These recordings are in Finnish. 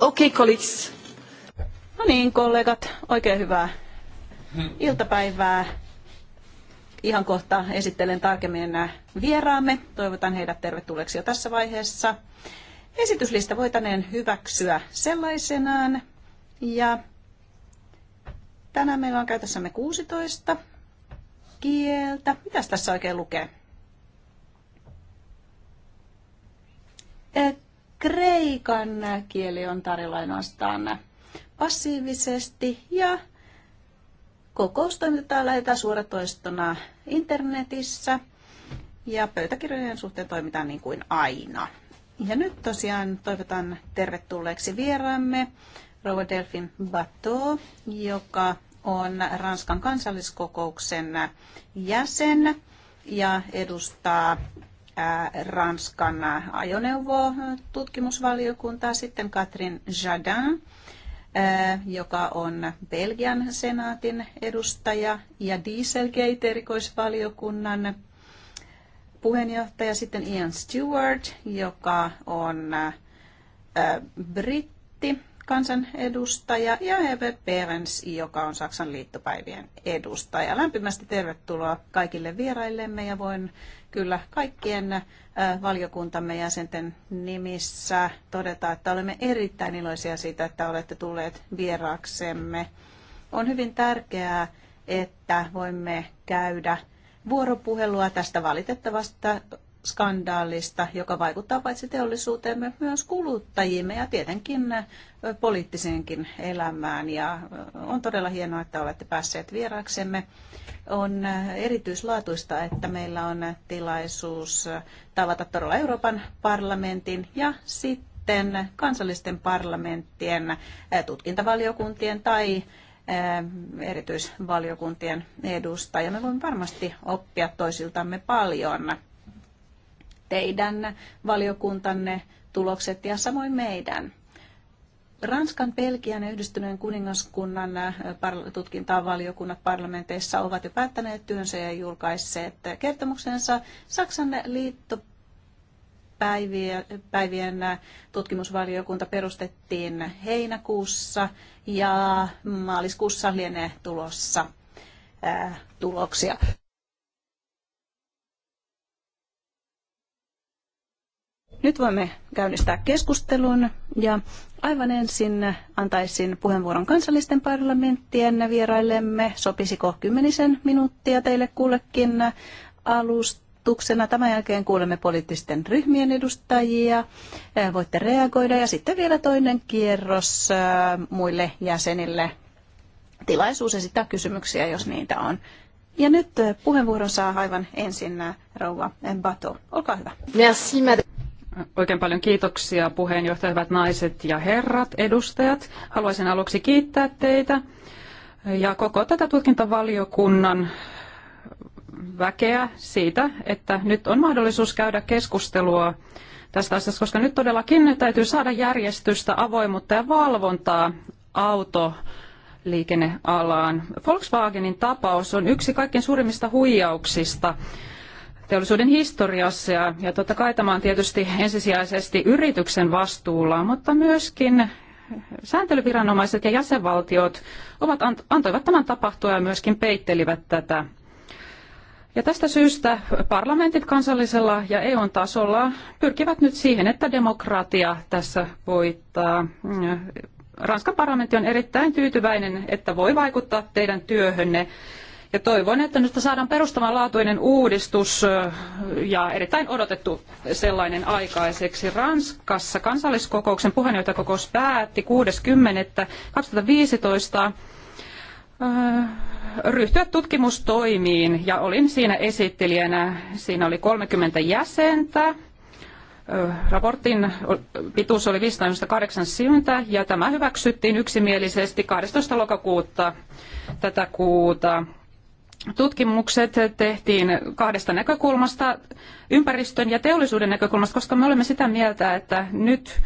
Okei, okay, No niin, kollegat, oikein hyvää iltapäivää. Ihan kohta esittelen tarkemmin nämä vieraamme. Toivotan heidät tervetulleeksi jo tässä vaiheessa. Esityslista voitaneen hyväksyä sellaisenaan. Ja tänään meillä on käytössämme 16 kieltä. Mitäs tässä oikein lukee? kreikan kieli on tarjolla ainoastaan passiivisesti ja kokous lähetetään suoratoistona internetissä ja pöytäkirjojen suhteen toimitaan niin kuin aina. Ja nyt tosiaan toivotan tervetulleeksi vieraamme Rova Delfin Bateau, joka on Ranskan kansalliskokouksen jäsen ja edustaa Ranskan ajoneuvotutkimusvaliokuntaa, sitten Katrin Jadin, joka on Belgian senaatin edustaja ja Dieselgate-erikoisvaliokunnan puheenjohtaja, sitten Ian Stewart, joka on britti kansanedustaja ja Herbert Perens, joka on Saksan liittopäivien edustaja. Lämpimästi tervetuloa kaikille vieraillemme ja voin kyllä kaikkien valiokuntamme jäsenten nimissä todeta, että olemme erittäin iloisia siitä, että olette tulleet vieraaksemme. On hyvin tärkeää, että voimme käydä vuoropuhelua tästä valitettavasta skandaalista, joka vaikuttaa paitsi teollisuuteemme myös kuluttajiimme ja tietenkin poliittiseenkin elämään. Ja on todella hienoa, että olette päässeet vieraksemme. On erityislaatuista, että meillä on tilaisuus tavata todella Euroopan parlamentin ja sitten kansallisten parlamenttien, tutkintavaliokuntien tai erityisvaliokuntien ja Me voimme varmasti oppia toisiltamme paljon teidän valiokuntanne tulokset ja samoin meidän. Ranskan, Belgian ja yhdistyneen kuningaskunnan äh, tutkintavaliokunnat parlamenteissa ovat jo päättäneet työnsä ja julkaisseet kertomuksensa. Saksan liittopäivien äh, tutkimusvaliokunta perustettiin heinäkuussa ja maaliskuussa lienee tulossa äh, tuloksia. Nyt voimme käynnistää keskustelun ja aivan ensin antaisin puheenvuoron kansallisten parlamenttien vieraillemme. Sopisiko kymmenisen minuuttia teille kullekin alustuksena? Tämän jälkeen kuulemme poliittisten ryhmien edustajia. Voitte reagoida ja sitten vielä toinen kierros äh, muille jäsenille. Tilaisuus esittää kysymyksiä, jos niitä on. Ja nyt äh, puheenvuoron saa aivan ensin äh, rouva Bato. Olkaa hyvä. Merci, madame. Oikein paljon kiitoksia puheenjohtajat, hyvät naiset ja herrat, edustajat. Haluaisin aluksi kiittää teitä ja koko tätä tutkintavaliokunnan väkeä siitä, että nyt on mahdollisuus käydä keskustelua tästä asiasta, koska nyt todellakin täytyy saada järjestystä, avoimuutta ja valvontaa auto liikennealaan. Volkswagenin tapaus on yksi kaikkein suurimmista huijauksista teollisuuden historiassa. Ja, ja totta kai tämä on tietysti ensisijaisesti yrityksen vastuulla, mutta myöskin sääntelyviranomaiset ja jäsenvaltiot ovat, antoivat tämän tapahtua ja myöskin peittelivät tätä. Ja tästä syystä parlamentit kansallisella ja eu tasolla pyrkivät nyt siihen, että demokratia tässä voittaa. Ranskan parlamentti on erittäin tyytyväinen, että voi vaikuttaa teidän työhönne ja toivon, että nyt saadaan perustavanlaatuinen uudistus ja erittäin odotettu sellainen aikaiseksi. Ranskassa kansalliskokouksen puheenjohtajakokous päätti 6.10.2015 ryhtyä tutkimustoimiin ja olin siinä esittelijänä. Siinä oli 30 jäsentä. Raportin pituus oli 508 sivua ja tämä hyväksyttiin yksimielisesti 12. lokakuuta tätä kuuta tutkimukset tehtiin kahdesta näkökulmasta, ympäristön ja teollisuuden näkökulmasta, koska me olemme sitä mieltä, että nyt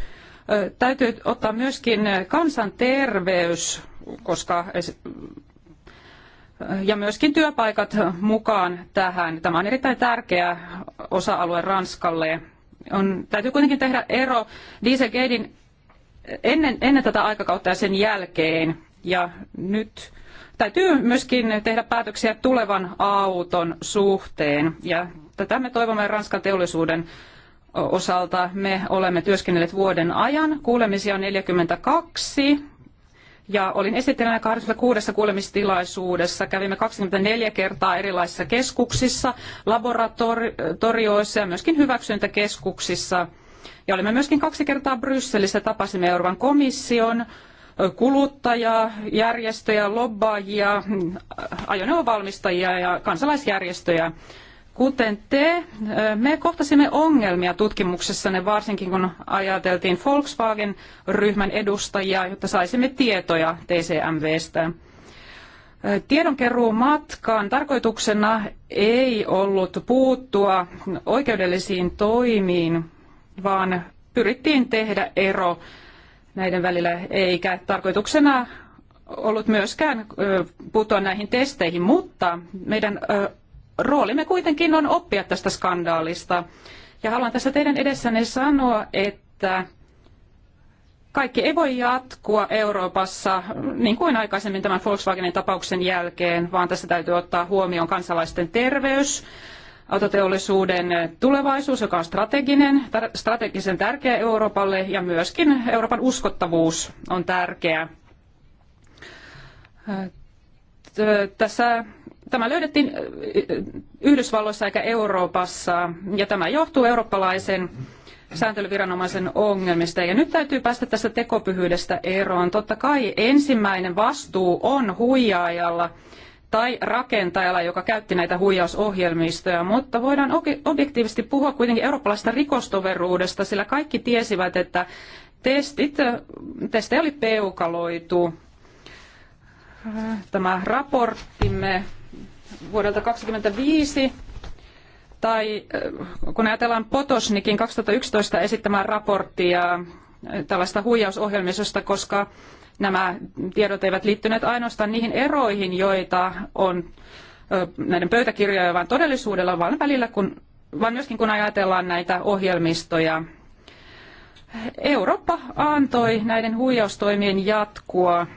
täytyy ottaa myöskin kansanterveys, koska ja myöskin työpaikat mukaan tähän. Tämä on erittäin tärkeä osa-alue Ranskalle. On, täytyy kuitenkin tehdä ero Dieselgatein ennen, ennen tätä aikakautta ja sen jälkeen. Ja nyt täytyy myöskin tehdä päätöksiä tulevan auton suhteen. Ja tätä me toivomme Ranskan teollisuuden osalta. Me olemme työskennelleet vuoden ajan. Kuulemisia on 42. Ja olin esittelijänä 26 kuulemistilaisuudessa. Kävimme 24 kertaa erilaisissa keskuksissa, laboratorioissa ja myöskin hyväksyntäkeskuksissa. Ja olimme myöskin kaksi kertaa Brysselissä, tapasimme Euroopan komission kuluttajaa, järjestöjä, lobbaajia, ajoneuvovalmistajia ja kansalaisjärjestöjä. Kuten te, me kohtasimme ongelmia tutkimuksessanne, varsinkin kun ajateltiin Volkswagen-ryhmän edustajia, jotta saisimme tietoja TCMVstä. Tiedonkeruun matkaan tarkoituksena ei ollut puuttua oikeudellisiin toimiin, vaan pyrittiin tehdä ero näiden välillä, eikä tarkoituksena ollut myöskään putoa näihin testeihin, mutta meidän roolimme kuitenkin on oppia tästä skandaalista. Ja haluan tässä teidän edessänne sanoa, että kaikki ei voi jatkua Euroopassa niin kuin aikaisemmin tämän Volkswagenin tapauksen jälkeen, vaan tässä täytyy ottaa huomioon kansalaisten terveys, autoteollisuuden tulevaisuus, joka on strateginen, strategisen tärkeä Euroopalle ja myöskin Euroopan uskottavuus on tärkeä. Tässä, tämä löydettiin Yhdysvalloissa eikä Euroopassa ja tämä johtuu eurooppalaisen sääntelyviranomaisen ongelmista. Ja nyt täytyy päästä tästä tekopyhyydestä eroon. Totta kai ensimmäinen vastuu on huijaajalla tai rakentajalla, joka käytti näitä huijausohjelmistoja, mutta voidaan objektiivisesti puhua kuitenkin eurooppalaisesta rikostoveruudesta, sillä kaikki tiesivät, että testit, testejä oli peukaloitu. Tämä raporttimme vuodelta 2025 tai kun ajatellaan Potosnikin 2011 esittämää raporttia tällaista huijausohjelmistosta, koska Nämä tiedot eivät liittyneet ainoastaan niihin eroihin, joita on näiden pöytäkirjojen vaan todellisuudella, vaan välillä kun, vaan myöskin kun ajatellaan näitä ohjelmistoja. Eurooppa antoi näiden huijaustoimien jatkua.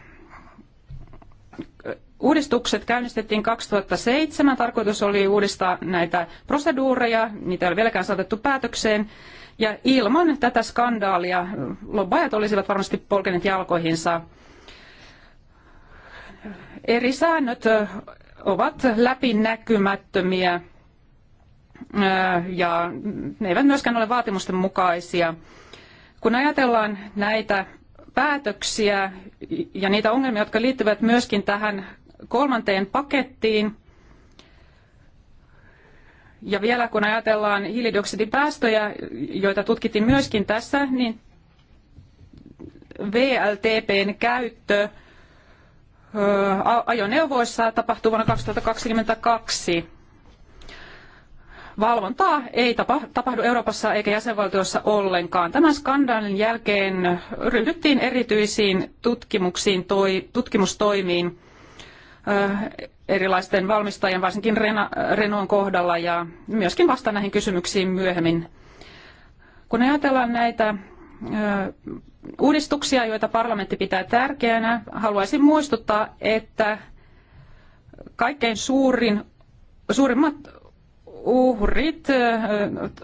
Uudistukset käynnistettiin 2007. Tarkoitus oli uudistaa näitä proseduureja. Niitä ei ole vieläkään saatettu päätökseen. Ja ilman tätä skandaalia lobbaajat olisivat varmasti polkeneet jalkoihinsa. Eri säännöt ovat läpinäkymättömiä ja ne eivät myöskään ole vaatimusten mukaisia. Kun ajatellaan näitä päätöksiä ja niitä ongelmia, jotka liittyvät myöskin tähän kolmanteen pakettiin, ja vielä kun ajatellaan hiilidioksidipäästöjä, joita tutkittiin myöskin tässä, niin VLTPn käyttö ajoneuvoissa tapahtuu vuonna 2022. Valvontaa ei tapahdu Euroopassa eikä jäsenvaltioissa ollenkaan. Tämän skandaalin jälkeen ryhdyttiin erityisiin tutkimuksiin, toi, tutkimustoimiin erilaisten valmistajien, varsinkin Renaultin kohdalla ja myöskin vastaan näihin kysymyksiin myöhemmin. Kun ajatellaan näitä uudistuksia, joita parlamentti pitää tärkeänä, haluaisin muistuttaa, että kaikkein suurin, suurimmat uhrit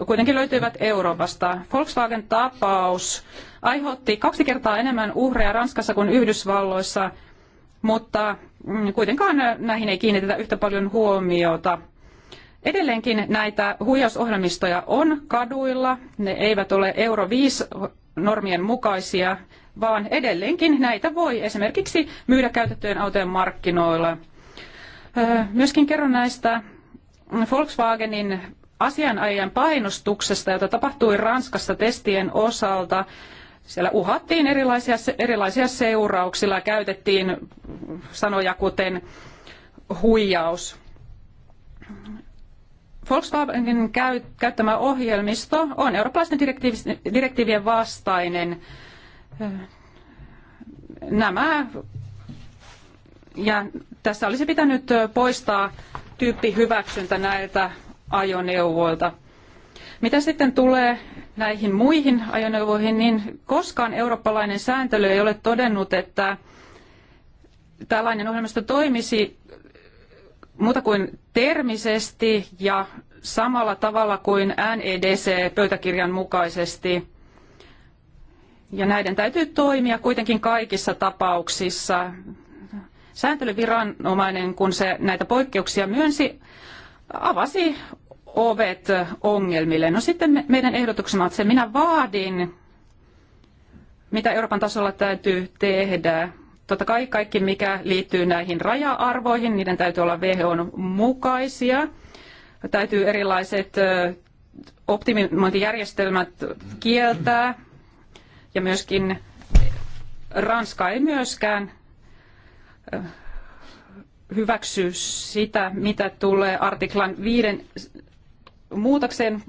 kuitenkin löytyivät Euroopasta. Volkswagen-tapaus aiheutti kaksi kertaa enemmän uhreja Ranskassa kuin Yhdysvalloissa – mutta mm, kuitenkaan näihin ei kiinnitetä yhtä paljon huomiota. Edelleenkin näitä huijausohjelmistoja on kaduilla, ne eivät ole Euro 5 normien mukaisia, vaan edelleenkin näitä voi esimerkiksi myydä käytettyjen autojen markkinoilla. Myöskin kerron näistä Volkswagenin asianajajan painostuksesta, jota tapahtui Ranskassa testien osalta siellä uhattiin erilaisia, erilaisia ja käytettiin sanoja kuten huijaus. Volkswagenin käyttämä ohjelmisto on eurooppalaisten direktiivien vastainen. Nämä, ja tässä olisi pitänyt poistaa tyyppihyväksyntä näiltä ajoneuvoilta – mitä sitten tulee näihin muihin ajoneuvoihin, niin koskaan eurooppalainen sääntely ei ole todennut, että tällainen ohjelmisto toimisi muuta kuin termisesti ja samalla tavalla kuin NEDC-pöytäkirjan mukaisesti. Ja näiden täytyy toimia kuitenkin kaikissa tapauksissa. Sääntelyviranomainen, kun se näitä poikkeuksia myönsi, avasi ovet ongelmille. No sitten meidän ehdotuksemme on, että se minä vaadin, mitä Euroopan tasolla täytyy tehdä. Totta kai kaikki, mikä liittyy näihin raja-arvoihin, niiden täytyy olla WHOn mukaisia. Täytyy erilaiset optimointijärjestelmät kieltää. Ja myöskin Ranska ei myöskään hyväksy sitä, mitä tulee artiklan viiden muutoksen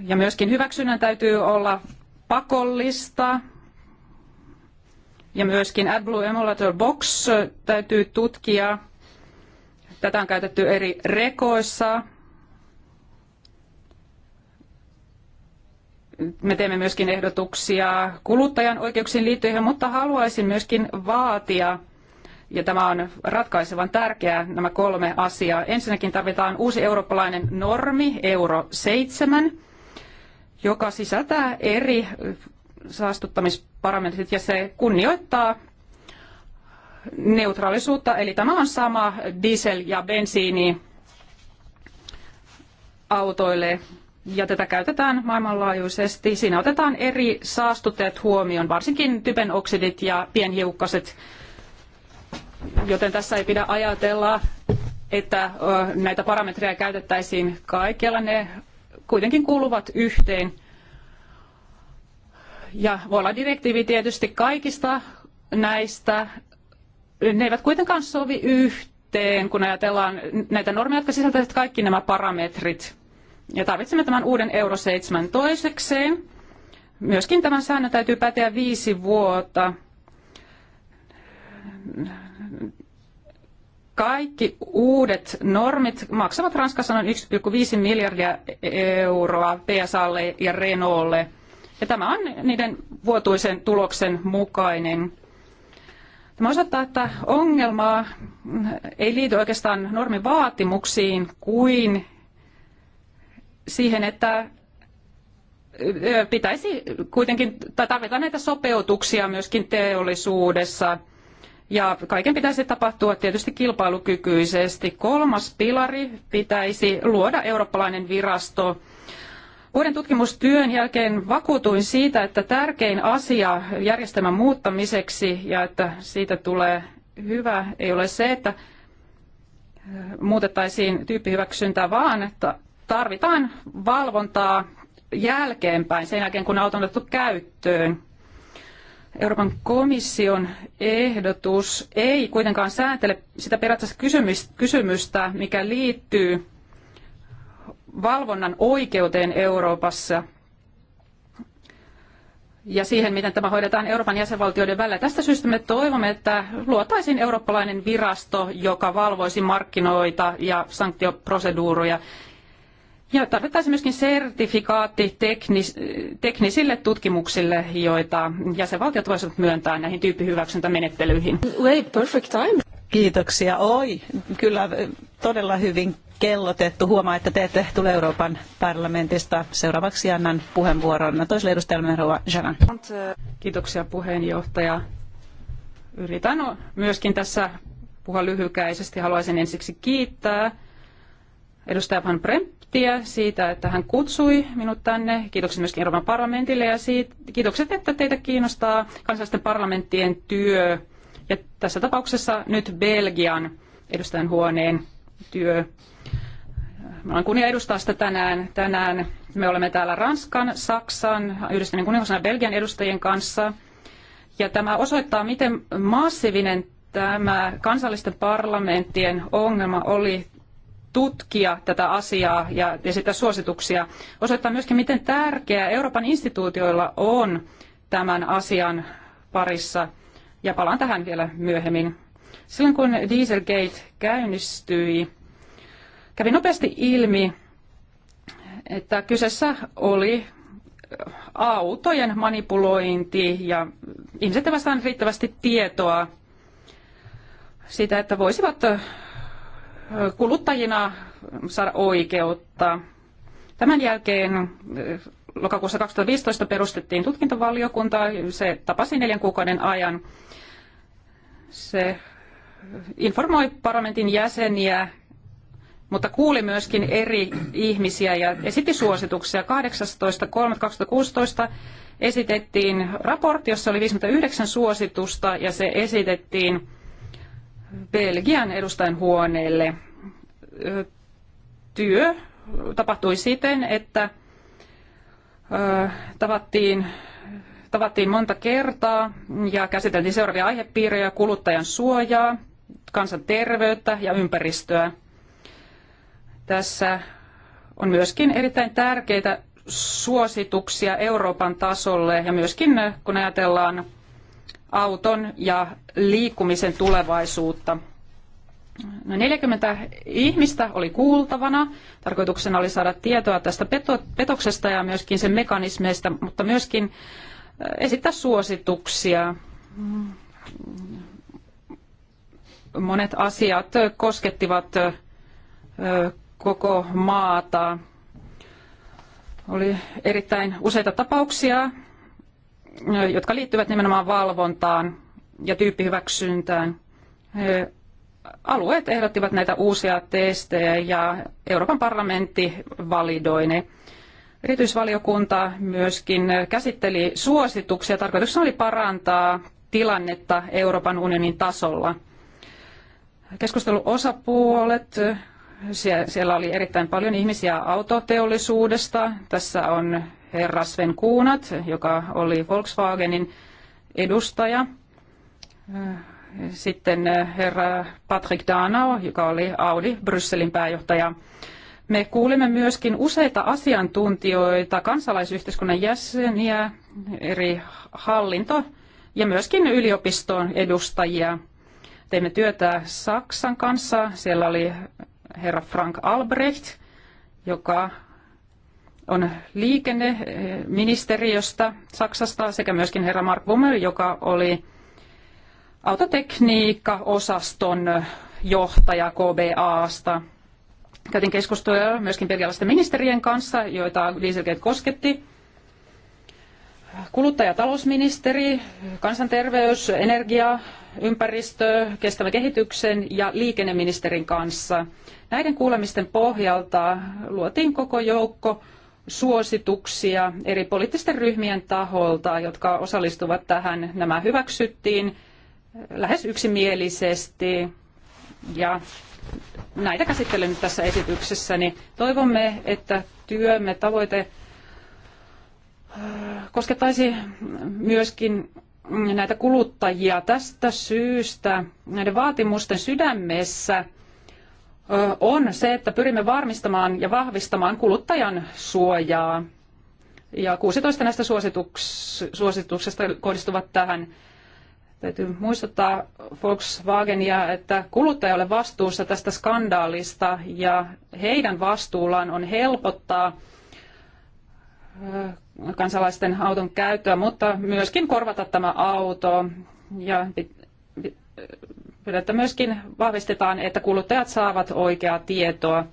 Ja myöskin hyväksynnän täytyy olla pakollista. Ja myöskin AdBlue Emulator Box täytyy tutkia. Tätä on käytetty eri rekoissa. Me teemme myöskin ehdotuksia kuluttajan oikeuksiin liittyen, mutta haluaisin myöskin vaatia ja tämä on ratkaisevan tärkeää, nämä kolme asiaa. Ensinnäkin tarvitaan uusi eurooppalainen normi, euro 7, joka sisältää eri saastuttamisparametrit ja se kunnioittaa neutraalisuutta, eli tämä on sama diesel- ja bensiini autoille ja tätä käytetään maailmanlaajuisesti. Siinä otetaan eri saastutteet huomioon, varsinkin typenoksidit ja pienhiukkaset joten tässä ei pidä ajatella, että näitä parametreja käytettäisiin kaikkialla. Ne kuitenkin kuuluvat yhteen. Ja voi olla direktiivi tietysti kaikista näistä. Ne eivät kuitenkaan sovi yhteen, kun ajatellaan näitä normeja, jotka sisältävät kaikki nämä parametrit. Ja tarvitsemme tämän uuden euro 7 toisekseen. Myöskin tämän säännön täytyy päteä viisi vuotta kaikki uudet normit maksavat Ranskassa noin 1,5 miljardia euroa PSAlle ja Renaultlle. Ja tämä on niiden vuotuisen tuloksen mukainen. Tämä osoittaa, että ongelmaa ei liity oikeastaan normivaatimuksiin kuin siihen, että pitäisi kuitenkin, tai tarvitaan näitä sopeutuksia myöskin teollisuudessa – ja kaiken pitäisi tapahtua tietysti kilpailukykyisesti. Kolmas pilari pitäisi luoda eurooppalainen virasto. Vuoden tutkimustyön jälkeen vakuutuin siitä, että tärkein asia järjestelmän muuttamiseksi ja että siitä tulee hyvä ei ole se, että äh, muutettaisiin tyyppihyväksyntää, vaan että tarvitaan valvontaa jälkeenpäin, sen jälkeen kun auto on otettu käyttöön. Euroopan komission ehdotus ei kuitenkaan sääntele sitä periaatteessa kysymystä, mikä liittyy valvonnan oikeuteen Euroopassa ja siihen, miten tämä hoidetaan Euroopan jäsenvaltioiden välillä. Tästä syystä me toivomme, että luotaisiin eurooppalainen virasto, joka valvoisi markkinoita ja sanktioproseduuria tarvittaisiin myöskin sertifikaatti teknis, teknisille tutkimuksille, joita jäsenvaltiot voisivat myöntää näihin tyyppihyväksyntämenettelyihin. Wait, perfect time. Kiitoksia. Oi, kyllä todella hyvin kellotettu. Huomaa, että te ette tule Euroopan parlamentista. Seuraavaksi annan puheenvuoron toiselle edustajalle Rova Janan. Kiitoksia puheenjohtaja. Yritän myöskin tässä puhua lyhykäisesti. Haluaisin ensiksi kiittää edustaja Van Bremp Schmidtiä siitä, että hän kutsui minut tänne. Kiitokset myöskin Euroopan parlamentille ja siitä, kiitokset, että teitä kiinnostaa kansallisten parlamenttien työ ja tässä tapauksessa nyt Belgian edustajan huoneen työ. Me olen kunnia edustaa sitä tänään. tänään. Me olemme täällä Ranskan, Saksan, yhdistyneen kuningasana Belgian edustajien kanssa. Ja tämä osoittaa, miten massiivinen tämä kansallisten parlamenttien ongelma oli tutkia tätä asiaa ja esittää suosituksia, osoittaa myöskin, miten tärkeää Euroopan instituutioilla on tämän asian parissa. Ja palaan tähän vielä myöhemmin. Silloin kun Dieselgate käynnistyi, kävi nopeasti ilmi, että kyseessä oli autojen manipulointi ja ihmiset eivät saaneet riittävästi tietoa siitä, että voisivat kuluttajina saada oikeutta. Tämän jälkeen eh, lokakuussa 2015 perustettiin tutkintavaliokunta. Se tapasi neljän kuukauden ajan. Se informoi parlamentin jäseniä, mutta kuuli myöskin eri ihmisiä ja esitti suosituksia. 18.3.2016 esitettiin raportti, jossa oli 59 suositusta ja se esitettiin Belgian edustajan huoneelle. Työ tapahtui siten, että tavattiin, tavattiin monta kertaa ja käsiteltiin seuraavia aihepiirejä, kuluttajan suojaa, kansanterveyttä ja ympäristöä. Tässä on myöskin erittäin tärkeitä suosituksia Euroopan tasolle ja myöskin kun ajatellaan auton ja liikkumisen tulevaisuutta. No 40 ihmistä oli kuultavana. Tarkoituksena oli saada tietoa tästä petoksesta ja myöskin sen mekanismeista, mutta myöskin äh, esittää suosituksia. Monet asiat koskettivat äh, koko maata. Oli erittäin useita tapauksia, jotka liittyvät nimenomaan valvontaan ja tyyppihyväksyntään. Alueet ehdottivat näitä uusia testejä ja Euroopan parlamentti validoi ne. Erityisvaliokunta myöskin käsitteli suosituksia. Tarkoituksena oli parantaa tilannetta Euroopan unionin tasolla. Keskusteluosapuolet, siellä oli erittäin paljon ihmisiä autoteollisuudesta. Tässä on herra Sven Kuunat, joka oli Volkswagenin edustaja. Sitten eh, herra Patrick Danao, joka oli Audi Brysselin pääjohtaja. Me kuulimme myöskin useita asiantuntijoita, kansalaisyhteiskunnan jäseniä, eri hallinto- ja myöskin yliopiston edustajia. Teimme työtä Saksan kanssa. Siellä oli herra Frank Albrecht, joka on liikenneministeriöstä eh, Saksasta sekä myöskin herra Mark Wummer, joka oli autotekniikka-osaston johtaja KBAsta. Käytin keskustelua myöskin belgialaisten ministerien kanssa, joita Dieselgate kosketti. Kuluttajatalousministeri, kansanterveys, energia, ympäristö, kestävän kehityksen ja liikenneministerin kanssa. Näiden kuulemisten pohjalta luotiin koko joukko suosituksia eri poliittisten ryhmien taholta, jotka osallistuvat tähän. Nämä hyväksyttiin äh, lähes yksimielisesti ja näitä käsittelen nyt tässä esityksessä. Niin toivomme, että työmme tavoite äh, koskettaisi myöskin näitä kuluttajia. Tästä syystä näiden vaatimusten sydämessä – on se, että pyrimme varmistamaan ja vahvistamaan kuluttajan suojaa. Ja 16 näistä suosituksista suosituksesta kohdistuvat tähän. Täytyy muistuttaa Volkswagenia, että kuluttaja ole vastuussa tästä skandaalista ja heidän vastuullaan on helpottaa kansalaisten auton käyttöä, mutta myöskin korvata tämä auto. Ja että myöskin vahvistetaan, että kuluttajat saavat oikeaa tietoa.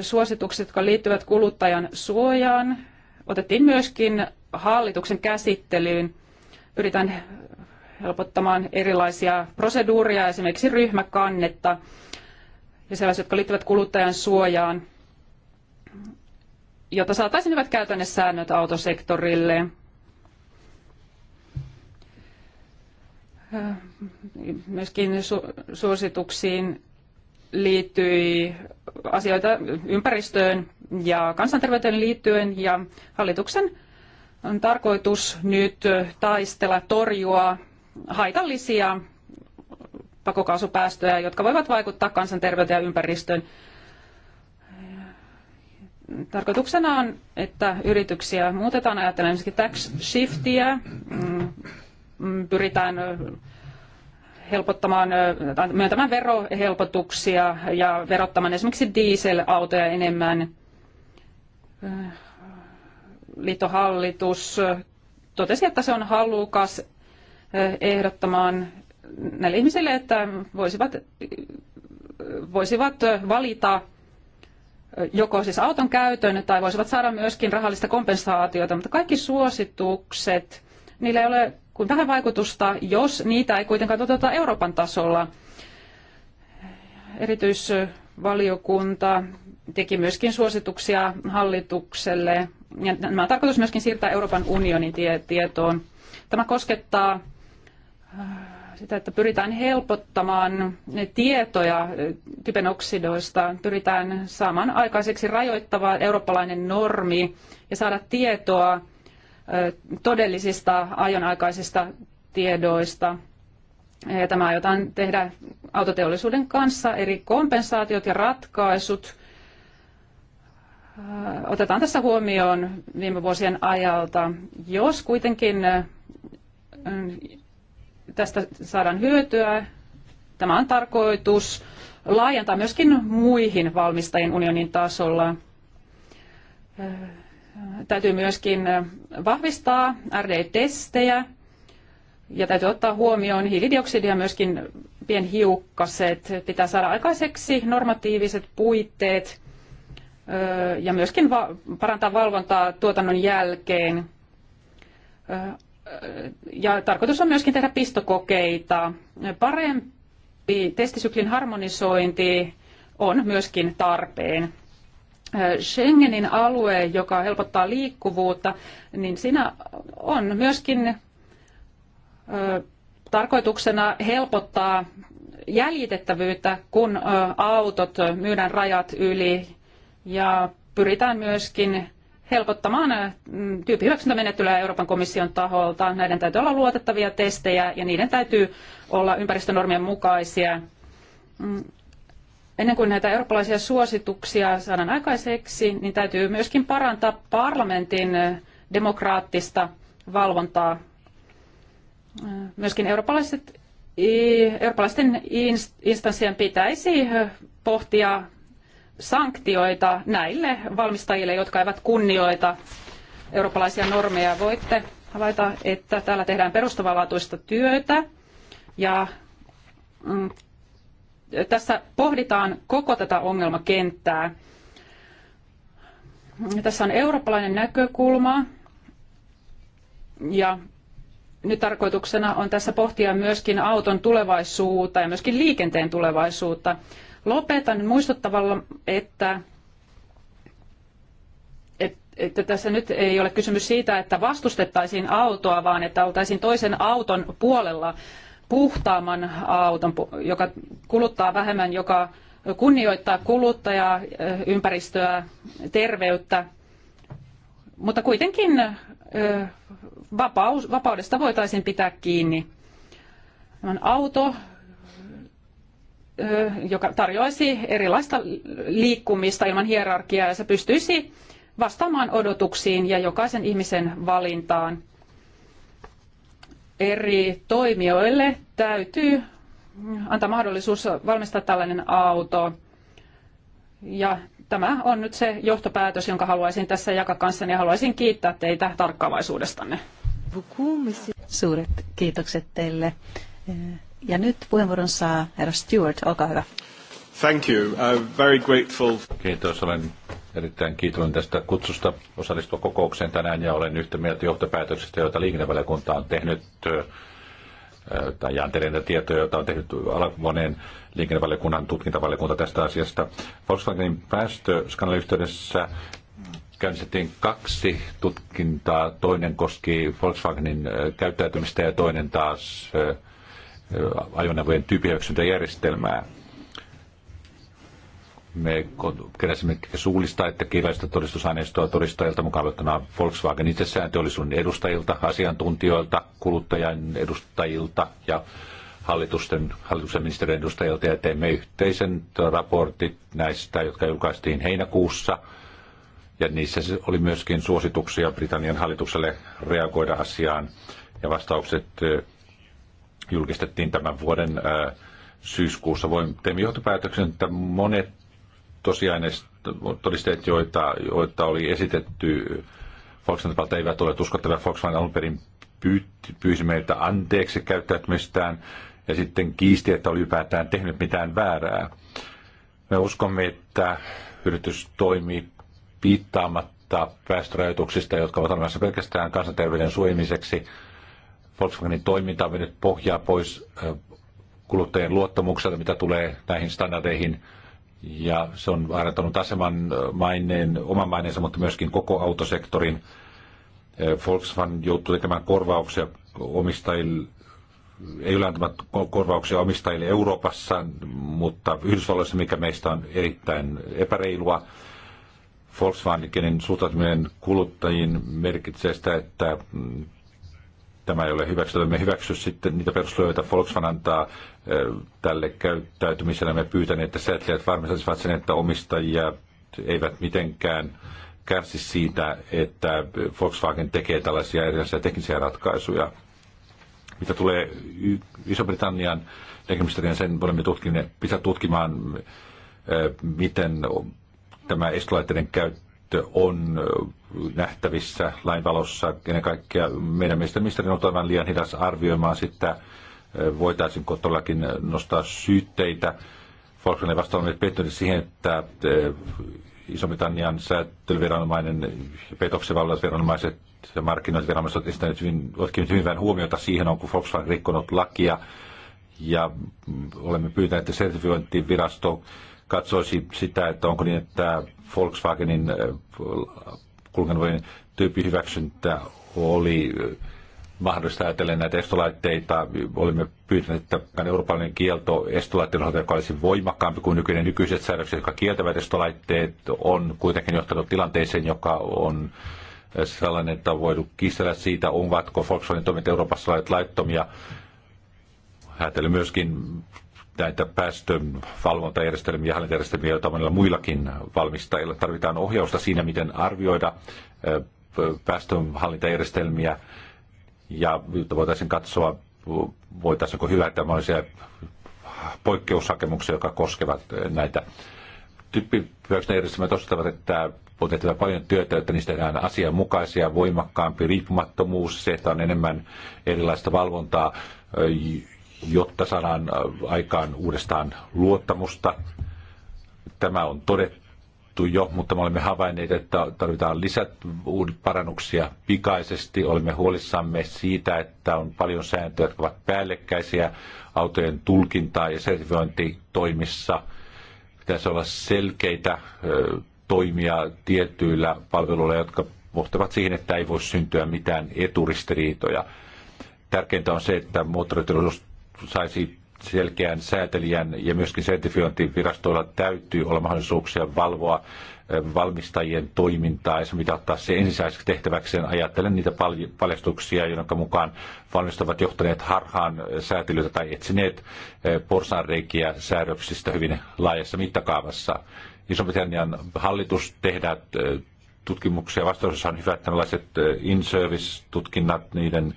Suositukset, jotka liittyvät kuluttajan suojaan, otettiin myöskin hallituksen käsittelyyn. Yritän helpottamaan erilaisia proseduuria, esimerkiksi ryhmäkannetta ja sellaisia, jotka liittyvät kuluttajan suojaan, jotta saataisiin hyvät käytännössäännöt autosektorille. myöskin su- suosituksiin liittyi asioita ympäristöön ja kansanterveyteen liittyen ja hallituksen on tarkoitus nyt taistella torjua haitallisia pakokaasupäästöjä, jotka voivat vaikuttaa kansanterveyteen ja ympäristöön. Tarkoituksena on, että yrityksiä muutetaan, ajattelen esimerkiksi tax shiftiä, mm pyritään helpottamaan, myöntämään verohelpotuksia ja verottamaan esimerkiksi dieselautoja enemmän. Liitohallitus totesi, että se on halukas ehdottamaan näille ihmisille, että voisivat, voisivat valita joko siis auton käytön tai voisivat saada myöskin rahallista kompensaatiota, mutta kaikki suositukset, niillä ei ole kuin vähän vaikutusta, jos niitä ei kuitenkaan toteuteta Euroopan tasolla. Erityisvaliokunta teki myöskin suosituksia hallitukselle. Ja nämä on tarkoitus myöskin siirtää Euroopan unionin tie- tietoon. Tämä koskettaa äh, sitä, että pyritään helpottamaan tietoja typenoksidoista, pyritään saamaan aikaiseksi rajoittava eurooppalainen normi ja saada tietoa todellisista ajonaikaisista tiedoista. Ja tämä aiotaan tehdä autoteollisuuden kanssa. Eri kompensaatiot ja ratkaisut otetaan tässä huomioon viime vuosien ajalta. Jos kuitenkin tästä saadaan hyötyä, tämä on tarkoitus laajentaa myöskin muihin valmistajien unionin tasolla. Täytyy myöskin äh, vahvistaa RD-testejä ja täytyy ottaa huomioon hiilidioksidia myöskin pienhiukkaset. Pitää saada aikaiseksi normatiiviset puitteet äh, ja myöskin parantaa valvontaa tuotannon jälkeen. Äh, ja tarkoitus on myöskin tehdä pistokokeita. Parempi testisyklin harmonisointi on myöskin tarpeen. Schengenin alue, joka helpottaa liikkuvuutta, niin siinä on myöskin tarkoituksena helpottaa jäljitettävyyttä, kun autot myydään rajat yli ja pyritään myöskin helpottamaan tyyppihyväksyntämenettelyä Euroopan komission taholta. Näiden täytyy olla luotettavia testejä ja niiden täytyy olla ympäristönormien mukaisia. Mm ennen kuin näitä eurooppalaisia suosituksia saadaan aikaiseksi, niin täytyy myöskin parantaa parlamentin demokraattista valvontaa. Myöskin eurooppalaiset, eurooppalaisten instanssien pitäisi pohtia sanktioita näille valmistajille, jotka eivät kunnioita eurooppalaisia normeja. Voitte havaita, että täällä tehdään perustavanlaatuista työtä ja mm, tässä pohditaan koko tätä ongelmakenttää. Tässä on eurooppalainen näkökulma ja nyt tarkoituksena on tässä pohtia myöskin auton tulevaisuutta ja myöskin liikenteen tulevaisuutta. Lopetan muistuttavalla, että että tässä nyt ei ole kysymys siitä, että vastustettaisiin autoa, vaan että oltaisiin toisen auton puolella puhtaamman auton, joka kuluttaa vähemmän, joka kunnioittaa kuluttajaa, eh, ympäristöä, terveyttä. Mutta kuitenkin eh, vapaus, vapaudesta voitaisiin pitää kiinni. auto, eh, joka tarjoaisi erilaista liikkumista ilman hierarkiaa ja se pystyisi vastaamaan odotuksiin ja jokaisen ihmisen valintaan eri toimijoille täytyy antaa mahdollisuus valmistaa tällainen auto. Ja tämä on nyt se johtopäätös, jonka haluaisin tässä jakaa kanssani ja haluaisin kiittää teitä tarkkaavaisuudestanne. Suuret kiitokset teille. Ja nyt puheenvuoron saa herra Stewart, olkaa hyvä. Thank you. Uh, very grateful. Kiitos, olen erittäin kiitollinen tästä kutsusta osallistua kokoukseen tänään ja olen yhtä mieltä johtopäätöksistä, joita liikennevaliokunta on tehnyt tai jaan tietoja, joita on tehnyt alkuvuoneen liikennevaliokunnan tutkintavaliokunta tästä asiasta. Volkswagenin päästöskanaliyhteydessä käynnistettiin kaksi tutkintaa. Toinen koski Volkswagenin käyttäytymistä ja toinen taas ajoneuvojen järjestelmää. Me keräsimme suullista että kirjallista todistusaineistoa todistajilta mukaan Volkswagen itsessään teollisuuden edustajilta, asiantuntijoilta, kuluttajan edustajilta ja hallitusten, hallituksen ministeriön edustajilta ja teimme yhteisen raportit näistä, jotka julkaistiin heinäkuussa. Ja niissä oli myöskin suosituksia Britannian hallitukselle reagoida asiaan. Ja vastaukset julkistettiin tämän vuoden syyskuussa. Voin, teimme johtopäätöksen, että monet todisteet, joita, joita oli esitetty Volkswagen eivät ole uskottavia. Volkswagen alun perin pyysi meiltä anteeksi käyttäytymistään ja sitten kiisti, että oli ylipäätään tehnyt mitään väärää. Me uskomme, että yritys toimii piittaamatta päästörajoituksista, jotka ovat olemassa pelkästään kansanterveyden suojelmiseksi. Volkswagenin toiminta on mennyt pohjaa pois kuluttajien luottamukselta, mitä tulee näihin standardeihin – ja se on vaarantanut aseman maineen, oman maineensa, mutta myöskin koko autosektorin. Volkswagen joutuu tekemään korvauksia omistajille, ei yläntämät korvauksia omistajille Euroopassa, mutta Yhdysvalloissa, mikä meistä on erittäin epäreilua. Volkswagenin suhtautuminen kuluttajiin merkitsee sitä, että mm, tämä ei ole hyväksytty Me hyväksy sitten niitä perusteluja, joita Volkswagen antaa eh, tälle käyttäytymiselle. Me pyytäneet, että säätelijät varmistaisivat sen, että omistajia eivät mitenkään kärsi siitä, että Volkswagen tekee tällaisia erilaisia teknisiä ratkaisuja. Mitä tulee Iso-Britannian tekemistä, sen olemme tutkineet, tutkimaan, eh, miten tämä estolaitteiden käyttö on nähtävissä lain valossa. Ennen kaikkea meidän mielestä ministeri on toivon liian hidas arvioimaan sitä, voitaisiinko todellakin nostaa syytteitä. Volkswagen vasta on pettynyt siihen, että Iso-Britannian säätelyviranomainen, petoksen viranomaiset ja markkinointiviranomaiset ovat esittäneet hyvin, hyvin vähän huomiota siihen, onko Volkswagen rikkonut lakia. Ja mm, olemme pyytäneet, että sertifiointivirasto katsoisi sitä, että onko niin, että Volkswagenin kulkenvojen tyyppihyväksyntä oli mahdollista ajatella näitä estolaitteita. Olimme pyytäneet, että eurooppalainen kielto estolaitteiden osalta, joka olisi voimakkaampi kuin nykyinen nykyiset säädökset, jotka kieltävät estolaitteet, on kuitenkin johtanut tilanteeseen, joka on sellainen, että on voitu kiistellä siitä, onko Volkswagenin toimintaa Euroopassa laittomia. Ajatellen myöskin näitä päästövalvontajärjestelmiä ja hallintajärjestelmiä, joita monilla muillakin valmistajilla tarvitaan ohjausta siinä, miten arvioida päästöhallintajärjestelmiä ja voitaisiin katsoa, voitaisiinko hyvää mahdollisia poikkeushakemuksia, jotka koskevat näitä tyyppihyväksyntäjärjestelmät osoittavat, että on tehtävä paljon työtä, että niistä tehdään asianmukaisia, voimakkaampi riippumattomuus, se, että on enemmän erilaista valvontaa, jotta saadaan äh, aikaan uudestaan luottamusta. Tämä on todettu jo, mutta me olemme havainneet, että tarvitaan lisät parannuksia pikaisesti. Olemme huolissamme siitä, että on paljon sääntöjä, jotka ovat päällekkäisiä autojen tulkintaa ja sertifiointitoimissa. Pitäisi olla selkeitä äh, toimia tietyillä palveluilla, jotka johtavat siihen, että ei voi syntyä mitään eturistiriitoja. Tärkeintä on se, että moottoriteollisuus saisi selkeän säätelijän ja myöskin sertifiointivirastoilla täytyy olla mahdollisuuksia valvoa valmistajien toimintaa ja mitä ottaa se ensisijaiseksi tehtäväkseen. Niin ajattelen niitä paljastuksia, jonka mukaan valmistajat ovat johtaneet harhaan säätelyitä tai etsineet porsanreikiä säädöksistä hyvin laajassa mittakaavassa. Iso-Britannian hallitus tehdään tutkimuksia vastaisuudessa on hyvät tällaiset in-service-tutkinnat, niiden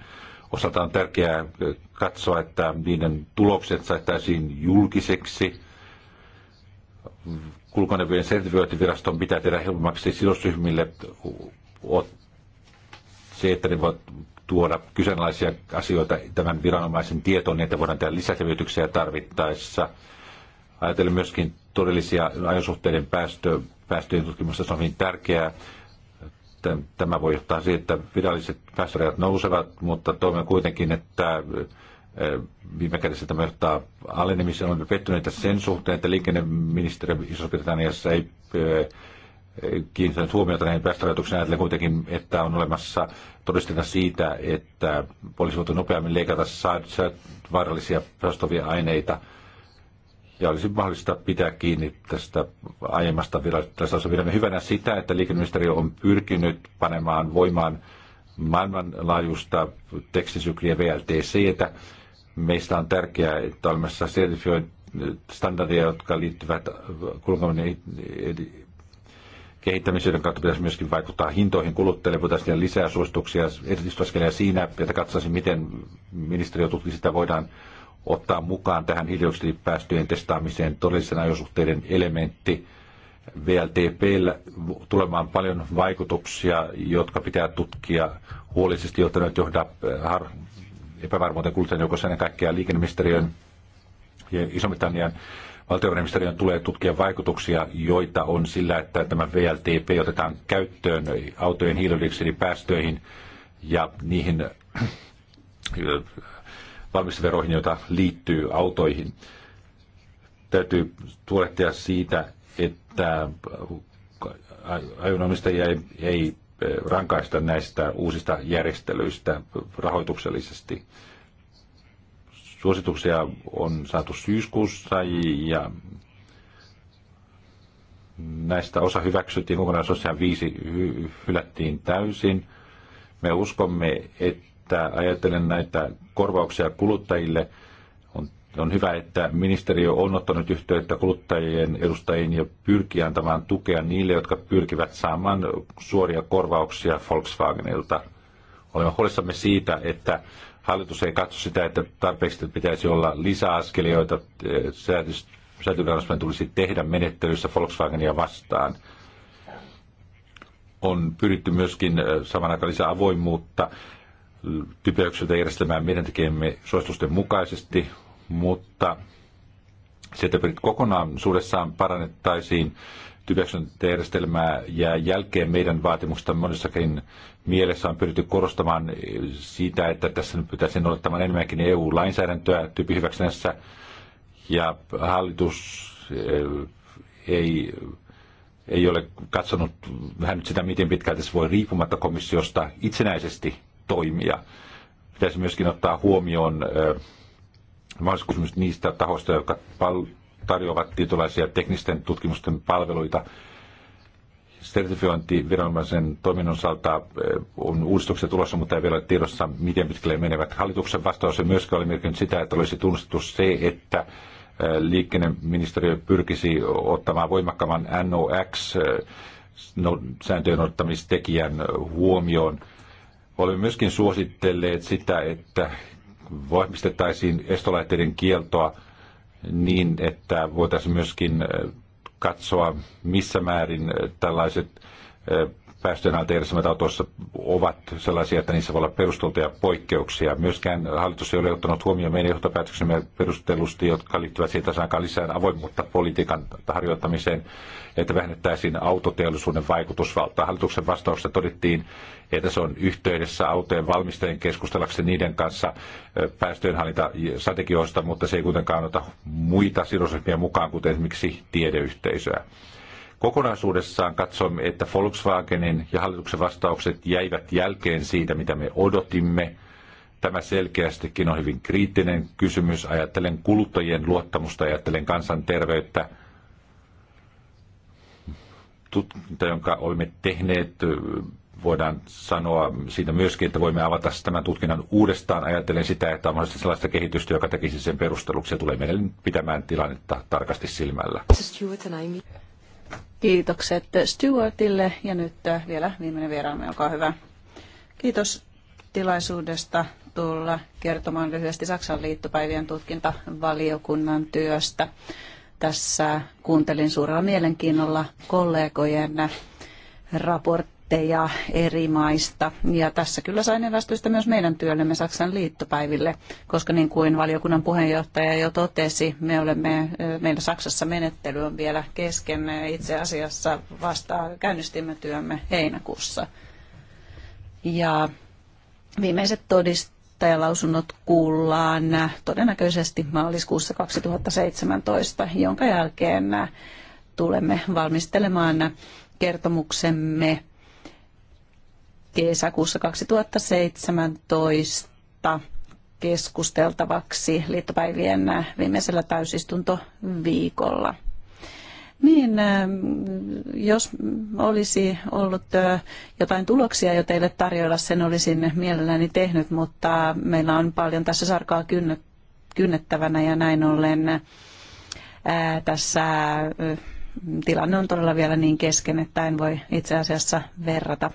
osalta on tärkeää katsoa, että niiden tulokset saataisiin julkiseksi. Kulkoneuvojen sertifiointiviraston pitää tehdä helpommaksi sidosryhmille se, että ne voivat tuoda kyseenalaisia asioita tämän viranomaisen tietoon, niin että voidaan tehdä lisäselvityksiä tarvittaessa. Ajatellen myöskin todellisia ajosuhteiden päästö, päästöjen tutkimusta, se on hyvin tärkeää sitten tämä voi johtaa siihen, että viralliset päästörajat nousevat, mutta toivon kuitenkin, että eh, viime kädessä tämä johtaa alenemiseen. Olemme pettyneitä sen suhteen, että liikenneministeriö Iso-Britanniassa eh, ei kiinnittänyt huomiota näihin päästörajoituksiin ajatellen kuitenkin, että on olemassa todisteita siitä, että poliisi voitu nopeammin leikata vaarallisia päästöviä aineita – ja olisi mahdollista pitää kiinni tästä aiemmasta virallisesta Pidämme hyvänä sitä, että liikenneministeriö on pyrkinyt panemaan voimaan maailmanlaajuista tekstisykliä että Meistä on tärkeää, että olemassa standardeja, jotka liittyvät kulkeminen kehittämisyyden kautta pitäisi myöskin vaikuttaa hintoihin kuluttajille. Voitaisiin tehdä lisää suosituksia, erityisesti siinä, että katsoisin, miten ministeriö tutkisi sitä voidaan ottaa mukaan tähän hiilidioksidipäästöjen testaamiseen todellisen ajosuhteiden elementti. VLTPllä tulemaan paljon vaikutuksia, jotka pitää tutkia huolellisesti, jotta ne johda äh, har- epävarmuuteen kulttuurin joukossa ennen kaikkea liikenneministeriön ja Iso-Britannian valtiovarainministeriön tulee tutkia vaikutuksia, joita on sillä, että tämä VLTP otetaan käyttöön autojen hiilidioksidipäästöihin ja niihin äh, valmisteveroihin, joita liittyy autoihin. Täytyy huolehtia siitä, että ajonomistajia ei, ei eh, rankaista näistä uusista järjestelyistä rahoituksellisesti. Suosituksia on saatu syyskuussa ja näistä osa hyväksyttiin, kokonaisuudessaan viisi hylättiin täysin. Me uskomme, että että ajattelen näitä korvauksia kuluttajille. On, on hyvä, että ministeriö on ottanut yhteyttä kuluttajien edustajiin ja pyrkii antamaan tukea niille, jotka pyrkivät saamaan suoria korvauksia Volkswagenilta. Olemme huolissamme siitä, että hallitus ei katso sitä, että tarpeeksi pitäisi olla lisäaskelijoita, joita eh, säätykäännösmen tulisi tehdä menettelyssä Volkswagenia vastaan. On pyritty myöskin eh, saman aikaan lisää avoimuutta typeyksiltä järjestämään meidän tekemme suositusten mukaisesti, mutta se, että kokonaan suudessaan parannettaisiin järjestelmää ja jälkeen meidän vaatimuksesta monessakin mielessä on pyritty korostamaan sitä, että tässä nyt pitäisi noudattamaan enemmänkin EU-lainsäädäntöä tyyppihyväksynnässä ja hallitus eh, ei ei ole katsonut vähän nyt sitä, miten pitkälti se voi riippumatta komissiosta itsenäisesti toimia. Pitäisi myöskin ottaa huomioon mahdollisuus niistä tahoista, jotka tarjoavat tietynlaisia teknisten tutkimusten palveluita. Sertifiointiviranomaisen toiminnon osalta on uudistuksia tulossa, mutta ei vielä ole tiedossa, miten pitkälle menevät. Hallituksen vastaus on myöskään oli merkinnyt sitä, että olisi tunnustettu se, että liikenneministeriö pyrkisi ottamaan voimakkaamman NOx-sääntöjen ottamistekijän huomioon – Olemme myöskin suositelleet sitä, että vahvistettaisiin estolaitteiden kieltoa niin, että voitaisiin myöskin äh, katsoa, missä määrin äh, tällaiset äh, päästöjen altajärjestelmät autoissa ovat sellaisia, että niissä voi olla perusteltuja poikkeuksia. Myöskään hallitus ei ole ottanut huomioon meidän johtopäätöksemme perustelusti, jotka liittyvät siitä saankaan lisää avoimuutta politiikan harjoittamiseen, että vähennettäisiin autoteollisuuden vaikutusvaltaa. Hallituksen vastauksessa todettiin, että se on yhteydessä autojen valmistajien keskustellakseen niiden kanssa päästöjenhallintastrategioista, mutta se ei kuitenkaan ota muita sidosryhmiä mukaan, kuten esimerkiksi tiedeyhteisöä. Kokonaisuudessaan katsomme, että Volkswagenin ja hallituksen vastaukset jäivät jälkeen siitä, mitä me odotimme. Tämä selkeästikin on hyvin kriittinen kysymys. Ajattelen kuluttajien luottamusta, ajattelen kansanterveyttä. Tutkinta, jonka olemme tehneet, voidaan sanoa siitä myöskin, että voimme avata tämän tutkinnan uudestaan. Ajattelen sitä, että on mahdollisesti sellaista kehitystä, joka tekisi sen perusteluksi ja tulee meille pitämään tilannetta tarkasti silmällä. Kiitokset Stuartille ja nyt vielä viimeinen vieraamme, olkaa hyvä. Kiitos tilaisuudesta tulla kertomaan lyhyesti Saksan liittopäivien tutkintavaliokunnan työstä. Tässä kuuntelin suurella mielenkiinnolla kollegojen raporttia raportteja eri maista. Ja tässä kyllä sain evästystä myös meidän työllemme Saksan liittopäiville, koska niin kuin valiokunnan puheenjohtaja jo totesi, me olemme, meillä Saksassa menettely on vielä kesken. Me itse asiassa vasta käynnistimme työmme heinäkuussa. Ja viimeiset todistajalausunnot kuullaan todennäköisesti maaliskuussa 2017, jonka jälkeen tulemme valmistelemaan kertomuksemme kesäkuussa 2017 keskusteltavaksi liittopäivien viimeisellä täysistuntoviikolla. Niin, ähm, jos olisi ollut äh, jotain tuloksia jo teille tarjoilla, sen olisin mielelläni tehnyt, mutta meillä on paljon tässä sarkaa kynnettävänä ja näin ollen äh, tässä äh, tilanne on todella vielä niin kesken, että en voi itse asiassa verrata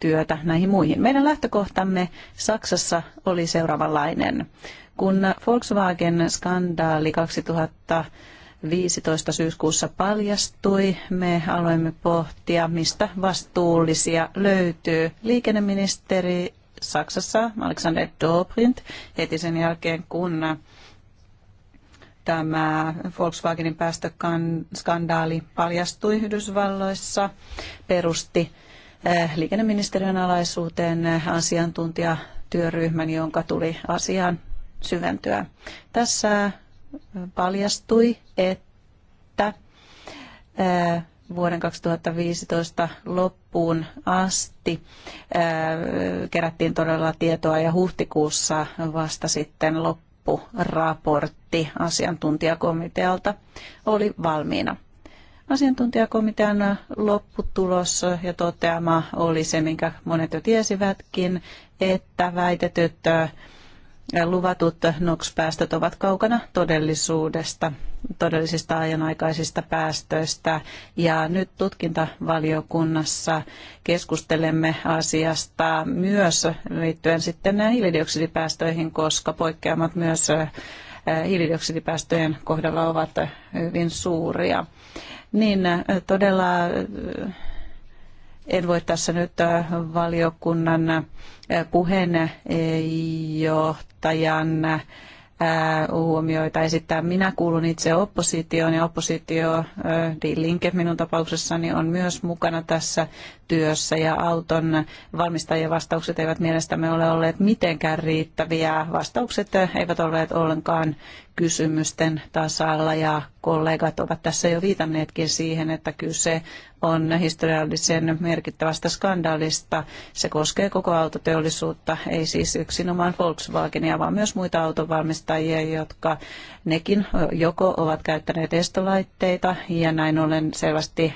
työtä näihin muihin. Meidän lähtökohtamme Saksassa oli seuraavanlainen. Kun Volkswagen-skandaali 2015 syyskuussa paljastui, me aloimme pohtia, mistä vastuullisia löytyy. Liikenneministeri Saksassa, Alexander Dobrindt, heti sen jälkeen kun tämä Volkswagenin päästöskandaali paljastui Yhdysvalloissa, perusti Eh, liikenneministeriön alaisuuteen eh, asiantuntijatyöryhmän, jonka tuli asiaan syventyä. Tässä eh, paljastui, että vuoden 2015 loppuun asti kerättiin todella tietoa ja huhtikuussa vasta sitten loppuraportti asiantuntijakomitealta oli valmiina. Asiantuntijakomitean lopputulos ja toteama oli se, minkä monet jo tiesivätkin, että väitetyt äh, luvatut NOx-päästöt ovat kaukana todellisuudesta, todellisista ajanaikaisista päästöistä. Ja nyt tutkintavaliokunnassa keskustelemme asiasta myös liittyen sitten hiilidioksidipäästöihin, koska poikkeamat myös äh, hiilidioksidipäästöjen kohdalla ovat hyvin suuria. Niin äh, todella äh, en voi tässä nyt äh, valiokunnan puheenjohtajan huomioita esittää. Minä kuulun itse oppositioon ja oppositio Die Linke minun tapauksessani on myös mukana tässä työssä ja auton valmistajien vastaukset eivät mielestämme ole olleet mitenkään riittäviä. Vastaukset eivät olleet ollenkaan kysymysten tasalla ja kollegat ovat tässä jo viitanneetkin siihen, että kyse on historiallisen merkittävästä skandaalista. Se koskee koko autoteollisuutta, ei siis yksinomaan Volkswagenia, vaan myös muita autonvalmistajia, jotka nekin joko ovat käyttäneet estolaitteita ja näin ollen selvästi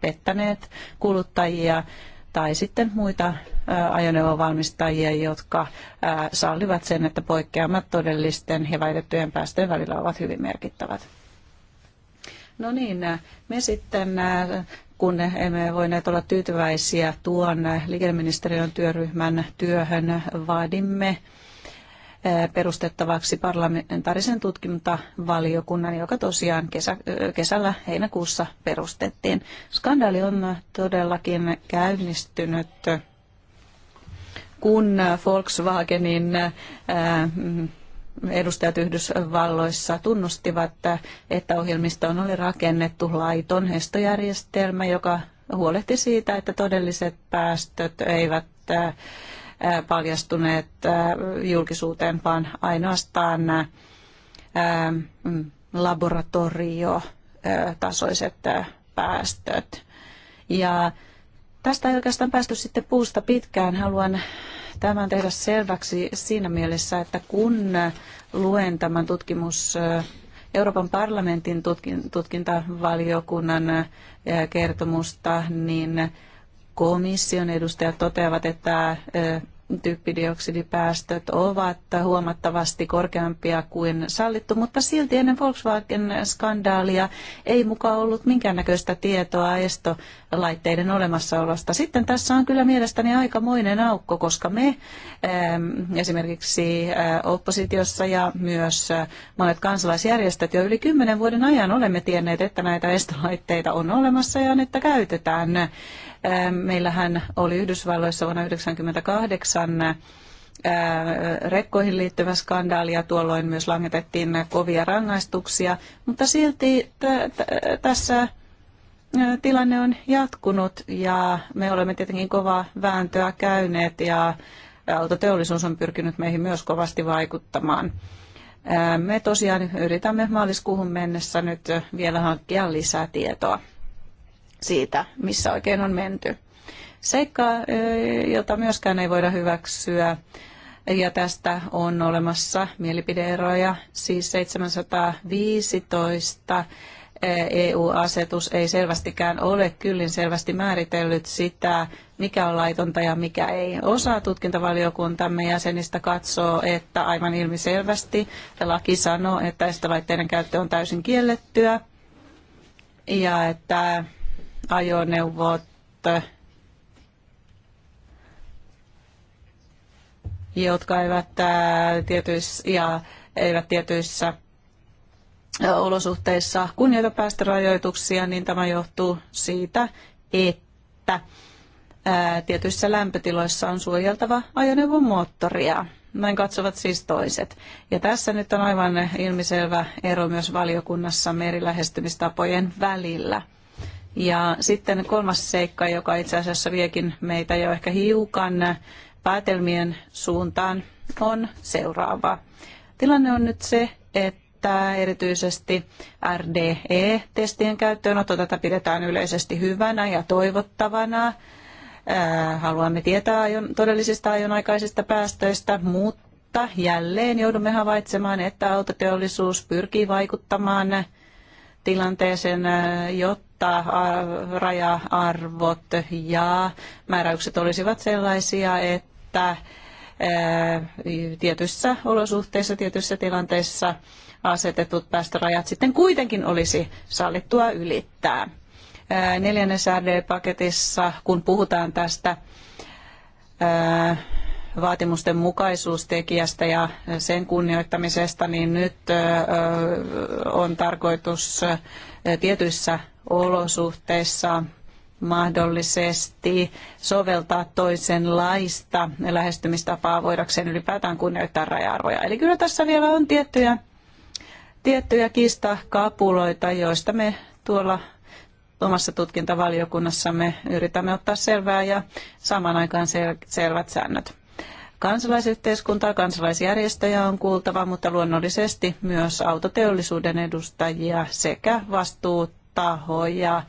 pettäneet kuluttajia valmistajia tai sitten muita ajoneuvovalmistajia, jotka sallivat sen, että poikkeamat todellisten ja väitettyjen päästöjen välillä ovat hyvin merkittävät. No niin, me sitten kun emme voineet olla tyytyväisiä tuon liikenneministeriön työryhmän työhön, vaadimme Eh, perustettavaksi parlamentaarisen tutkintavaliokunnan, joka tosiaan kesä, kesällä heinäkuussa perustettiin. Skandaali on todellakin käynnistynyt kun Volkswagenin eh, mm, edustajat Yhdysvalloissa tunnustivat, että ohjelmistoon oli rakennettu laiton estojärjestelmä, joka huolehti siitä, että todelliset päästöt eivät eh, paljastuneet julkisuuteen, vaan ainoastaan mm, laboratoriotasoiset päästöt. Ja tästä ei oikeastaan päästy sitten puusta pitkään. Haluan tämän tehdä selväksi siinä mielessä, että kun luen tämän tutkimus Euroopan parlamentin tutkintavaliokunnan kertomusta, niin komission edustajat toteavat, että typpidioksidipäästöt ovat huomattavasti korkeampia kuin sallittu, mutta silti ennen Volkswagen-skandaalia ei mukaan ollut minkäännäköistä tietoa estolaitteiden olemassaolosta. Sitten tässä on kyllä mielestäni aikamoinen aukko, koska me ähm, esimerkiksi äh, oppositiossa ja myös äh, monet kansalaisjärjestöt jo yli kymmenen vuoden ajan olemme tienneet, että näitä estolaitteita on olemassa ja että käytetään Ähm, meillähän oli Yhdysvalloissa vuonna 1998 äh, rekkoihin liittyvä skandaali ja tuolloin myös langetettiin kovia rangaistuksia, mutta silti tässä äh, tilanne on jatkunut ja me olemme tietenkin kovaa vääntöä käyneet ja autoteollisuus on pyrkinyt meihin myös kovasti vaikuttamaan. Äh, me tosiaan yritämme maaliskuuhun mennessä nyt vielä hankkia lisää tietoa siitä, missä oikein on menty. Seikka, jota myöskään ei voida hyväksyä, ja tästä on olemassa mielipideeroja, siis 715 EU-asetus ei selvästikään ole kyllin selvästi määritellyt sitä, mikä on laitonta ja mikä ei. Osa tutkintavaliokuntamme jäsenistä katsoo, että aivan ilmiselvästi laki sanoo, että estolaitteiden käyttö on täysin kiellettyä ja että ajoneuvot jotka eivät, tietyissä, ja eivät tietyissä olosuhteissa kunnioita päästörajoituksia, niin tämä johtuu siitä, että tietyissä lämpötiloissa on suojeltava ajoneuvon moottoria. Näin katsovat siis toiset. Ja tässä nyt on aivan ilmiselvä ero myös valiokunnassa merilähestymistapojen välillä – ja sitten kolmas seikka, joka itse asiassa viekin meitä jo ehkä hiukan päätelmien suuntaan, on seuraava. Tilanne on nyt se, että erityisesti RDE-testien käyttöönotto tätä pidetään yleisesti hyvänä ja toivottavana. Äh, haluamme tietää todellisista ajonaikaisista päästöistä, mutta jälleen joudumme havaitsemaan, että autoteollisuus pyrkii vaikuttamaan tilanteeseen, äh, jotta jotta raja-arvot ja määräykset olisivat sellaisia, että tietyissä olosuhteissa, tietyissä tilanteissa asetetut päästörajat sitten kuitenkin olisi sallittua ylittää. Neljännessä RD-paketissa, kun puhutaan tästä vaatimusten mukaisuustekijästä ja sen kunnioittamisesta, niin nyt on tarkoitus tietyissä olosuhteissa mahdollisesti soveltaa toisenlaista lähestymistapaa voidakseen ylipäätään kunnioittaa raja-arvoja. Eli kyllä tässä vielä on tiettyjä, tiettyjä kistakapuloita, joista me tuolla omassa tutkintavaliokunnassamme yritämme ottaa selvää ja saman aikaan sel- selvät säännöt kansalaisyhteiskuntaa, kansalaisjärjestöjä on kuultava, mutta luonnollisesti myös autoteollisuuden edustajia sekä vastuutahoja,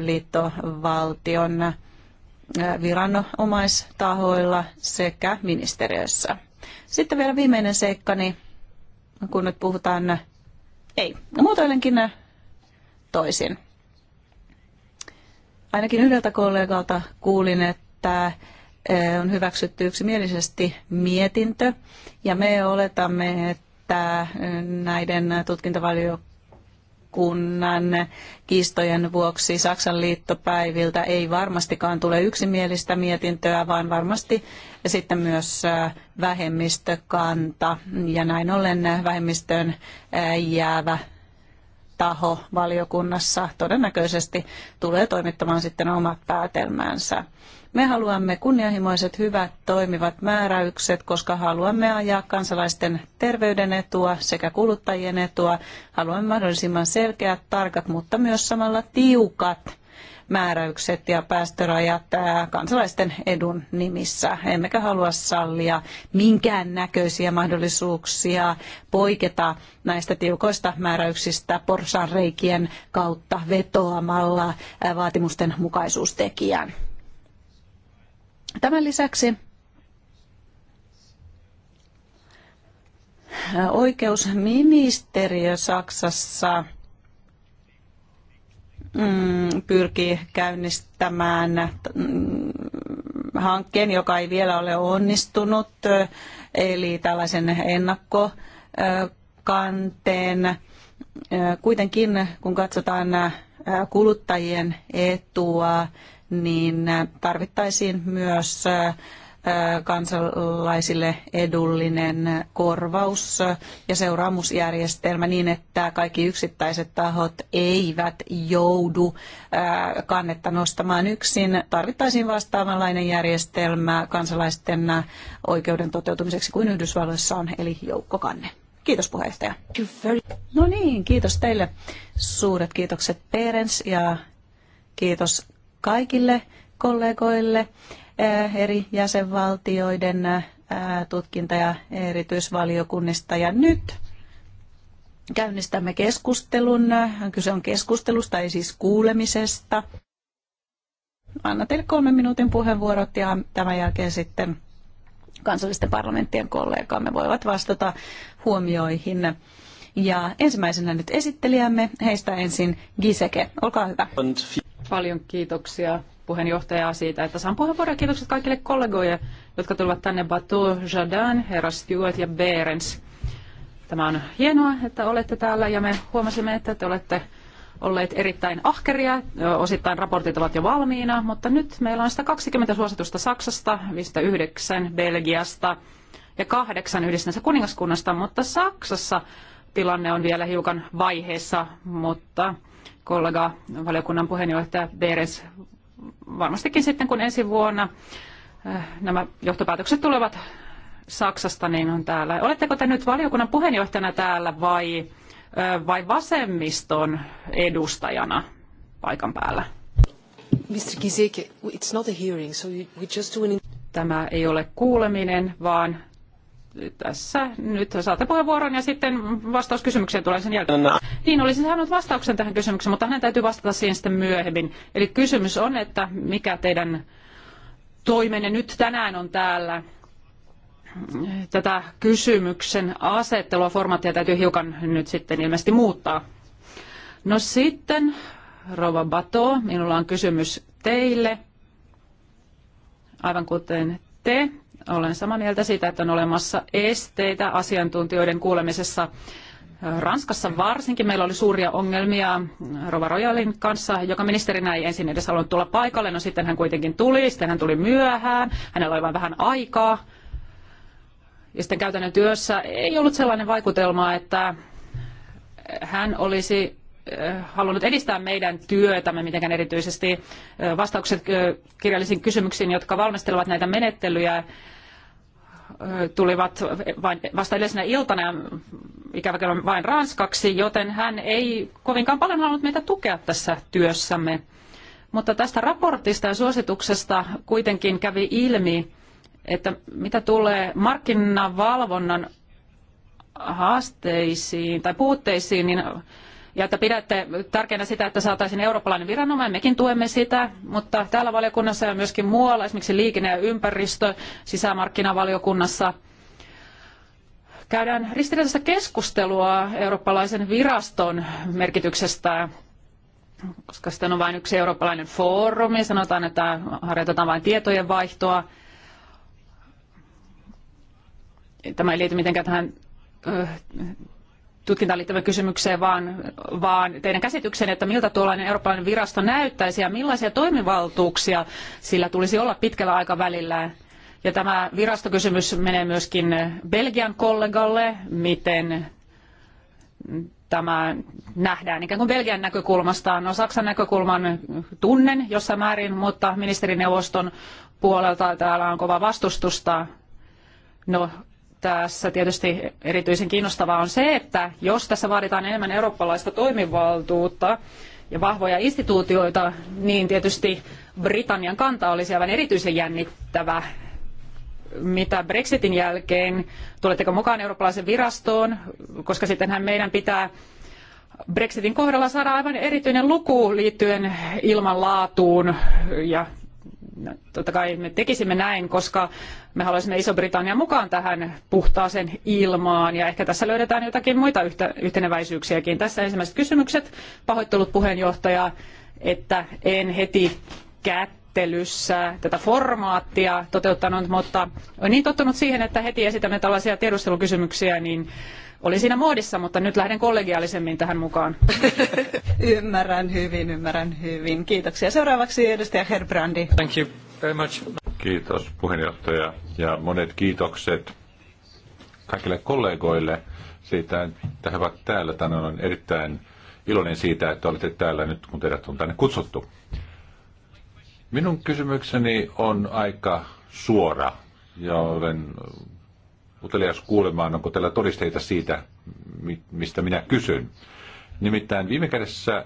liittovaltion viranomaistahoilla sekä ministeriössä. Sitten vielä viimeinen seikkani, kun nyt puhutaan, ei, muutoinkin toisin. Ainakin yhdeltä kollegalta kuulin, että on hyväksytty yksimielisesti mietintö ja me oletamme, että näiden tutkintavaliokunnan kiistojen vuoksi Saksan liittopäiviltä ei varmastikaan tule yksimielistä mietintöä, vaan varmasti sitten myös vähemmistökanta ja näin ollen vähemmistöön jäävä taho valiokunnassa todennäköisesti tulee toimittamaan sitten omat päätelmänsä. Me haluamme kunnianhimoiset, hyvät, toimivat määräykset, koska haluamme ajaa kansalaisten terveyden etua sekä kuluttajien etua. Haluamme mahdollisimman selkeät, tarkat, mutta myös samalla tiukat määräykset ja päästörajat kansalaisten edun nimissä. Emmekä halua sallia minkään näköisiä mahdollisuuksia poiketa näistä tiukoista määräyksistä porsa-reikien kautta vetoamalla vaatimusten mukaisuustekijän. Tämän lisäksi oikeusministeriö Saksassa mm, pyrkii käynnistämään mm, hankkeen, joka ei vielä ole onnistunut, eli tällaisen ennakkokanteen. Kuitenkin kun katsotaan kuluttajien etua, niin tarvittaisiin myös kansalaisille edullinen korvaus ja seuraamusjärjestelmä niin, että kaikki yksittäiset tahot eivät joudu kannetta nostamaan yksin. Tarvittaisiin vastaavanlainen järjestelmä kansalaisten oikeuden toteutumiseksi kuin Yhdysvalloissa on, eli joukkokanne. Kiitos puheenjohtaja. No niin, kiitos teille. Suuret kiitokset Perens ja kiitos kaikille kollegoille eh, eri jäsenvaltioiden eh, tutkinta- ja erityisvaliokunnista. Ja nyt käynnistämme keskustelun. Kyse on keskustelusta, ei siis kuulemisesta. Anna teille kolmen minuutin puheenvuorot ja tämän jälkeen sitten kansallisten parlamenttien kollegaamme voivat vastata huomioihin. Ja ensimmäisenä nyt esittelijämme, heistä ensin Giseke. Olkaa hyvä. Paljon kiitoksia puheenjohtajaa siitä, että saan puheenvuoron. Kiitokset kaikille kollegoille, jotka tulivat tänne Batu, Jadan, Herra Stewart ja Berens. Tämä on hienoa, että olette täällä ja me huomasimme, että te olette olleet erittäin ahkeria. Osittain raportit ovat jo valmiina, mutta nyt meillä on 120 suositusta Saksasta, 59 Belgiasta ja kahdeksan yhdistänsä kuningaskunnasta, mutta Saksassa tilanne on vielä hiukan vaiheessa, mutta kollega, valiokunnan puheenjohtaja Beres, varmastikin sitten kun ensi vuonna äh, nämä johtopäätökset tulevat Saksasta, niin on täällä. Oletteko te nyt valiokunnan puheenjohtajana täällä vai, äh, vai vasemmiston edustajana paikan päällä? Mr. it's not a hearing, so we just do an... Tämä ei ole kuuleminen, vaan tässä nyt saatte puheenvuoron ja sitten vastaus kysymykseen tulee sen jälkeen. Niin, olisin saanut vastauksen tähän kysymykseen, mutta hänen täytyy vastata siihen sitten myöhemmin. Eli kysymys on, että mikä teidän toimenne nyt tänään on täällä. Tätä kysymyksen asettelua, formaattia täytyy hiukan nyt sitten ilmeisesti muuttaa. No sitten, Rova Bato, minulla on kysymys teille. Aivan kuten te, olen samaa mieltä siitä, että on olemassa esteitä asiantuntijoiden kuulemisessa. Ranskassa varsinkin meillä oli suuria ongelmia Rova Royalin kanssa, joka ministerinä ei ensin edes halunnut tulla paikalle. No sitten hän kuitenkin tuli, sitten hän tuli myöhään, hänellä oli vain vähän aikaa. Ja sitten käytännön työssä ei ollut sellainen vaikutelma, että hän olisi Äh, halunnut edistää meidän työtämme mitenkään erityisesti. Äh, vastaukset äh, kirjallisiin kysymyksiin, jotka valmistelevat näitä menettelyjä, tulivat vain, vasta edellisenä iltana, ikävä kyllä vain ranskaksi, joten hän ei kovinkaan paljon halunnut meitä tukea tässä työssämme. Mutta tästä raportista ja suosituksesta kuitenkin kävi ilmi, että mitä tulee markkinavalvonnan haasteisiin tai puutteisiin, niin ja että pidätte tärkeänä sitä, että saataisiin eurooppalainen viranomainen, mekin tuemme sitä, mutta täällä valiokunnassa ja myöskin muualla, esimerkiksi liikenne- ja ympäristö, sisämarkkinavaliokunnassa, käydään ristiriitaista keskustelua eurooppalaisen viraston merkityksestä, koska sitten on vain yksi eurooppalainen foorumi, sanotaan, että harjoitetaan vain tietojen vaihtoa. Tämä ei liity mitenkään tähän tutkintaan liittyvään kysymykseen, vaan, vaan teidän käsityksen, että miltä tuollainen eurooppalainen virasto näyttäisi ja millaisia toimivaltuuksia sillä tulisi olla pitkällä aikavälillä. Ja tämä virastokysymys menee myöskin Belgian kollegalle, miten tämä nähdään ikään kuin Belgian näkökulmasta. No Saksan näkökulman tunnen jossain määrin, mutta ministerineuvoston puolelta täällä on kova vastustusta. No tässä tietysti erityisen kiinnostavaa on se, että jos tässä vaaditaan enemmän eurooppalaista toimivaltuutta ja vahvoja instituutioita, niin tietysti Britannian kanta olisi aivan erityisen jännittävä. Mitä Brexitin jälkeen, tuletteko mukaan eurooppalaisen virastoon, koska sittenhän meidän pitää Brexitin kohdalla saada aivan erityinen luku liittyen ilmanlaatuun ja totta kai me tekisimme näin, koska me haluaisimme Iso-Britannian mukaan tähän puhtaaseen ilmaan ja ehkä tässä löydetään jotakin muita yhtä, yhteneväisyyksiäkin. Tässä ensimmäiset kysymykset. Pahoittelut puheenjohtaja, että en heti kät menettelyssä tätä formaattia toteuttanut, mutta olen niin tottunut siihen, että heti esitämme tällaisia tiedustelukysymyksiä, niin olin siinä moodissa, mutta nyt lähden kollegiaalisemmin tähän mukaan. ymmärrän hyvin, ymmärrän hyvin. Kiitoksia. Seuraavaksi edustaja Herbrandi. Thank you very much. Kiitos puheenjohtaja ja monet kiitokset kaikille kollegoille siitä, että he ovat täällä tänään. on erittäin iloinen siitä, että olette täällä nyt, kun teidät on tänne kutsuttu. Minun kysymykseni on aika suora ja olen utelias kuulemaan, onko teillä todisteita siitä, mistä minä kysyn. Nimittäin viime kädessä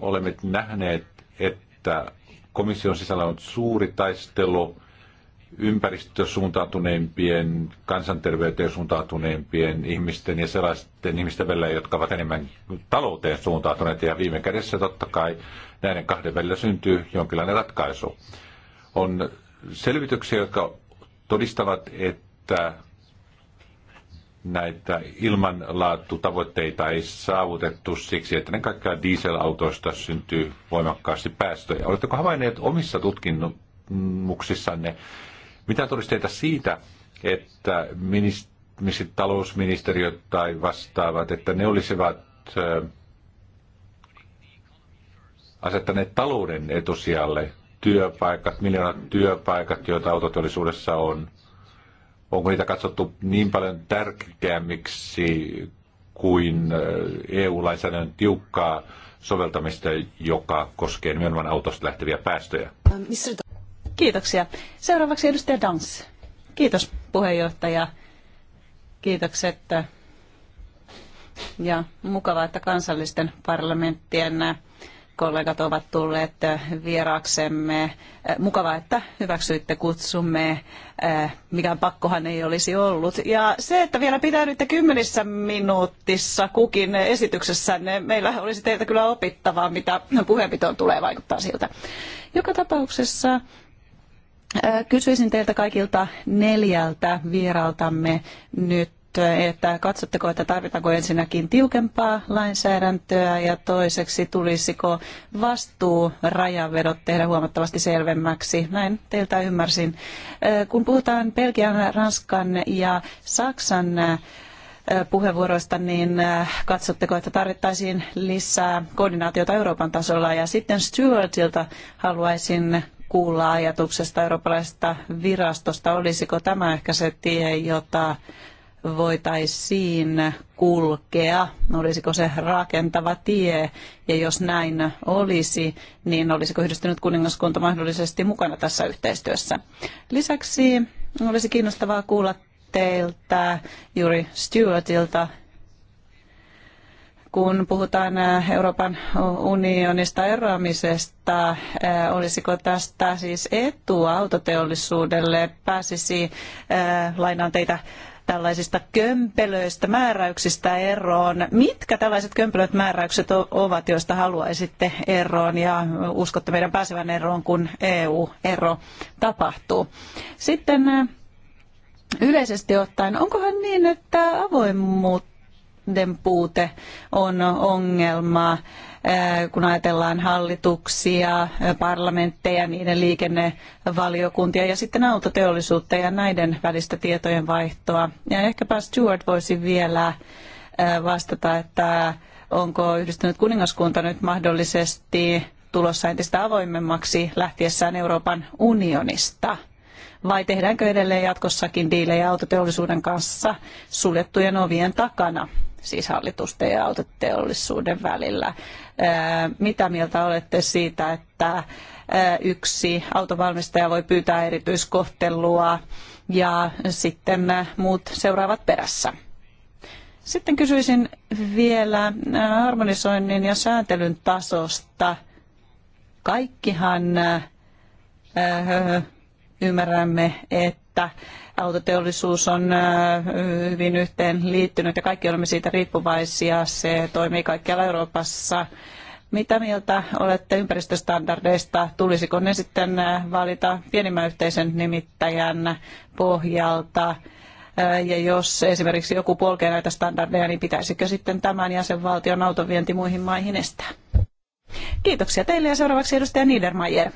olemme nähneet, että komission sisällä on suuri taistelu ympäristösuuntautuneimpien, kansanterveyteen suuntautuneimpien ihmisten ja sellaisten ihmisten välillä, jotka ovat enemmän talouteen suuntautuneet Ja viime kädessä totta kai näiden kahden välillä syntyy jonkinlainen ratkaisu. On selvityksiä, jotka todistavat, että näitä ilmanlaatutavoitteita ei saavutettu siksi, että ne kaikkia dieselautoista syntyy voimakkaasti päästöjä. Oletteko havainneet omissa tutkimuksissanne mitä todisteita siitä, että ministeri talousministeriöt tai vastaavat, että ne olisivat asettaneet talouden etusijalle työpaikat, miljoonat työpaikat, joita autoteollisuudessa on. Onko niitä katsottu niin paljon tärkeämmiksi kuin äh, EU-lainsäädännön tiukkaa soveltamista, joka koskee nimenomaan autosta lähteviä päästöjä? Kiitoksia. Seuraavaksi edustaja Dans. Kiitos puheenjohtaja. Kiitokset. Ja mukavaa, että kansallisten parlamenttien kollegat ovat tulleet vieraaksemme. Äh, mukavaa, että hyväksyitte kutsumme. Äh, Mikään pakkohan ei olisi ollut. Ja se, että vielä pitäydytte kymmenissä minuutissa kukin esityksessä meillä olisi teiltä kyllä opittavaa, mitä puheenpitoon tulee vaikuttaa siltä. Joka tapauksessa äh, kysyisin teiltä kaikilta neljältä vieraltamme nyt että katsotteko, että tarvitaanko ensinnäkin tiukempaa lainsäädäntöä ja toiseksi tulisiko vastuu rajanvedot tehdä huomattavasti selvemmäksi. Näin teiltä ymmärsin. Kun puhutaan Belgian, Ranskan ja Saksan puheenvuoroista, niin katsotteko, että tarvittaisiin lisää koordinaatiota Euroopan tasolla? Ja sitten Stuartilta haluaisin kuulla ajatuksesta eurooppalaisesta virastosta. Olisiko tämä ehkä se tie, jota voitaisiin kulkea, olisiko se rakentava tie, ja jos näin olisi, niin olisiko yhdistynyt kuningaskunta mahdollisesti mukana tässä yhteistyössä. Lisäksi olisi kiinnostavaa kuulla teiltä juuri Stewartilta, kun puhutaan Euroopan unionista eroamisesta, eh, olisiko tästä siis etua autoteollisuudelle, pääsisi, eh, lainaan teitä tällaisista kömpelöistä määräyksistä eroon. Mitkä tällaiset kömpelöt määräykset ovat, joista haluaisitte eroon ja uskotte meidän pääsevän eroon, kun EU-ero tapahtuu? Sitten äh, yleisesti ottaen, onkohan niin, että avoimuuden puute on ongelma? kun ajatellaan hallituksia, parlamentteja, niiden liikennevaliokuntia ja sitten autoteollisuutta ja näiden välistä tietojen vaihtoa. Ja ehkäpä Stuart voisi vielä vastata, että onko yhdistynyt kuningaskunta nyt mahdollisesti tulossa entistä avoimemmaksi lähtiessään Euroopan unionista? Vai tehdäänkö edelleen jatkossakin diilejä autoteollisuuden kanssa suljettujen ovien takana, siis hallitusten ja autoteollisuuden välillä? Mitä mieltä olette siitä, että yksi autovalmistaja voi pyytää erityiskohtelua ja sitten muut seuraavat perässä? Sitten kysyisin vielä harmonisoinnin ja sääntelyn tasosta. Kaikkihan ymmärrämme, että autoteollisuus on hyvin yhteen liittynyt ja kaikki olemme siitä riippuvaisia. Se toimii kaikkialla Euroopassa. Mitä mieltä olette ympäristöstandardeista? Tulisiko ne sitten valita pienimmän yhteisen nimittäjän pohjalta? Ja jos esimerkiksi joku polkee näitä standardeja, niin pitäisikö sitten tämän jäsenvaltion autovienti muihin maihin estää? Kiitoksia teille ja seuraavaksi edustaja Niedermayer.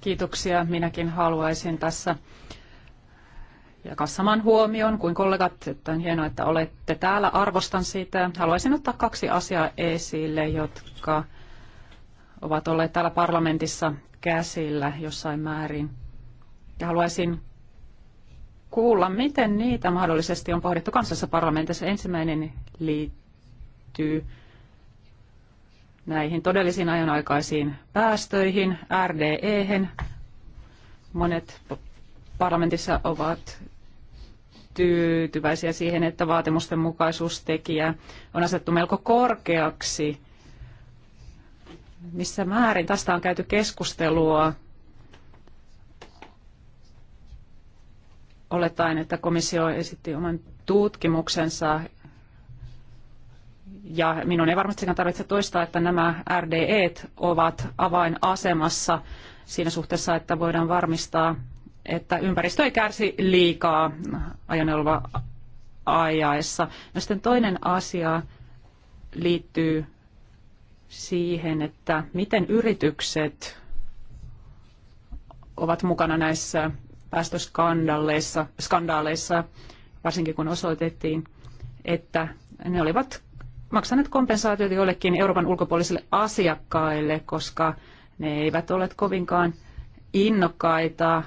Kiitoksia. Minäkin haluaisin tässä ja saman huomion kuin kollegat, että on hienoa, että olette täällä. Arvostan sitä. Haluaisin ottaa kaksi asiaa esille, jotka ovat olleet täällä parlamentissa käsillä jossain määrin. Ja haluaisin kuulla, miten niitä mahdollisesti on pohdittu kansassa parlamentissa. Ensimmäinen liittyy näihin todellisiin ajonaikaisiin päästöihin, RDE-hen. Monet parlamentissa ovat tyytyväisiä siihen, että vaatimusten mukaisuustekijä on asettu melko korkeaksi. Missä määrin tästä on käyty keskustelua? Oletain, että komissio esitti oman tutkimuksensa ja minun ei varmastikaan tarvitse toistaa, että nämä RDE -t ovat avainasemassa siinä suhteessa, että voidaan varmistaa että ympäristö ei kärsi liikaa ajoneuvoa ajaessa. No sitten toinen asia liittyy siihen, että miten yritykset ovat mukana näissä päästöskandaaleissa, skandaaleissa, varsinkin kun osoitettiin, että ne olivat maksaneet kompensaatiot, joillekin Euroopan ulkopuolisille asiakkaille, koska ne eivät ole kovinkaan innokkaita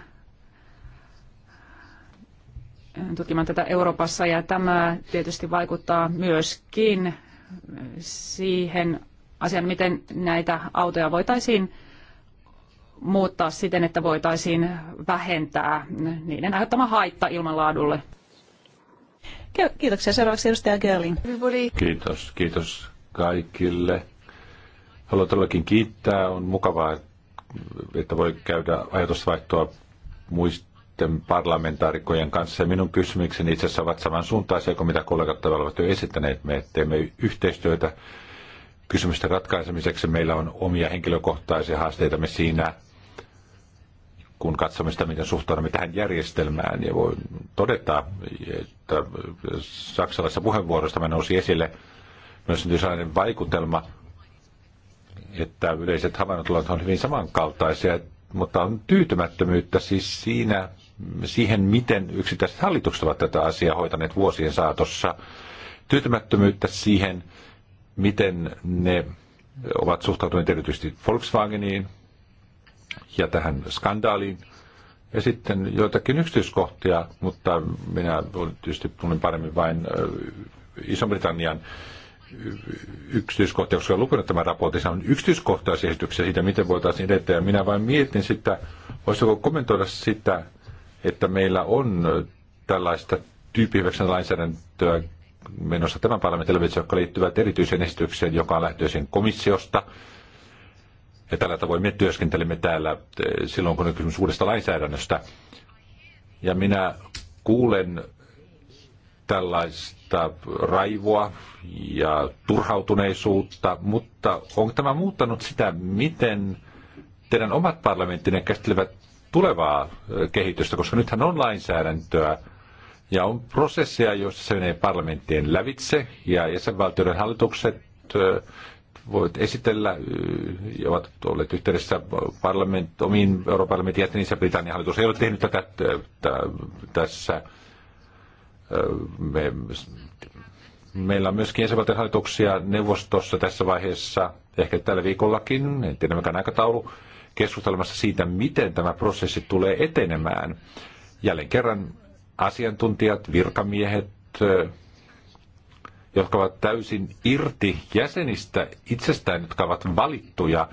tutkimaan tätä Euroopassa ja tämä tietysti vaikuttaa myöskin siihen asiaan, miten näitä autoja voitaisiin muuttaa siten, että voitaisiin vähentää niiden aiheuttama haitta ilmanlaadulle. Kiitoksia. Seuraavaksi edustaja Görling. Kiitos. Kiitos kaikille. Haluan todellakin kiittää. On mukavaa, että voi käydä ajatusvaihtoa muista muiden parlamentaarikkojen kanssa. Minun kysymykseni itse asiassa ovat samansuuntaisia kuin mitä kollegat ovat jo esittäneet. Me teemme yhteistyötä kysymysten ratkaisemiseksi. Meillä on omia henkilökohtaisia haasteitamme siinä, kun katsomme sitä, miten suhtaudumme tähän järjestelmään. Ja voin todeta, että saksalaisessa puheenvuorossa me nousi esille myös sellainen vaikutelma, että yleiset havainnot ovat hyvin samankaltaisia, mutta on tyytymättömyyttä siis siinä, siihen, miten yksittäiset hallitukset ovat tätä asiaa hoitaneet vuosien saatossa. Tyytymättömyyttä siihen, miten ne ovat suhtautuneet erityisesti Volkswageniin ja tähän skandaaliin. Ja sitten joitakin yksityiskohtia, mutta minä tietysti tunnen paremmin vain Iso-Britannian yksityiskohtia, koska olen lukenut tämän raportin, se on yksityiskohtaisia esityksiä siitä, miten voitaisiin edetä. Ja minä vain mietin sitä, voisiko kommentoida sitä, että meillä on tällaista tyyppi lainsäädäntöä menossa tämän parlamentin lävitse, jotka liittyvät erityiseen esitykseen, joka on lähtöisin komissiosta. Ja tällä tavoin me työskentelimme täällä eh, silloin, kun on kysymys uudesta lainsäädännöstä. Ja minä kuulen tällaista raivoa ja turhautuneisuutta, mutta onko tämä muuttanut sitä, miten teidän omat parlamenttinne käsittelevät tulevaa kehitystä, koska nythän on lainsäädäntöä ja on prosesseja, joissa se menee parlamenttien lävitse ja jäsenvaltioiden hallitukset voivat esitellä ja ovat olleet yhteydessä parlament, omiin Euroopan parlamentin jäsenissä. Britannian hallitus ei ole tehnyt tätä tässä. Me, meillä on myöskin jäsenvaltion hallituksia neuvostossa tässä vaiheessa, ehkä tällä viikollakin, en tiedä mikä aikataulu, keskustelemassa siitä, miten tämä prosessi tulee etenemään. Jälleen kerran asiantuntijat, virkamiehet, jotka ovat täysin irti jäsenistä itsestään, jotka ovat valittuja,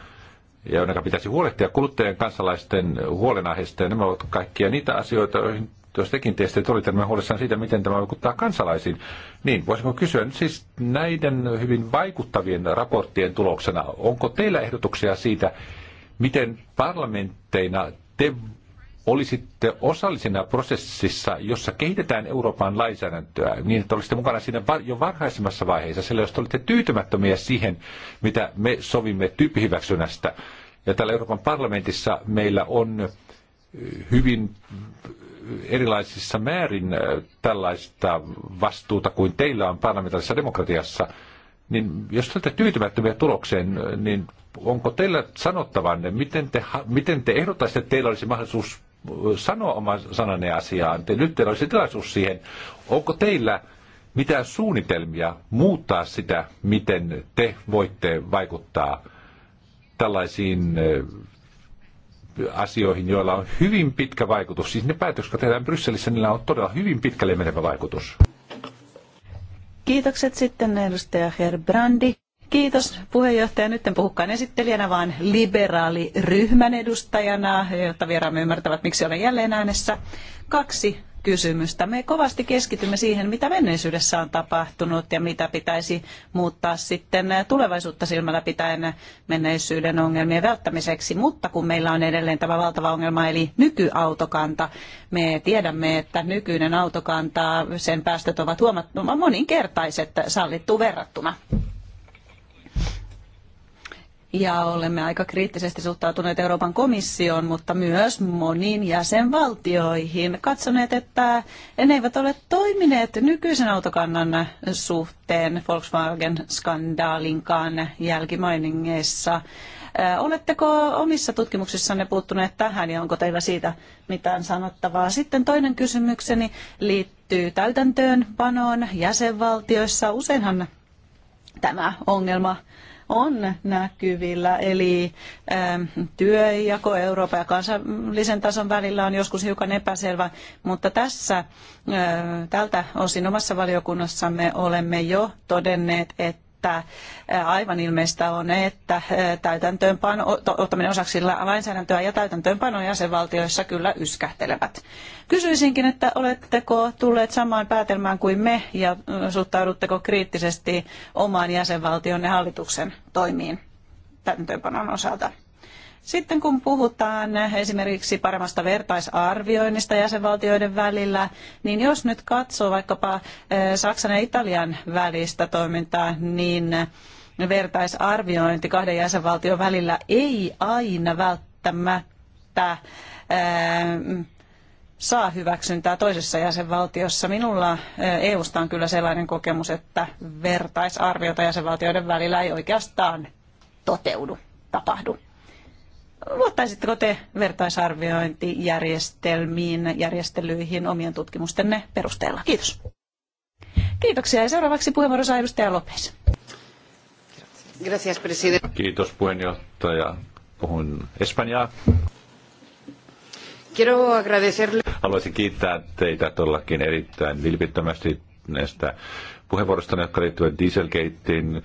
ja joiden pitäisi huolehtia kuluttajien kansalaisten huolenaiheista, ja nämä ovat kaikkia niitä asioita, joihin jos tekin teistä olitte tämän huolissaan siitä, miten tämä vaikuttaa kansalaisiin, niin voisiko kysyä nyt siis näiden hyvin vaikuttavien raporttien tuloksena, onko teillä ehdotuksia siitä, miten parlamentteina te olisitte osallisena prosessissa, jossa kehitetään Euroopan lainsäädäntöä, niin että olisitte mukana siinä jo varhaisemmassa vaiheessa, sillä jos te olette tyytymättömiä siihen, mitä me sovimme tyyppihyväksynnästä, ja täällä Euroopan parlamentissa meillä on hyvin erilaisissa määrin tällaista vastuuta kuin teillä on parlamentaarisessa demokratiassa, niin jos te olette tyytymättömiä tulokseen, niin onko teillä sanottavanne, miten te, miten te ehdottaisitte, että teillä olisi mahdollisuus sanoa oman sananne asiaan? Te, nyt teillä olisi tilaisuus siihen. Onko teillä mitään suunnitelmia muuttaa sitä, miten te voitte vaikuttaa tällaisiin asioihin, joilla on hyvin pitkä vaikutus. Siis ne päätökset, jotka tehdään Brysselissä, niillä on todella hyvin pitkälle menevä vaikutus. Kiitokset sitten edustaja Herbrandi. Kiitos puheenjohtaja. Nyt en puhukaan esittelijänä, vaan liberaaliryhmän edustajana, jotta vieraamme ymmärtävät, miksi olen jälleen äänessä. Kaksi kysymystä. Me kovasti keskitymme siihen, mitä menneisyydessä on tapahtunut ja mitä pitäisi muuttaa sitten tulevaisuutta silmällä pitäen menneisyyden ongelmien välttämiseksi. Mutta kun meillä on edelleen tämä valtava ongelma eli nykyautokanta, me tiedämme, että nykyinen autokanta, sen päästöt ovat huomattavasti moninkertaiset sallittu verrattuna ja olemme aika kriittisesti suhtautuneet Euroopan komissioon, mutta myös moniin jäsenvaltioihin katsoneet, että ne eivät ole toimineet nykyisen autokannan suhteen Volkswagen-skandaalinkaan jälkimainingeissa. Oletteko omissa tutkimuksissanne puuttuneet tähän ja onko teillä siitä mitään sanottavaa? Sitten toinen kysymykseni liittyy täytäntöönpanoon jäsenvaltioissa. Useinhan tämä ongelma on näkyvillä, eli ähm, työjako Euroopan ja kansallisen tason välillä on joskus hiukan epäselvä, mutta tässä äh, tältä osin omassa valiokunnassamme olemme jo todenneet, että että aivan ilmeistä on, että täytäntöönpano, ottaminen osaksi lainsäädäntöä ja täytäntöönpano jäsenvaltioissa kyllä yskähtelevät. Kysyisinkin, että oletteko tulleet samaan päätelmään kuin me ja suhtaudutteko kriittisesti omaan jäsenvaltionne hallituksen toimiin täytäntöönpanon osalta? Sitten kun puhutaan esimerkiksi paremmasta vertaisarvioinnista jäsenvaltioiden välillä, niin jos nyt katsoo vaikkapa eh, Saksan ja Italian välistä toimintaa, niin vertaisarviointi kahden jäsenvaltion välillä ei aina välttämättä eh, saa hyväksyntää toisessa jäsenvaltiossa. Minulla eh, EUsta on kyllä sellainen kokemus, että vertaisarviota jäsenvaltioiden välillä ei oikeastaan toteudu, tapahdu. Luottaisitteko te vertaisarviointijärjestelmiin, järjestelyihin omien tutkimustenne perusteella? Kiitos. Kiitoksia ja seuraavaksi puheenvuoro saa edustaja Lopes. Kiitos puheenjohtaja. Puhun Espanjaa. Haluaisin kiittää teitä todellakin erittäin vilpittömästi näistä puheenvuorosta, jotka liittyvät Dieselgateen,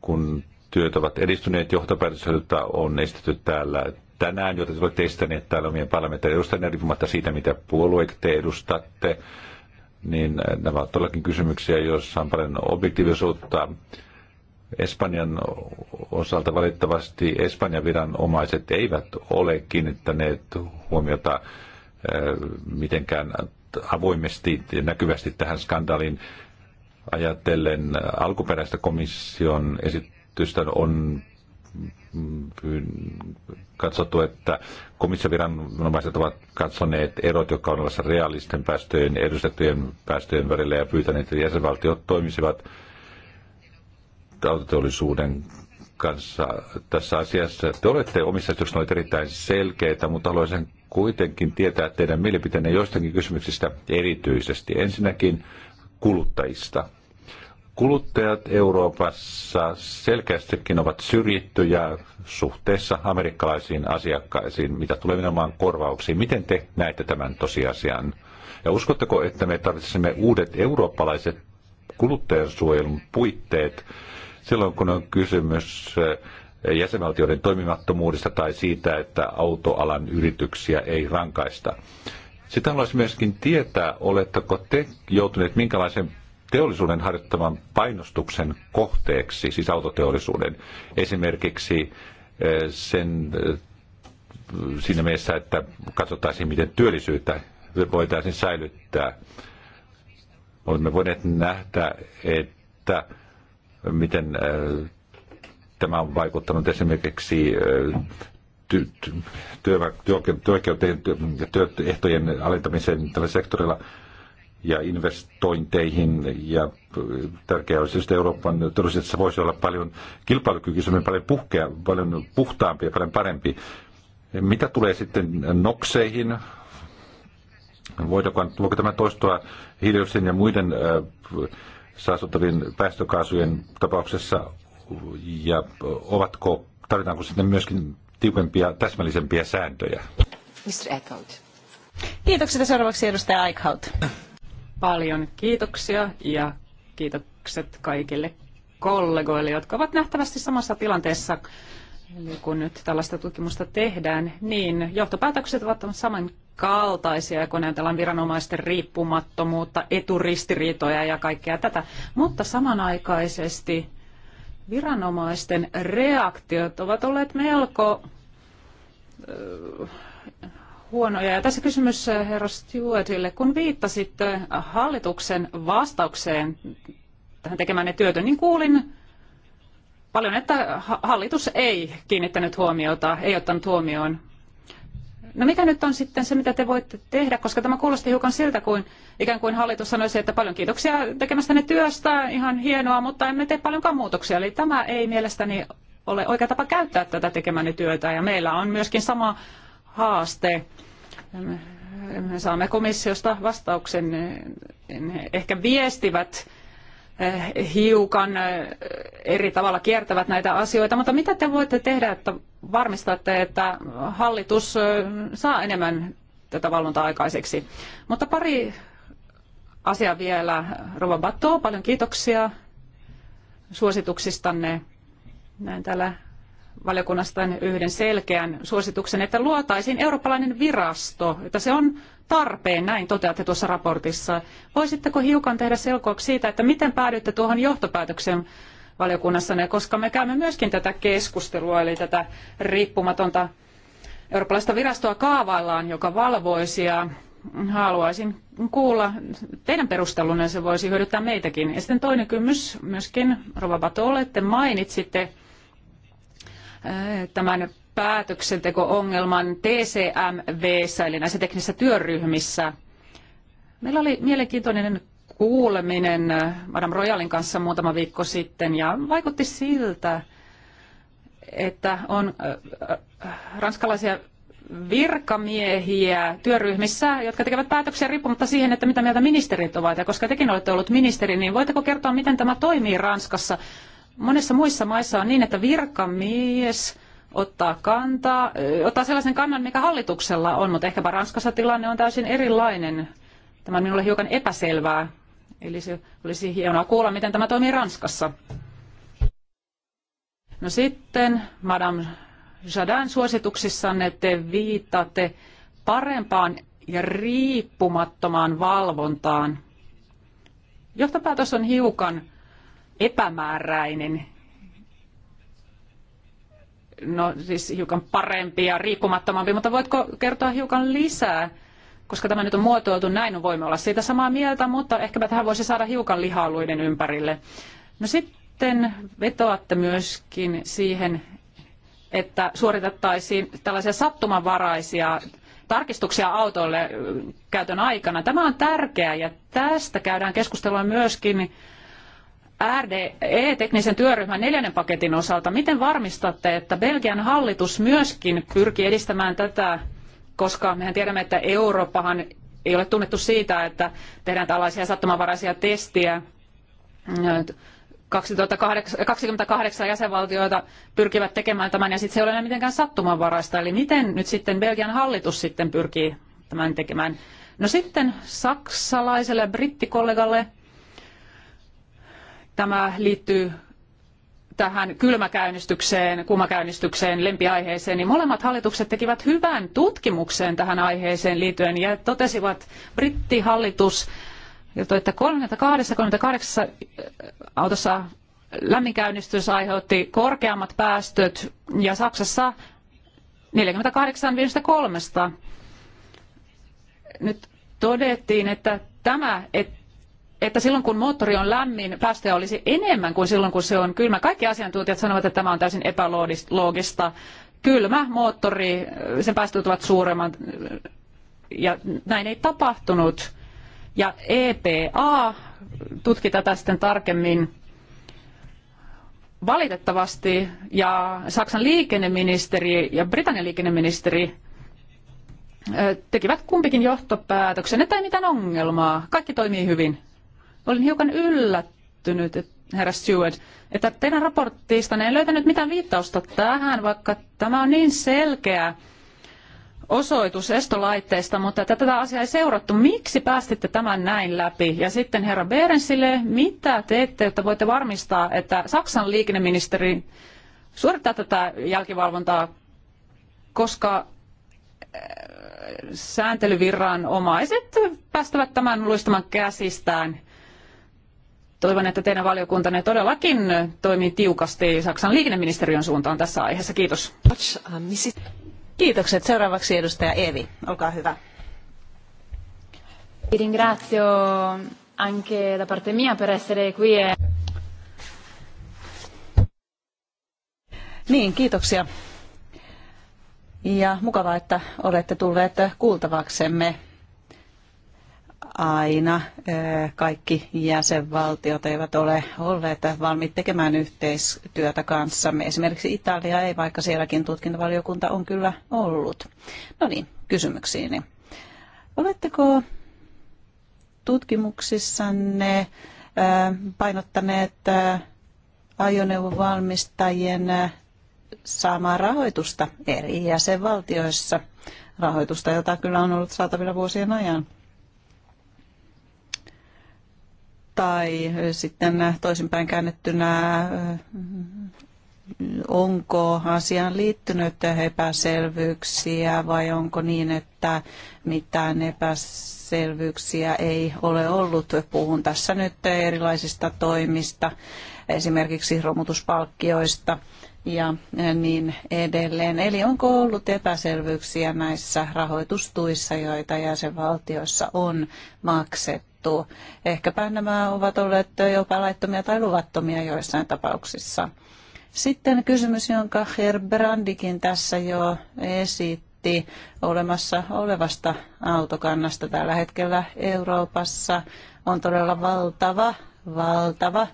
kun työt ovat edistyneet, johtopäätökset, joita on esitetty täällä tänään, joita te olette estäneet täällä omien parlamentaarien edustajien riippumatta siitä, mitä puolueita te edustatte, niin äh, nämä ovat todellakin kysymyksiä, joissa on paljon objektiivisuutta. Espanjan osalta valitettavasti Espanjan viranomaiset eivät ole kiinnittäneet huomiota äh, mitenkään avoimesti ja näkyvästi tähän skandaaliin ajatellen alkuperäistä komission esittämää tietysti on katsottu, että komissioviranomaiset ovat katsoneet erot, jotka on olemassa realisten päästöjen edustettujen päästöjen välillä ja pyytäneet, että jäsenvaltiot toimisivat autoteollisuuden kanssa tässä asiassa. Te olette omissa esityksissänne erittäin selkeitä, mutta haluaisin kuitenkin tietää teidän mielipiteenne joistakin kysymyksistä erityisesti. Ensinnäkin kuluttajista. Kuluttajat Euroopassa selkeästikin ovat syrjittyjä suhteessa amerikkalaisiin asiakkaisiin, mitä tulee nimenomaan korvauksiin. Miten te näette tämän tosiasian? Ja uskotteko, että me tarvitsemme uudet eurooppalaiset kuluttajansuojelun puitteet silloin, kun on kysymys eh, jäsenvaltioiden toimimattomuudesta tai siitä, että autoalan yrityksiä ei rankaista? Sitä haluaisin myöskin tietää, oletteko te joutuneet minkälaisen teollisuuden harjoittaman painostuksen kohteeksi, siis autoteollisuuden. Esimerkiksi eh, sen, eh, siinä mielessä, että katsottaisiin, miten työllisyyttä voitaisiin säilyttää. Olemme voineet nähdä, että miten eh, tämä on vaikuttanut esimerkiksi työoikeuteen ja työehtojen alentamiseen tällä sektorilla ja investointeihin. Ja äh, tärkeää olisi, että Euroopan teollisuudessa voisi olla paljon kilpailukykyisemmin, paljon puhkea, paljon puhtaampi ja paljon parempi. Mitä tulee sitten nokseihin, voidaanko, voiko tämä toistua hiilidioksidin ja muiden äh, saastuttavien päästökaasujen tapauksessa, ja äh, ovatko, tarvitaanko sitten myöskin tiukempia, täsmällisempiä sääntöjä? Mr. Kiitoksia seuraavaksi edustaja Eichhout paljon kiitoksia ja kiitokset kaikille kollegoille, jotka ovat nähtävästi samassa tilanteessa. Eli kun nyt tällaista tutkimusta tehdään, niin johtopäätökset ovat samankaltaisia, ja kun ajatellaan viranomaisten riippumattomuutta, eturistiriitoja ja kaikkea tätä. Mutta samanaikaisesti viranomaisten reaktiot ovat olleet melko huonoja. Ja tässä kysymys äh, herra Stewartille. Kun viittasitte äh, hallituksen vastaukseen tähän tekemänne työtön, niin kuulin paljon, että hallitus ei kiinnittänyt huomiota, ei ottanut huomioon. No mikä nyt on sitten se, mitä te voitte tehdä, koska tämä kuulosti hiukan siltä, kuin ikään kuin hallitus sanoisi, että paljon kiitoksia tekemästänne työstä, ihan hienoa, mutta emme tee paljonkaan muutoksia. Eli tämä ei mielestäni ole oikea tapa käyttää tätä tekemänne työtä. Ja meillä on myöskin sama haaste. Me saamme komissiosta vastauksen. Ehkä viestivät eh, hiukan eh, eri tavalla kiertävät näitä asioita, mutta mitä te voitte tehdä, että varmistatte, että hallitus eh, saa enemmän tätä valvontaa aikaiseksi? Mutta pari asiaa vielä. Rova Batto, paljon kiitoksia suosituksistanne. Näin täällä valiokunnasta yhden selkeän suosituksen, että luotaisiin eurooppalainen virasto, että se on tarpeen, näin toteatte tuossa raportissa. Voisitteko hiukan tehdä selkoaksi siitä, että miten päädyitte tuohon johtopäätökseen valiokunnassanne, koska me käymme myöskin tätä keskustelua, eli tätä riippumatonta eurooppalaista virastoa kaavaillaan, joka valvoisi ja haluaisin kuulla teidän perustelunne, se voisi hyödyttää meitäkin. Ja sitten toinen kysymys myöskin, Rova Bato, olette mainitsitte Äh, tämän päätöksenteko-ongelman TCMV, eli näissä teknisissä työryhmissä. Meillä oli mielenkiintoinen kuuleminen äh, Madame Royalin kanssa muutama viikko sitten, ja vaikutti siltä, että on äh, ranskalaisia virkamiehiä työryhmissä, jotka tekevät päätöksiä riippumatta siihen, että mitä mieltä ministerit ovat. Ja koska tekin olette ollut ministeri, niin voitteko kertoa, miten tämä toimii Ranskassa? Monissa muissa maissa on niin, että virkamies ottaa kantaa, ottaa sellaisen kannan, mikä hallituksella on, mutta ehkäpä Ranskassa tilanne on täysin erilainen. Tämä on minulle hiukan epäselvää, eli se olisi hienoa kuulla, miten tämä toimii Ranskassa. No sitten Madame Jadan suosituksissanne te viittaatte parempaan ja riippumattomaan valvontaan. Johtopäätös on hiukan epämääräinen no siis hiukan parempi ja riippumattomampi, mutta voitko kertoa hiukan lisää? Koska tämä nyt on muotoiltu näin, no voimme olla siitä samaa mieltä, mutta ehkäpä tähän voisi saada hiukan lihaluiden ympärille. No sitten vetoatte myöskin siihen, että suoritettaisiin tällaisia sattumanvaraisia tarkistuksia autoille käytön aikana. Tämä on tärkeää ja tästä käydään keskustelua myöskin RDE-teknisen työryhmän neljännen paketin osalta. Miten varmistatte, että Belgian hallitus myöskin pyrkii edistämään tätä, koska mehän tiedämme, että Eurooppahan ei ole tunnettu siitä, että tehdään tällaisia sattumanvaraisia testiä. 28 jäsenvaltioita pyrkivät tekemään tämän ja sitten se ei ole enää mitenkään sattumanvaraista. Eli miten nyt sitten Belgian hallitus sitten pyrkii tämän tekemään? No sitten saksalaiselle brittikollegalle Tämä liittyy tähän kylmäkäynnistykseen, kumakäynnistykseen, lempiaiheeseen, niin molemmat hallitukset tekivät hyvän tutkimuksen tähän aiheeseen liittyen ja totesivat brittihallitus, että 32-38 äh, autossa lämminkäynnistys aiheutti korkeammat päästöt ja Saksassa 48-53. Nyt todettiin, että tämä, että että silloin kun moottori on lämmin, päästöjä olisi enemmän kuin silloin kun se on kylmä. Kaikki asiantuntijat sanovat, että tämä on täysin epäloogista. Kylmä moottori, sen päästöt ovat suuremmat ja näin ei tapahtunut. Ja EPA tutki tätä sitten tarkemmin valitettavasti ja Saksan liikenneministeri ja Britannian liikenneministeri tekivät kumpikin johtopäätöksen, että ei mitään ongelmaa, kaikki toimii hyvin. Olin hiukan yllättynyt, herra Stewart, että teidän raporttistanne en löytänyt mitään viittausta tähän, vaikka tämä on niin selkeä osoitus estolaitteista, mutta että tätä asiaa ei seurattu. Miksi päästitte tämän näin läpi? Ja sitten herra Berensille, mitä teette, jotta voitte varmistaa, että Saksan liikenneministeri suorittaa tätä jälkivalvontaa, koska äh, sääntelyviranomaiset päästävät tämän luistamaan käsistään – toivon, että teidän valiokuntanne todellakin toimii tiukasti Saksan liikenneministeriön suuntaan tässä aiheessa. Kiitos. Kiitokset. Seuraavaksi edustaja Evi. Olkaa hyvä. Ringrazio anche da parte mia per essere qui. E- niin, kiitoksia. Ja mukavaa, että olette tulleet kuultavaksemme aina eh, kaikki jäsenvaltiot eivät ole olleet valmiit tekemään yhteistyötä kanssamme. Esimerkiksi Italia ei, vaikka sielläkin tutkintavaliokunta on kyllä ollut. No niin, kysymyksiini. Oletteko tutkimuksissanne eh, painottaneet eh, ajoneuvovalmistajien saamaa rahoitusta eri jäsenvaltioissa? Rahoitusta, jota kyllä on ollut saatavilla vuosien ajan. tai sitten toisinpäin käännettynä, onko asiaan liittynyt epäselvyyksiä vai onko niin, että mitään epäselvyyksiä ei ole ollut. Puhun tässä nyt erilaisista toimista, esimerkiksi romutuspalkkioista – ja eh, niin edelleen. Eli onko ollut epäselvyyksiä näissä rahoitustuissa, joita jäsenvaltioissa on maksettu? Ehkäpä nämä ovat olleet jopa laittomia tai luvattomia joissain tapauksissa. Sitten kysymys, jonka Brandikin tässä jo esitti olemassa olevasta autokannasta tällä hetkellä Euroopassa on todella valtava, valtava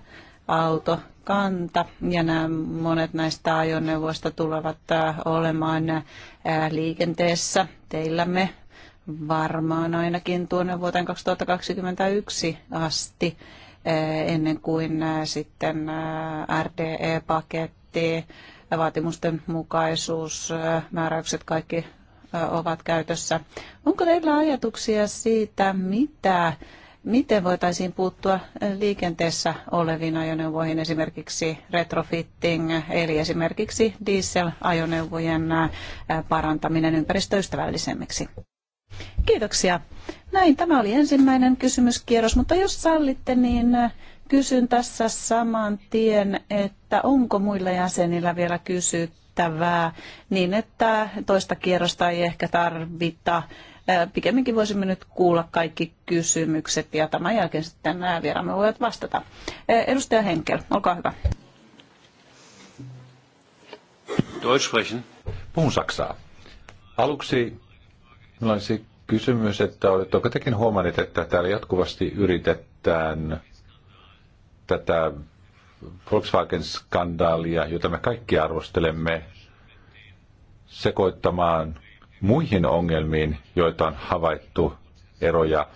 auto kanta ja nämä monet näistä ajoneuvoista tulevat äh, olemaan äh, liikenteessä teillämme varmaan ainakin tuonne vuoteen 2021 asti äh, ennen kuin sitten RDE-paketti, vaatimusten mukaisuus, määräykset kaikki ovat käytössä. Onko teillä ajatuksia siitä, mitä Miten voitaisiin puuttua liikenteessä oleviin ajoneuvoihin, esimerkiksi retrofitting, eli esimerkiksi dieselajoneuvojen äh, parantaminen ympäristöystävällisemmiksi? Kiitoksia. Näin, tämä oli ensimmäinen kysymyskierros, mutta jos sallitte, niin äh, kysyn tässä saman tien, että onko muilla jäsenillä vielä kysyttävää, niin että toista kierrosta ei ehkä tarvita pikemminkin voisimme nyt kuulla kaikki kysymykset ja tämän jälkeen sitten nämä vieraamme voivat vastata. Edustaja Henkel, olkaa hyvä. Deutsch sprechen. Puhun saksaa. Aluksi minulla olisi kysymys, että oletteko tekin huomannut, että täällä jatkuvasti yritetään tätä Volkswagen-skandaalia, jota me kaikki arvostelemme, sekoittamaan muihin ongelmiin, joita on havaittu eroja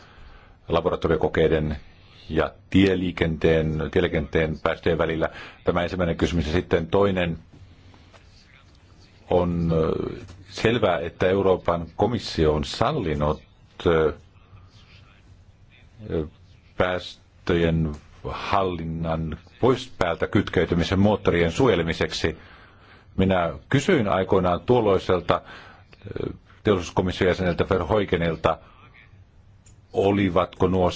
laboratoriokokeiden ja tieliikenteen, tieliikenteen päästöjen välillä? Tämä ensimmäinen kysymys. Ja sitten toinen on selvää, että Euroopan komissio on sallinut päästöjen hallinnan pois päältä kytkeytymisen moottorien suojelemiseksi. Minä kysyin aikoinaan tuolloiselta teollisuuskomission jäseneltä Verhoikenelta, olivatko nuo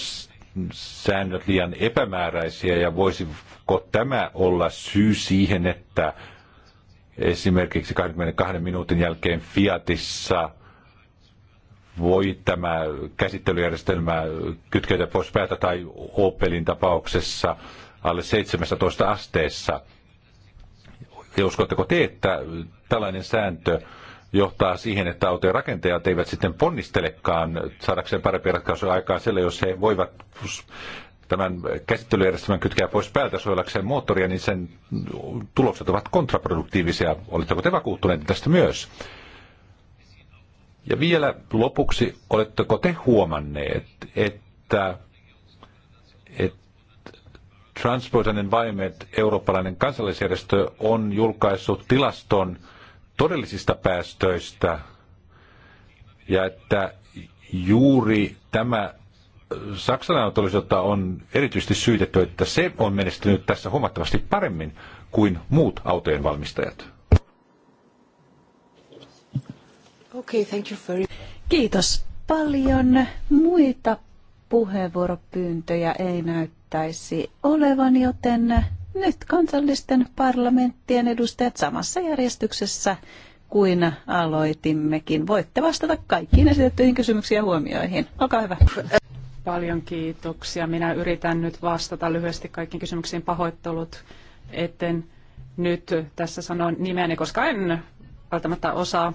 säännöt liian epämääräisiä ja voisiko tämä olla syy siihen, että esimerkiksi 22 minuutin jälkeen Fiatissa voi tämä käsittelyjärjestelmä kytkeytyä pois päätä tai Opelin tapauksessa alle 17 asteessa. Ja uskotteko te, että tällainen sääntö johtaa siihen, että autojen rakentajat eivät sitten ponnistelekaan saadakseen parempia ratkaisuja aikaan sille, jos he voivat tämän käsittelyjärjestelmän kytkeä pois päältä suojellakseen moottoria, niin sen tulokset ovat kontraproduktiivisia. Oletteko te vakuuttuneet tästä myös? Ja vielä lopuksi, oletteko te huomanneet, että, että Transport and Environment, eurooppalainen kansallisjärjestö, on julkaissut tilaston – todellisista päästöistä ja että juuri tämä saksalainen autollisuutta on erityisesti syytetty, että se on menestynyt tässä huomattavasti paremmin kuin muut autojen valmistajat. Okay, thank you very... Kiitos paljon. Muita puheenvuoropyyntöjä ei näyttäisi olevan, joten nyt kansallisten parlamenttien edustajat samassa järjestyksessä kuin aloitimmekin. Voitte vastata kaikkiin esitettyihin kysymyksiin ja huomioihin. Olkaa hyvä. Paljon kiitoksia. Minä yritän nyt vastata lyhyesti kaikkiin kysymyksiin pahoittelut, etten nyt tässä sano nimeäni, koska en välttämättä osaa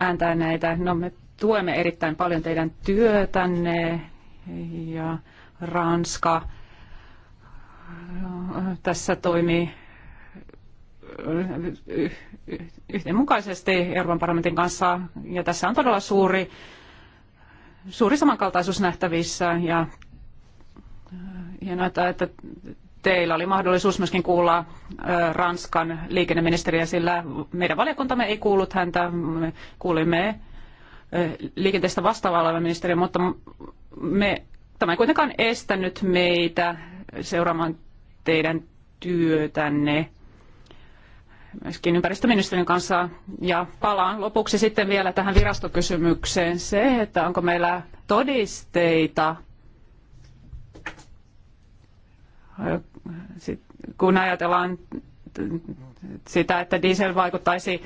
ääntää näitä. No me tuemme erittäin paljon teidän työtänne ja Ranska tässä toimii yhdenmukaisesti Euroopan parlamentin kanssa ja tässä on todella suuri, suuri samankaltaisuus nähtävissä ja hienoa, että teillä oli mahdollisuus myöskin kuulla Ranskan liikenneministeriä, sillä meidän valiokuntamme ei kuullut häntä. Me kuulimme liikenteestä vastaavaa olevan ministeriä, mutta me, tämä ei kuitenkaan estänyt meitä seuraamaan teidän työtänne myöskin ympäristöministeriön kanssa. Ja palaan lopuksi sitten vielä tähän virastokysymykseen. Se, että onko meillä todisteita, kun ajatellaan sitä, että diesel vaikuttaisi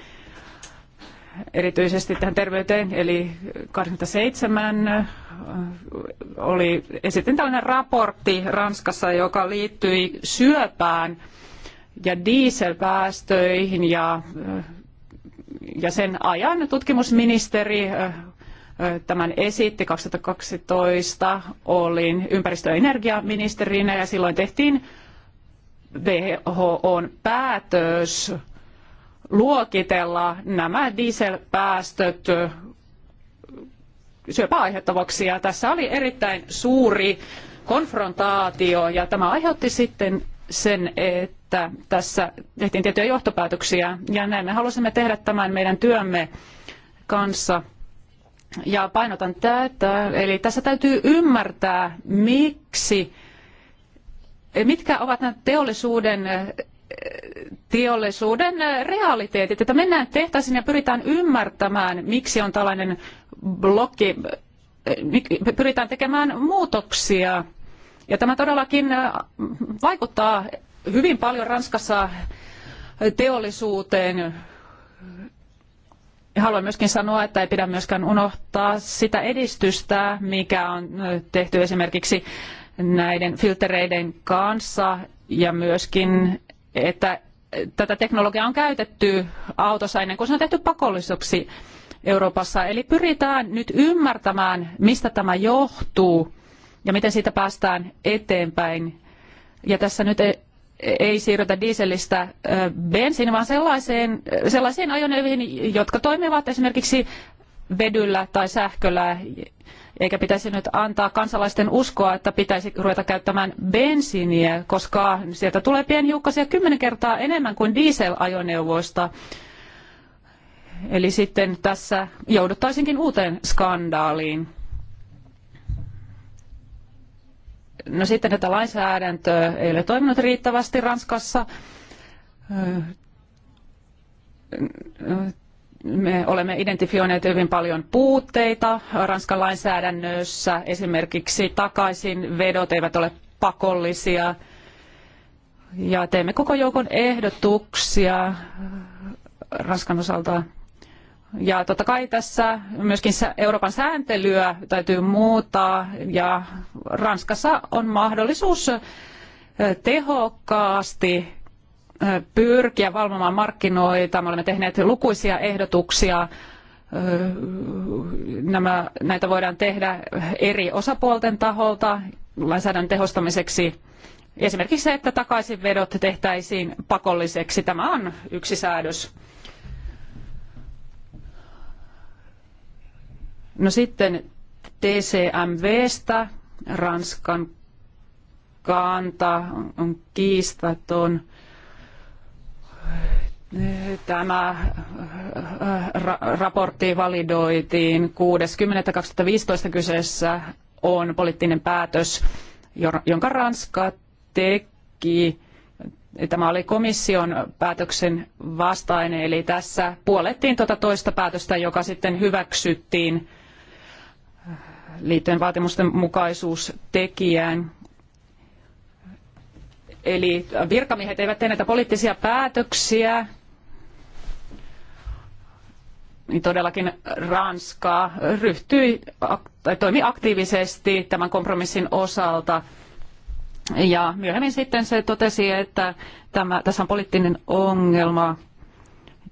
erityisesti tähän terveyteen, eli 87 äh, oli, esitin tällainen raportti Ranskassa, joka liittyi syöpään ja dieselpäästöihin ja, äh, ja sen ajan tutkimusministeri äh, tämän esitti 2012, olin ympäristö- ja energiaministerinä ja silloin tehtiin WHOn päätös luokitella nämä dieselpäästöt syöpäaiheuttavaksi. Ja tässä oli erittäin suuri konfrontaatio ja tämä aiheutti sitten sen, että tässä tehtiin tiettyjä johtopäätöksiä ja näin me halusimme tehdä tämän meidän työmme kanssa. Ja painotan tätä, eli tässä täytyy ymmärtää, miksi, mitkä ovat nämä teollisuuden teollisuuden eh, realiteetit, että mennään tehtaisiin ja pyritään ymmärtämään, miksi on tällainen blokki, eh, pyritään tekemään muutoksia. Ja tämä todellakin eh, vaikuttaa hyvin paljon Ranskassa teollisuuteen. Haluan myöskin sanoa, että ei pidä myöskään unohtaa sitä edistystä, mikä on tehty esimerkiksi näiden filtereiden kanssa ja myöskin, että tätä teknologiaa on käytetty autossa ennen kuin se on tehty pakolliseksi Euroopassa. Eli pyritään nyt ymmärtämään, mistä tämä johtuu ja miten siitä päästään eteenpäin. Ja tässä nyt ei siirrytä dieselistä bensiin, vaan sellaiseen, sellaisiin ajoneuvoihin, jotka toimivat esimerkiksi vedyllä tai sähköllä eikä pitäisi nyt antaa kansalaisten uskoa, että pitäisi ruveta käyttämään bensiiniä, koska sieltä tulee pienhiukkasia kymmenen kertaa enemmän kuin dieselajoneuvoista. Eli sitten tässä jouduttaisinkin uuteen skandaaliin. No sitten tätä lainsäädäntöä ei ole toiminut riittävästi Ranskassa me olemme identifioineet hyvin paljon puutteita Ranskan lainsäädännössä. Esimerkiksi takaisinvedot eivät ole pakollisia. Ja teemme koko joukon ehdotuksia Ranskan osalta. Ja totta kai tässä myöskin Euroopan sääntelyä täytyy muuttaa ja Ranskassa on mahdollisuus eh, tehokkaasti pyrkiä valvomaan markkinoita. Me olemme tehneet lukuisia ehdotuksia. Nämä, näitä voidaan tehdä eri osapuolten taholta lainsäädännön tehostamiseksi. Esimerkiksi se, että takaisinvedot tehtäisiin pakolliseksi. Tämä on yksi säädös. No sitten TCMVstä Ranskan kanta on kiistaton. Tämä äh, raportti validoitiin 6.10.2015 kyseessä on poliittinen päätös, jonka Ranska teki. Tämä oli komission päätöksen vastainen, eli tässä puolettiin tuota toista päätöstä, joka sitten hyväksyttiin liittyen vaatimusten mukaisuustekijään. Eli virkamiehet eivät tee näitä poliittisia päätöksiä, niin todellakin Ranska ryhtyi tai toimi aktiivisesti tämän kompromissin osalta. Ja myöhemmin sitten se totesi, että tämä, tässä on poliittinen ongelma.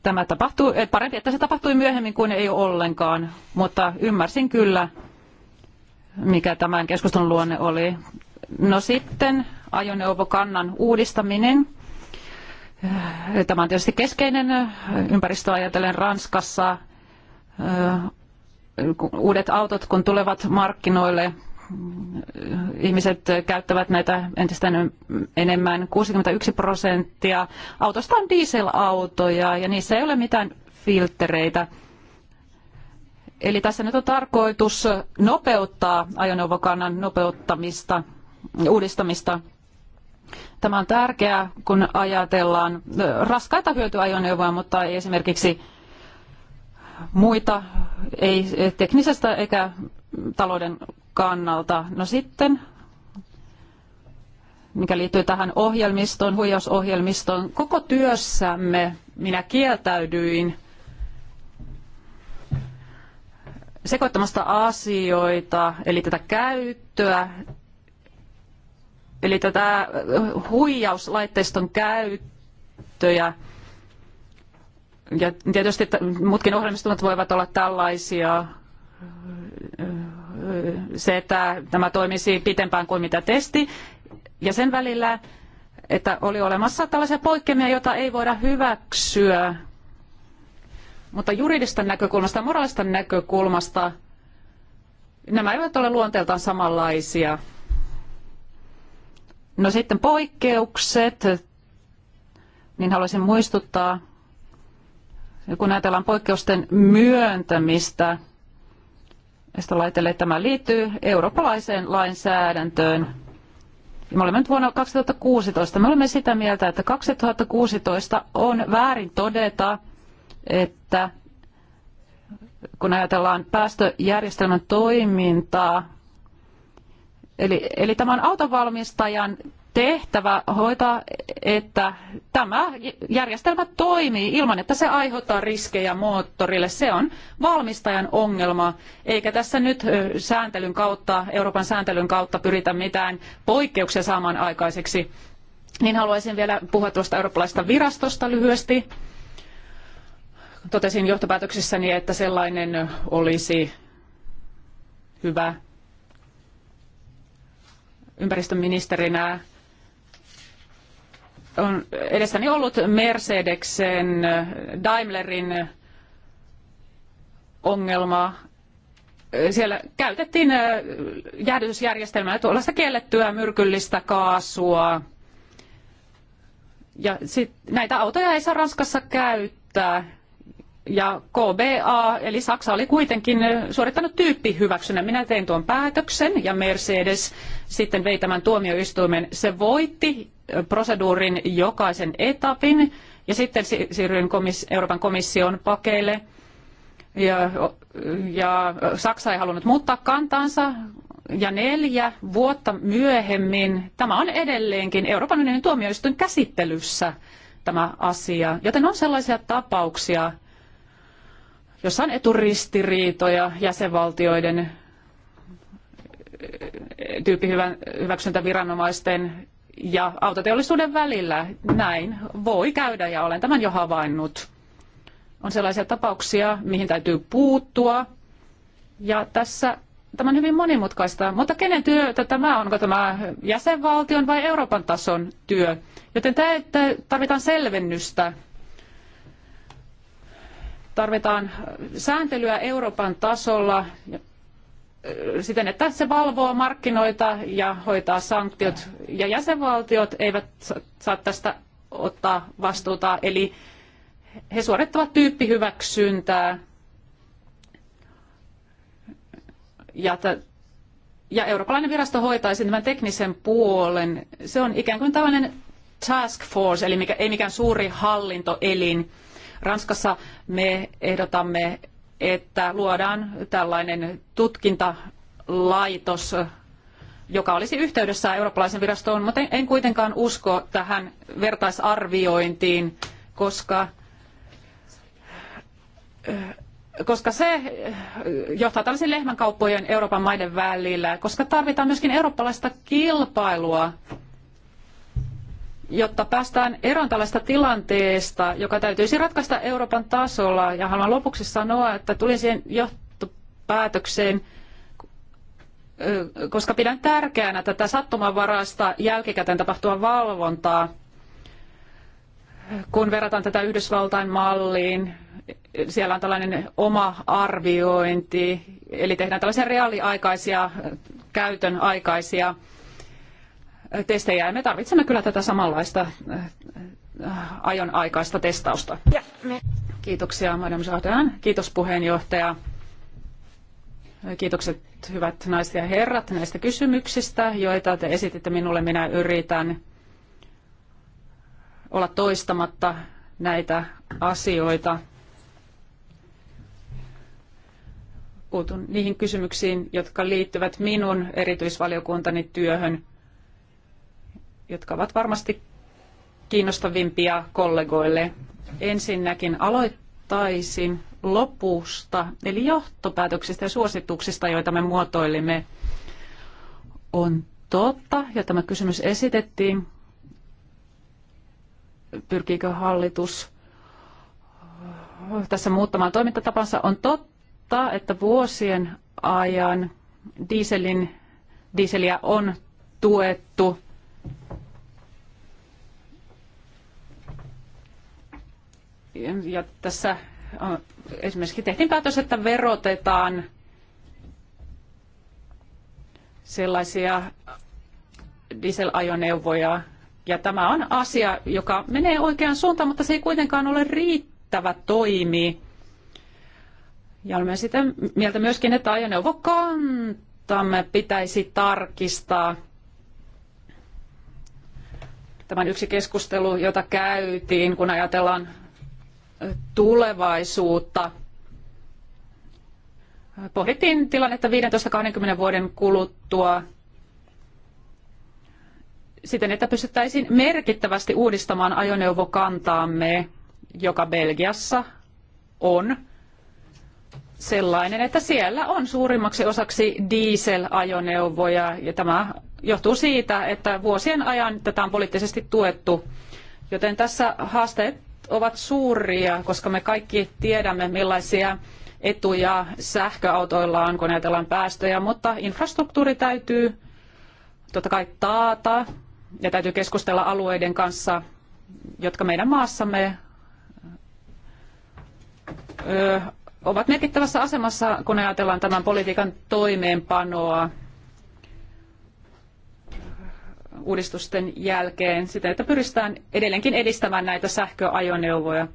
Tämä tapahtui että eh, parempi, että se tapahtui myöhemmin kuin ei ollenkaan, mutta ymmärsin kyllä, mikä tämän keskustelun luonne oli. No sitten ajoneuvokannan uudistaminen. Tämä on tietysti keskeinen ympäristö ajatellen Ranskassa. Uudet autot, kun tulevat markkinoille, ihmiset käyttävät näitä entistä enemmän. 61 prosenttia autosta on dieselautoja ja niissä ei ole mitään filtreitä. Eli tässä nyt on tarkoitus nopeuttaa ajoneuvokannan nopeuttamista, uudistamista. Tämä on tärkeää, kun ajatellaan raskaita hyötyajoneuvoja, mutta ei esimerkiksi muita, ei teknisestä eikä talouden kannalta. No sitten, mikä liittyy tähän ohjelmistoon, huijausohjelmistoon, koko työssämme minä kieltäydyin sekoittamasta asioita, eli tätä käyttöä Eli tätä äh, huijauslaitteiston käyttöjä ja tietysti muutkin ohjelmistumat voivat olla tällaisia. Äh, äh, se, että tämä toimisi pitempään kuin mitä testi. Ja sen välillä, että oli olemassa tällaisia poikkeamia, joita ei voida hyväksyä. Mutta juridista näkökulmasta ja moraalista näkökulmasta nämä eivät ole luonteeltaan samanlaisia. No sitten poikkeukset, niin haluaisin muistuttaa, kun ajatellaan poikkeusten myöntämistä, että tämä liittyy eurooppalaiseen lainsäädäntöön. Ja me olemme nyt vuonna 2016. Me olemme sitä mieltä, että 2016 on väärin todeta, että kun ajatellaan päästöjärjestelmän toimintaa, Eli, eli tämä on tehtävä hoitaa, että tämä järjestelmä toimii ilman, että se aiheuttaa riskejä moottorille. Se on valmistajan ongelma, eikä tässä nyt sääntelyn kautta, Euroopan sääntelyn kautta pyritä mitään poikkeuksia saamaan aikaiseksi. Niin haluaisin vielä puhua tuosta eurooppalaisesta virastosta lyhyesti. Totesin johtopäätöksissäni, että sellainen olisi hyvä ympäristöministerinä on edessäni ollut Mercedesen, Daimlerin ongelma. Siellä käytettiin äh, jäähdytysjärjestelmää tuollaista kiellettyä myrkyllistä kaasua. Ja sit näitä autoja ei saa Ranskassa käyttää ja KBA, eli Saksa oli kuitenkin eh, suorittanut tyyppihyväksynnän. Minä tein tuon päätöksen ja Mercedes sitten vei tämän tuomioistuimen. Se voitti eh, proseduurin jokaisen etapin ja sitten siirryin komis Euroopan komission pakeille. Ja, eh, ja Saksa ei halunnut muuttaa kantaansa, ja neljä vuotta myöhemmin tämä on edelleenkin Euroopan unionin tuomioistuin käsittelyssä tämä asia. Joten on sellaisia tapauksia, jossa on eturistiriitoja jäsenvaltioiden tyyppihyväksyntäviranomaisten ja autoteollisuuden välillä. Näin voi käydä ja olen tämän jo havainnut. On sellaisia tapauksia, mihin täytyy puuttua. Ja tässä tämä on hyvin monimutkaista, mutta kenen työtä tämä on? Onko tämä jäsenvaltion vai Euroopan tason työ? Joten tarvitaan selvennystä tarvitaan sääntelyä Euroopan tasolla siten, että se valvoo markkinoita ja hoitaa sanktiot, ja jäsenvaltiot eivät saa tästä ottaa vastuuta, eli he suorittavat tyyppihyväksyntää ja, t- ja eurooppalainen virasto hoitaisi tämän teknisen puolen. Se on ikään kuin tällainen task force, eli mikä, ei mikään suuri hallintoelin. Ranskassa me ehdotamme, että luodaan tällainen tutkintalaitos, joka olisi yhteydessä eurooppalaisen virastoon, mutta en kuitenkaan usko tähän vertaisarviointiin, koska koska se johtaa tällaisiin lehmänkauppojen Euroopan maiden välillä, koska tarvitaan myöskin eurooppalaista kilpailua jotta päästään eroon tällaista tilanteesta, joka täytyisi ratkaista Euroopan tasolla. Ja haluan lopuksi sanoa, että tulin siihen johtopäätökseen, koska pidän tärkeänä tätä sattumanvaraista jälkikäteen tapahtua valvontaa, kun verrataan tätä Yhdysvaltain malliin. Siellä on tällainen oma arviointi, eli tehdään tällaisia reaaliaikaisia, käytön aikaisia testejä ja me tarvitsemme kyllä tätä samanlaista äh, äh, ajon aikaista testausta. Kiitoksia Madame Jardin. Kiitos puheenjohtaja. Kiitokset hyvät naiset ja herrat näistä kysymyksistä, joita te esititte minulle. Minä yritän olla toistamatta näitä asioita. Puutun niihin kysymyksiin, jotka liittyvät minun erityisvaliokuntani työhön jotka ovat varmasti kiinnostavimpia kollegoille. Ensinnäkin aloittaisin lopusta, eli johtopäätöksistä ja suosituksista, joita me muotoilimme. On totta, ja tämä kysymys esitettiin, pyrkiikö hallitus äh, tässä muuttamaan toimintatapansa. On totta, että vuosien ajan dieselin, dieseliä on tuettu ja tässä esimerkiksi tehtiin päätös, että verotetaan sellaisia dieselajoneuvoja. Ja tämä on asia, joka menee oikeaan suuntaan, mutta se ei kuitenkaan ole riittävä toimi. Ja olemme sitä mieltä myöskin, että ajoneuvokantamme pitäisi tarkistaa. Tämä on yksi keskustelu, jota käytiin, kun ajatellaan tulevaisuutta. Pohdittiin tilannetta 15-20 vuoden kuluttua siten, että pystyttäisiin merkittävästi uudistamaan ajoneuvokantaamme, joka Belgiassa on sellainen, että siellä on suurimmaksi osaksi dieselajoneuvoja ja tämä johtuu siitä, että vuosien ajan tätä on poliittisesti tuettu, joten tässä haasteet ovat suuria, koska me kaikki tiedämme millaisia etuja sähköautoilla on, kun ajatellaan päästöjä, mutta infrastruktuuri täytyy totta kai taata ja täytyy keskustella alueiden kanssa, jotka meidän maassamme ö, ovat merkittävässä asemassa, kun ajatellaan tämän politiikan toimeenpanoa uudistusten jälkeen sitä, että pyritään edelleenkin edistämään näitä sähköajoneuvoja.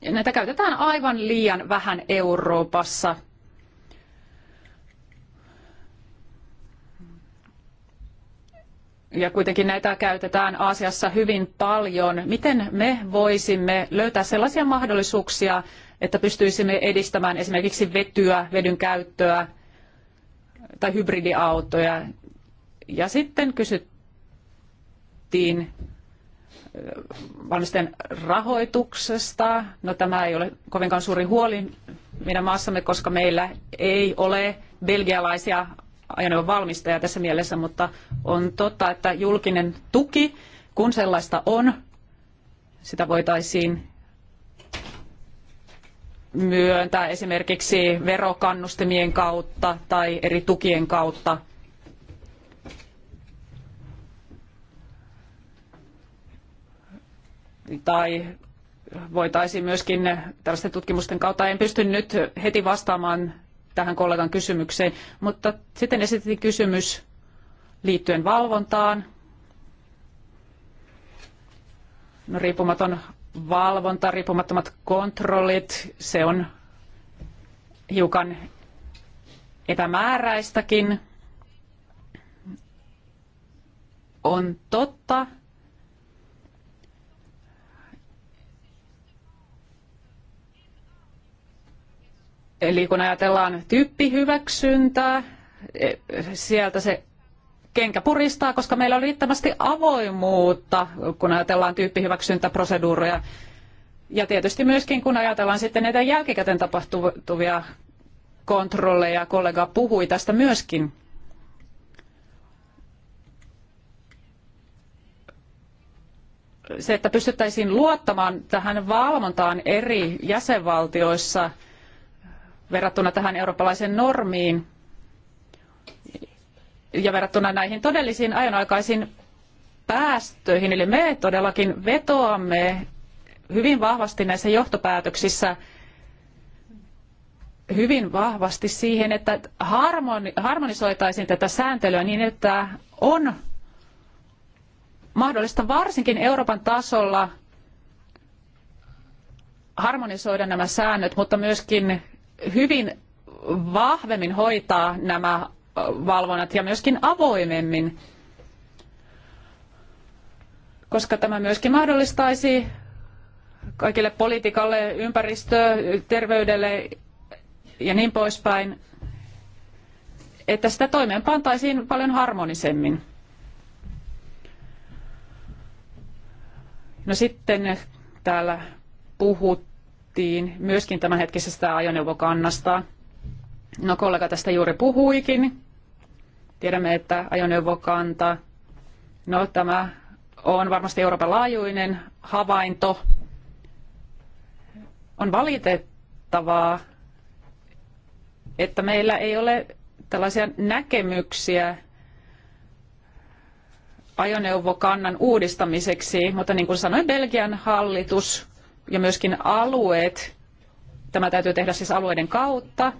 Ja näitä käytetään aivan liian vähän Euroopassa. Ja kuitenkin näitä käytetään Aasiassa hyvin paljon. Miten me voisimme löytää sellaisia mahdollisuuksia, että pystyisimme edistämään esimerkiksi vetyä, vedyn käyttöä tai hybridiautoja, ja sitten kysyttiin äh, vanhusten rahoituksesta. No tämä ei ole kovinkaan suuri huoli meidän maassamme, koska meillä ei ole belgialaisia ajoneuvon valmistajia tässä mielessä, mutta on totta, että julkinen tuki, kun sellaista on, sitä voitaisiin myöntää esimerkiksi verokannustimien kautta tai eri tukien kautta – tai voitaisiin myöskin tällaisten tutkimusten kautta, en pysty nyt heti vastaamaan tähän kollegan kysymykseen, mutta sitten esitettiin kysymys liittyen valvontaan. No, riippumaton valvonta, riippumattomat kontrollit, se on hiukan epämääräistäkin. On totta, Eli kun ajatellaan tyyppihyväksyntää, e, sieltä se kenkä puristaa, koska meillä on riittävästi avoimuutta, kun ajatellaan tyyppihyväksyntäproseduuria Ja tietysti myöskin, kun ajatellaan sitten näitä jälkikäteen tapahtuvia kontrolleja, kollega puhui tästä myöskin. Se, että pystyttäisiin luottamaan tähän valvontaan eri jäsenvaltioissa – verrattuna tähän eurooppalaiseen normiin ja verrattuna näihin todellisiin ajonaikaisiin päästöihin. Eli me todellakin vetoamme hyvin vahvasti näissä johtopäätöksissä hyvin vahvasti siihen, että harmonisoitaisiin tätä sääntelyä niin, että on mahdollista varsinkin Euroopan tasolla harmonisoida nämä säännöt, mutta myöskin hyvin vahvemmin hoitaa nämä valvonnat ja myöskin avoimemmin, koska tämä myöskin mahdollistaisi kaikille politiikalle, ympäristö, terveydelle ja niin poispäin, että sitä toimeenpantaisiin paljon harmonisemmin. No sitten täällä puhuttiin puhuttiin myöskin tämänhetkisestä ajoneuvokannasta. No kollega tästä juuri puhuikin. Tiedämme, että ajoneuvokanta, no tämä on varmasti Euroopan laajuinen havainto. On valitettavaa, että meillä ei ole tällaisia näkemyksiä ajoneuvokannan uudistamiseksi, mutta niin kuin sanoin, Belgian hallitus ja myöskin alueet. Tämä täytyy tehdä siis alueiden kautta.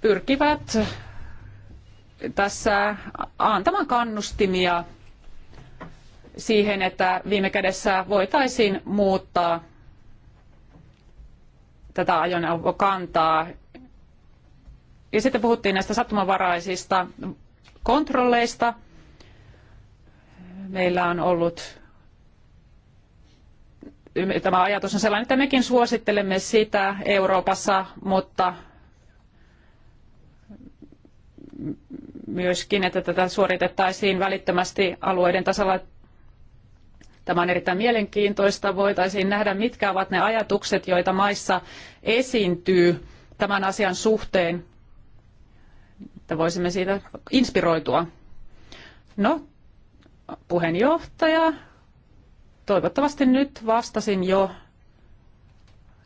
Pyrkivät tässä antamaan kannustimia siihen, että viime kädessä voitaisiin muuttaa tätä ajoneuvokantaa. Ja sitten puhuttiin näistä sattumanvaraisista kontrolleista. Meillä on ollut tämä ajatus on sellainen, että mekin suosittelemme sitä Euroopassa, mutta myöskin, että tätä suoritettaisiin välittömästi alueiden tasolla. Tämä on erittäin mielenkiintoista. Voitaisiin nähdä, mitkä ovat ne ajatukset, joita maissa esiintyy tämän asian suhteen, että voisimme siitä inspiroitua. No, puheenjohtaja, Toivottavasti nyt vastasin jo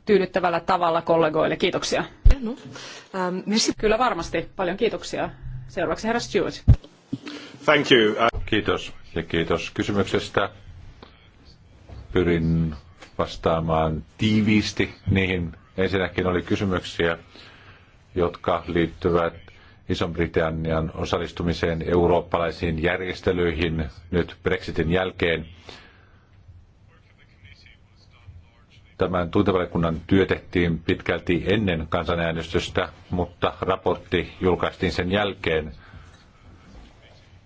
tyydyttävällä tavalla kollegoille. Kiitoksia. Kyllä varmasti. Paljon kiitoksia. Seuraavaksi herra Stewart. Thank you. Uh, kiitos ja kiitos kysymyksestä. Pyrin vastaamaan tiiviisti niihin. Ensinnäkin oli kysymyksiä, jotka liittyvät Ison-Britannian osallistumiseen eurooppalaisiin järjestelyihin nyt Brexitin jälkeen. Tämän tuntevalikunnan työ tehtiin pitkälti ennen kansanäänestystä, mutta raportti julkaistiin sen jälkeen.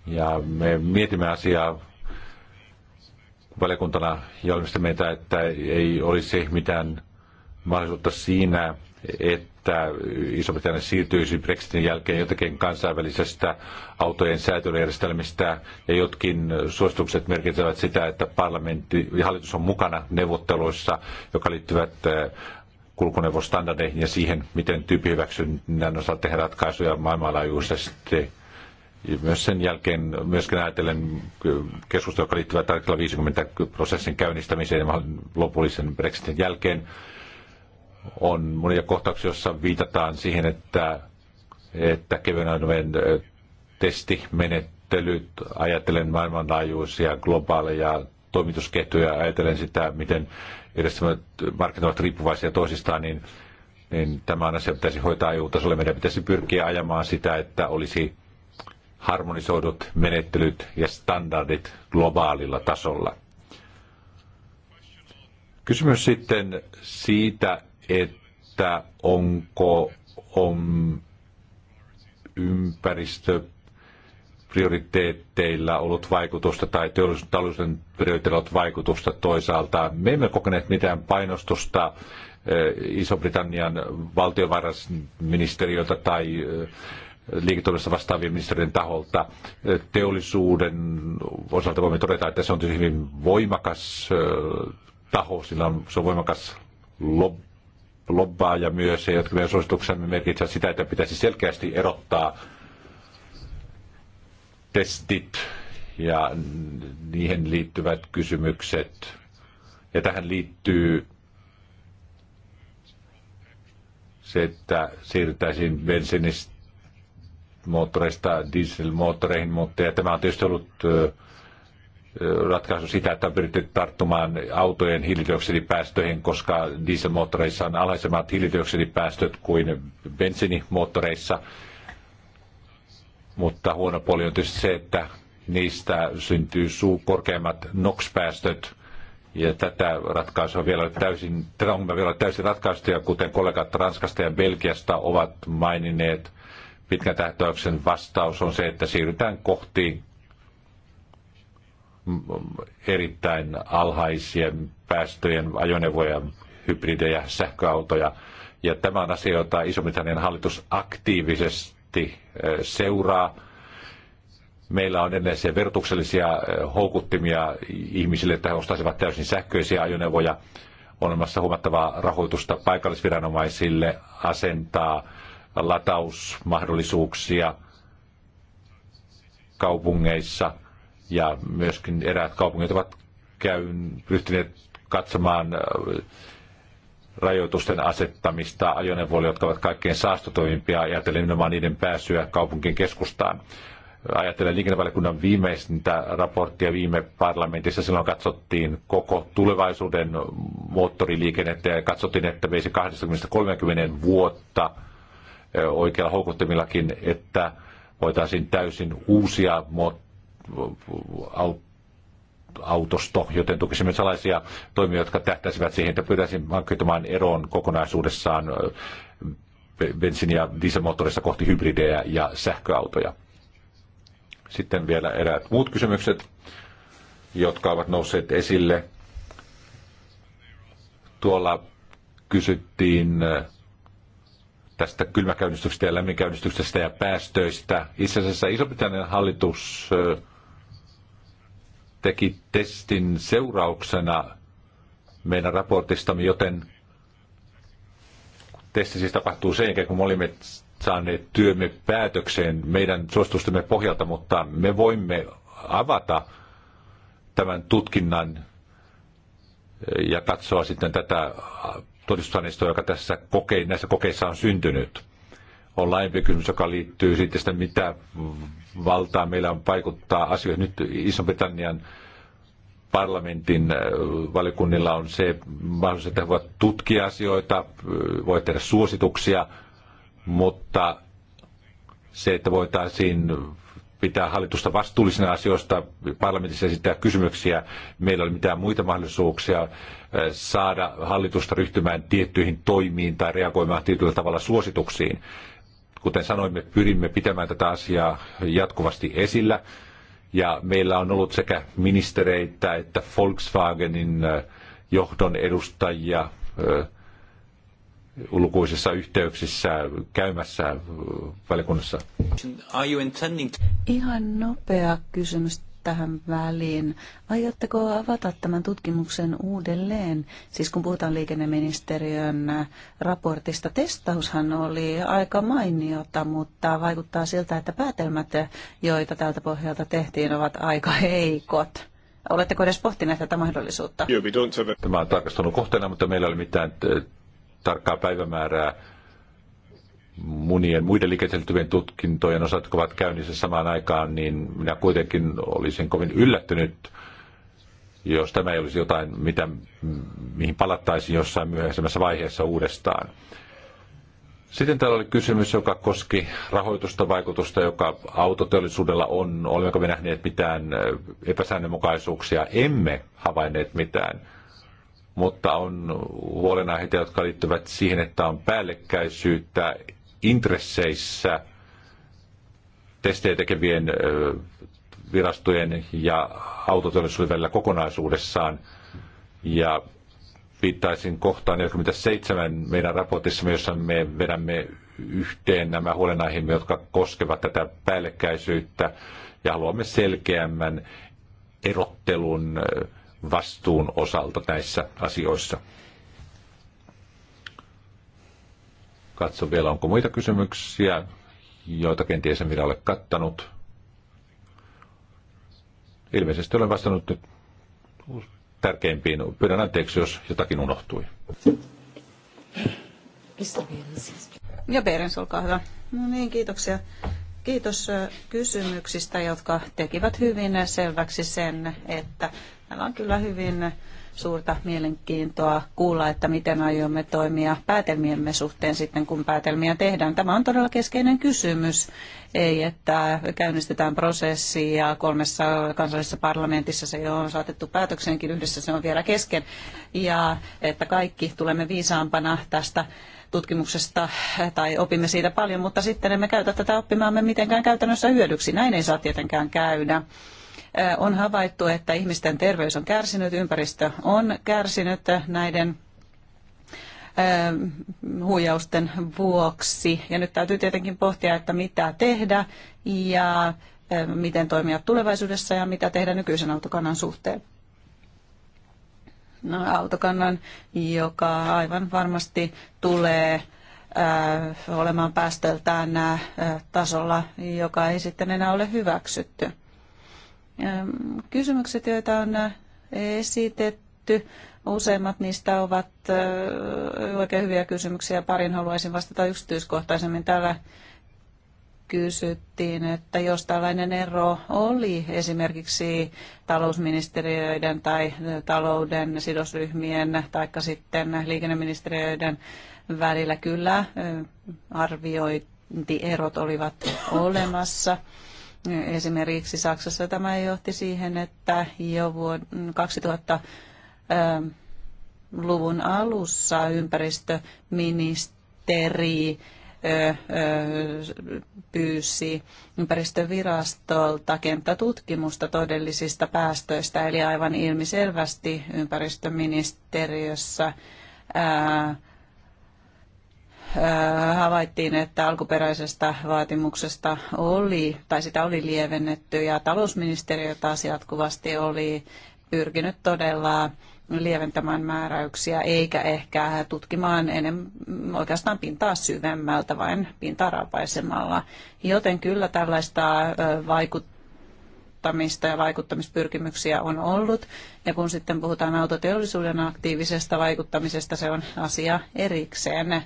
Ja me mietimme asiaa valiokuntana ja olemme sitä mieltä, että ei olisi mitään mahdollisuutta siinä, että Iso-Britannia siirtyisi Brexitin jälkeen jotakin kansainvälisestä autojen säätelyjärjestelmistä ja jotkin suositukset merkitsevät sitä, että parlamentti ja hallitus on mukana neuvotteluissa, joka liittyvät eh, kulkuneuvostandardeihin ja siihen, miten tyyppihyväksynnän osalta tehdä ratkaisuja maailmanlaajuisesti. Myös sen jälkeen myöskin ajatellen keskustelua, joka liittyvät artikla 50 prosessin käynnistämiseen ja lopullisen Brexitin jälkeen on monia kohtauksia, joissa viitataan siihen, että, että kevennäinen testimenettelyt, ajatellen maailmanlaajuisia globaaleja toimitusketjuja, ajatellen sitä, miten järjestelmät markkinat ovat riippuvaisia toisistaan, niin, niin tämä on asia, pitäisi hoitaa EU-tasolla. Meidän pitäisi pyrkiä ajamaan sitä, että olisi harmonisoidut menettelyt ja standardit globaalilla tasolla. Kysymys sitten siitä, että onko on ympäristö prioriteetteilla ollut vaikutusta tai teollisuuden prioriteetteilla ollut vaikutusta toisaalta. Me emme kokeneet mitään painostusta eh, Iso-Britannian valtiovarainministeriöltä tai eh, liiketoimista vastaavien ministerien taholta. Eh, teollisuuden osalta voimme todeta, että se on hyvin voimakas taho, sillä on, se on voimakas lobby lobbaaja myös, ja jotka meidän suosituksemme merkitsevät sitä, että pitäisi selkeästi erottaa testit ja niihin liittyvät kysymykset. Ja tähän liittyy se, että siirrytäisiin bensinistä moottoreista dieselmoottoreihin, mutta ja tämä on tietysti ollut ratkaisu sitä, että on pyritty tarttumaan autojen hiilidioksidipäästöihin, koska dieselmoottoreissa on alhaisemmat hiilidioksidipäästöt kuin bensiinimoottoreissa. Mutta huono puoli on tietysti se, että niistä syntyy suu korkeammat NOx-päästöt, ja tätä ratkaisua vielä täysin, tätä on vielä täysin ratkaistu, ja kuten kollegat Ranskasta ja Belgiasta ovat maininneet, pitkän tähtäyksen vastaus on se, että siirrytään kohti erittäin alhaisien päästöjen ajoneuvoja, hybridejä, sähköautoja. Ja tämä on asia, jota Iso-Britannian hallitus aktiivisesti seuraa. Meillä on edelleen verotuksellisia houkuttimia ihmisille, että he ostaisivat täysin sähköisiä ajoneuvoja. On olemassa huomattavaa rahoitusta paikallisviranomaisille asentaa latausmahdollisuuksia kaupungeissa – ja myöskin eräät kaupungit ovat käyn, ryhtyneet katsomaan äh, rajoitusten asettamista ajoneuvoille, jotka ovat kaikkein saastutoimpia, ajatellen nimenomaan niiden pääsyä kaupunkien keskustaan. Ajatellen liikennevaliokunnan viimeistä raporttia viime parlamentissa, silloin katsottiin koko tulevaisuuden moottoriliikennettä ja katsottiin, että veisi 20-30 vuotta oikealla houkuttimillakin, että voitaisiin täysin uusia moottoriliikennettä autosto, joten tukisimme sellaisia toimia, jotka tähtäisivät siihen, että pyytäisiin hankkeutumaan eroon kokonaisuudessaan bensiini- ja dieselmoottorissa kohti hybridejä ja sähköautoja. Sitten vielä eräät muut kysymykset, jotka ovat nousseet esille. Tuolla kysyttiin tästä kylmäkäynnistyksestä ja lämminkäynnistyksestä ja päästöistä. Itse asiassa Iso-Britannian hallitus teki testin seurauksena meidän raportistamme, joten testi siis tapahtuu sen jälkeen, kun me olimme saaneet työmme päätökseen meidän suostustemme pohjalta, mutta me voimme avata tämän tutkinnan ja katsoa sitten tätä todistusaineistoa, joka tässä koke, näissä kokeissa on syntynyt on laajempi kysymys, joka liittyy sitten sitä, mitä valtaa meillä on vaikuttaa asioihin. Nyt Iso-Britannian parlamentin äh, valiokunnilla on se mahdollisuus, että he voivat tutkia asioita, äh, voi tehdä suosituksia, mutta se, että voitaisiin pitää hallitusta vastuullisena asioista, parlamentissa esittää kysymyksiä, meillä oli mitään muita mahdollisuuksia äh, saada hallitusta ryhtymään tiettyihin toimiin tai reagoimaan tietyllä tavalla suosituksiin. Kuten sanoimme, pyrimme pitämään tätä asiaa jatkuvasti esillä. Ja meillä on ollut sekä ministereitä että Volkswagenin äh, johdon edustajia äh, lukuisissa yhteyksissä käymässä äh, valiokunnassa. Ihan nopea kysymys tähän väliin. Aiotteko avata tämän tutkimuksen uudelleen? Siis kun puhutaan liikenneministeriön raportista, testaushan oli aika mainiota, mutta vaikuttaa siltä, että päätelmät, joita tältä pohjalta tehtiin, ovat aika heikot. Oletteko edes pohtineet tätä mahdollisuutta? Tämä on tarkastunut kohteena, mutta meillä ei ole mitään eh, tarkkaa päivämäärää munien muiden liikenteellistyvien tutkintojen osat ovat käynnissä samaan aikaan, niin minä kuitenkin olisin kovin yllättynyt, jos tämä ei olisi jotain, mitä, mihin palattaisiin jossain myöhemmässä vaiheessa uudestaan. Sitten täällä oli kysymys, joka koski rahoitusta, vaikutusta, joka autoteollisuudella on. Olemmeko me nähneet mitään epäsäännönmukaisuuksia? Emme havainneet mitään. Mutta on huolenaiheita, jotka liittyvät siihen, että on päällekkäisyyttä intresseissä testejä tekevien virastojen ja autoteollisuuden välillä kokonaisuudessaan. Ja viittaisin kohtaan 47 meidän raportissa, jossa me vedämme yhteen nämä huolenaiheemme, jotka koskevat tätä päällekkäisyyttä ja haluamme selkeämmän erottelun vastuun osalta näissä asioissa. Katso vielä, onko muita kysymyksiä, joita kenties en vielä ole kattanut. Ilmeisesti olen vastannut nyt tärkeimpiin. Pyydän anteeksi, jos jotakin unohtui. Ja Berens, olkaa hyvä. No niin, kiitoksia. Kiitos kysymyksistä, jotka tekivät hyvin selväksi sen, että meillä on kyllä hyvin suurta mielenkiintoa kuulla, että miten aiomme toimia päätelmiemme suhteen sitten, kun päätelmiä tehdään. Tämä on todella keskeinen kysymys, ei että käynnistetään prosessi ja kolmessa kansallisessa parlamentissa se on saatettu päätökseenkin, yhdessä se on vielä kesken, ja että kaikki tulemme viisaampana tästä tutkimuksesta tai opimme siitä paljon, mutta sitten emme käytä tätä oppimaamme mitenkään käytännössä hyödyksi. Näin ei saa tietenkään käydä. On havaittu, että ihmisten terveys on kärsinyt, ympäristö on kärsinyt näiden huijausten vuoksi. Ja nyt täytyy tietenkin pohtia, että mitä tehdä ja miten toimia tulevaisuudessa ja mitä tehdä nykyisen autokannan suhteen. No, autokannan, joka aivan varmasti tulee olemaan päästöltään tasolla, joka ei sitten enää ole hyväksytty. Kysymykset, joita on äh, esitetty, useimmat niistä ovat äh, oikein hyviä kysymyksiä. Parin haluaisin vastata yksityiskohtaisemmin. Täällä kysyttiin, että jos tällainen ero oli esimerkiksi talousministeriöiden tai äh, talouden sidosryhmien tai sitten liikenneministeriöiden välillä, kyllä arviointierot olivat olemassa. Esimerkiksi Saksassa tämä johti siihen, että jo vuoden 2000 ähm, luvun alussa ympäristöministeri pyysi ympäristövirastolta kenttätutkimusta todellisista päästöistä, eli aivan ilmiselvästi ympäristöministeriössä ää, Äh, havaittiin, että alkuperäisestä vaatimuksesta oli, tai sitä oli lievennetty, ja talousministeriö taas jatkuvasti oli pyrkinyt todella lieventämään määräyksiä, eikä ehkä tutkimaan enem, oikeastaan pintaa syvemmältä, vain pintaa rapaisemalla. Joten kyllä tällaista vaikuttamista ja vaikuttamispyrkimyksiä on ollut. Ja kun sitten puhutaan autoteollisuuden aktiivisesta vaikuttamisesta, se on asia erikseen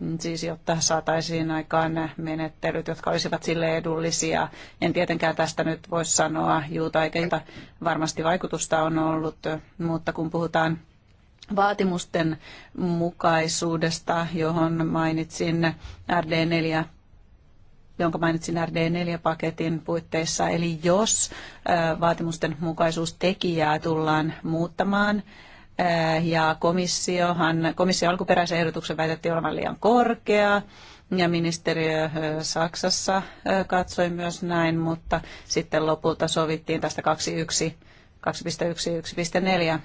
Mm, siis jotta saataisiin aikaan menettelyt, jotka olisivat sille edullisia. En tietenkään tästä nyt voi sanoa juuta eikä varmasti vaikutusta on ollut, mutta kun puhutaan vaatimusten mukaisuudesta, johon mainitsin RD4 jonka mainitsin RD4-paketin puitteissa. Eli jos vaatimusten mukaisuustekijää tullaan muuttamaan, ja komissiohan, komission alkuperäisen ehdotuksen väitettiin olevan liian korkea, ja ministeriö Saksassa katsoi myös näin, mutta sitten lopulta sovittiin tästä 2.1.1.4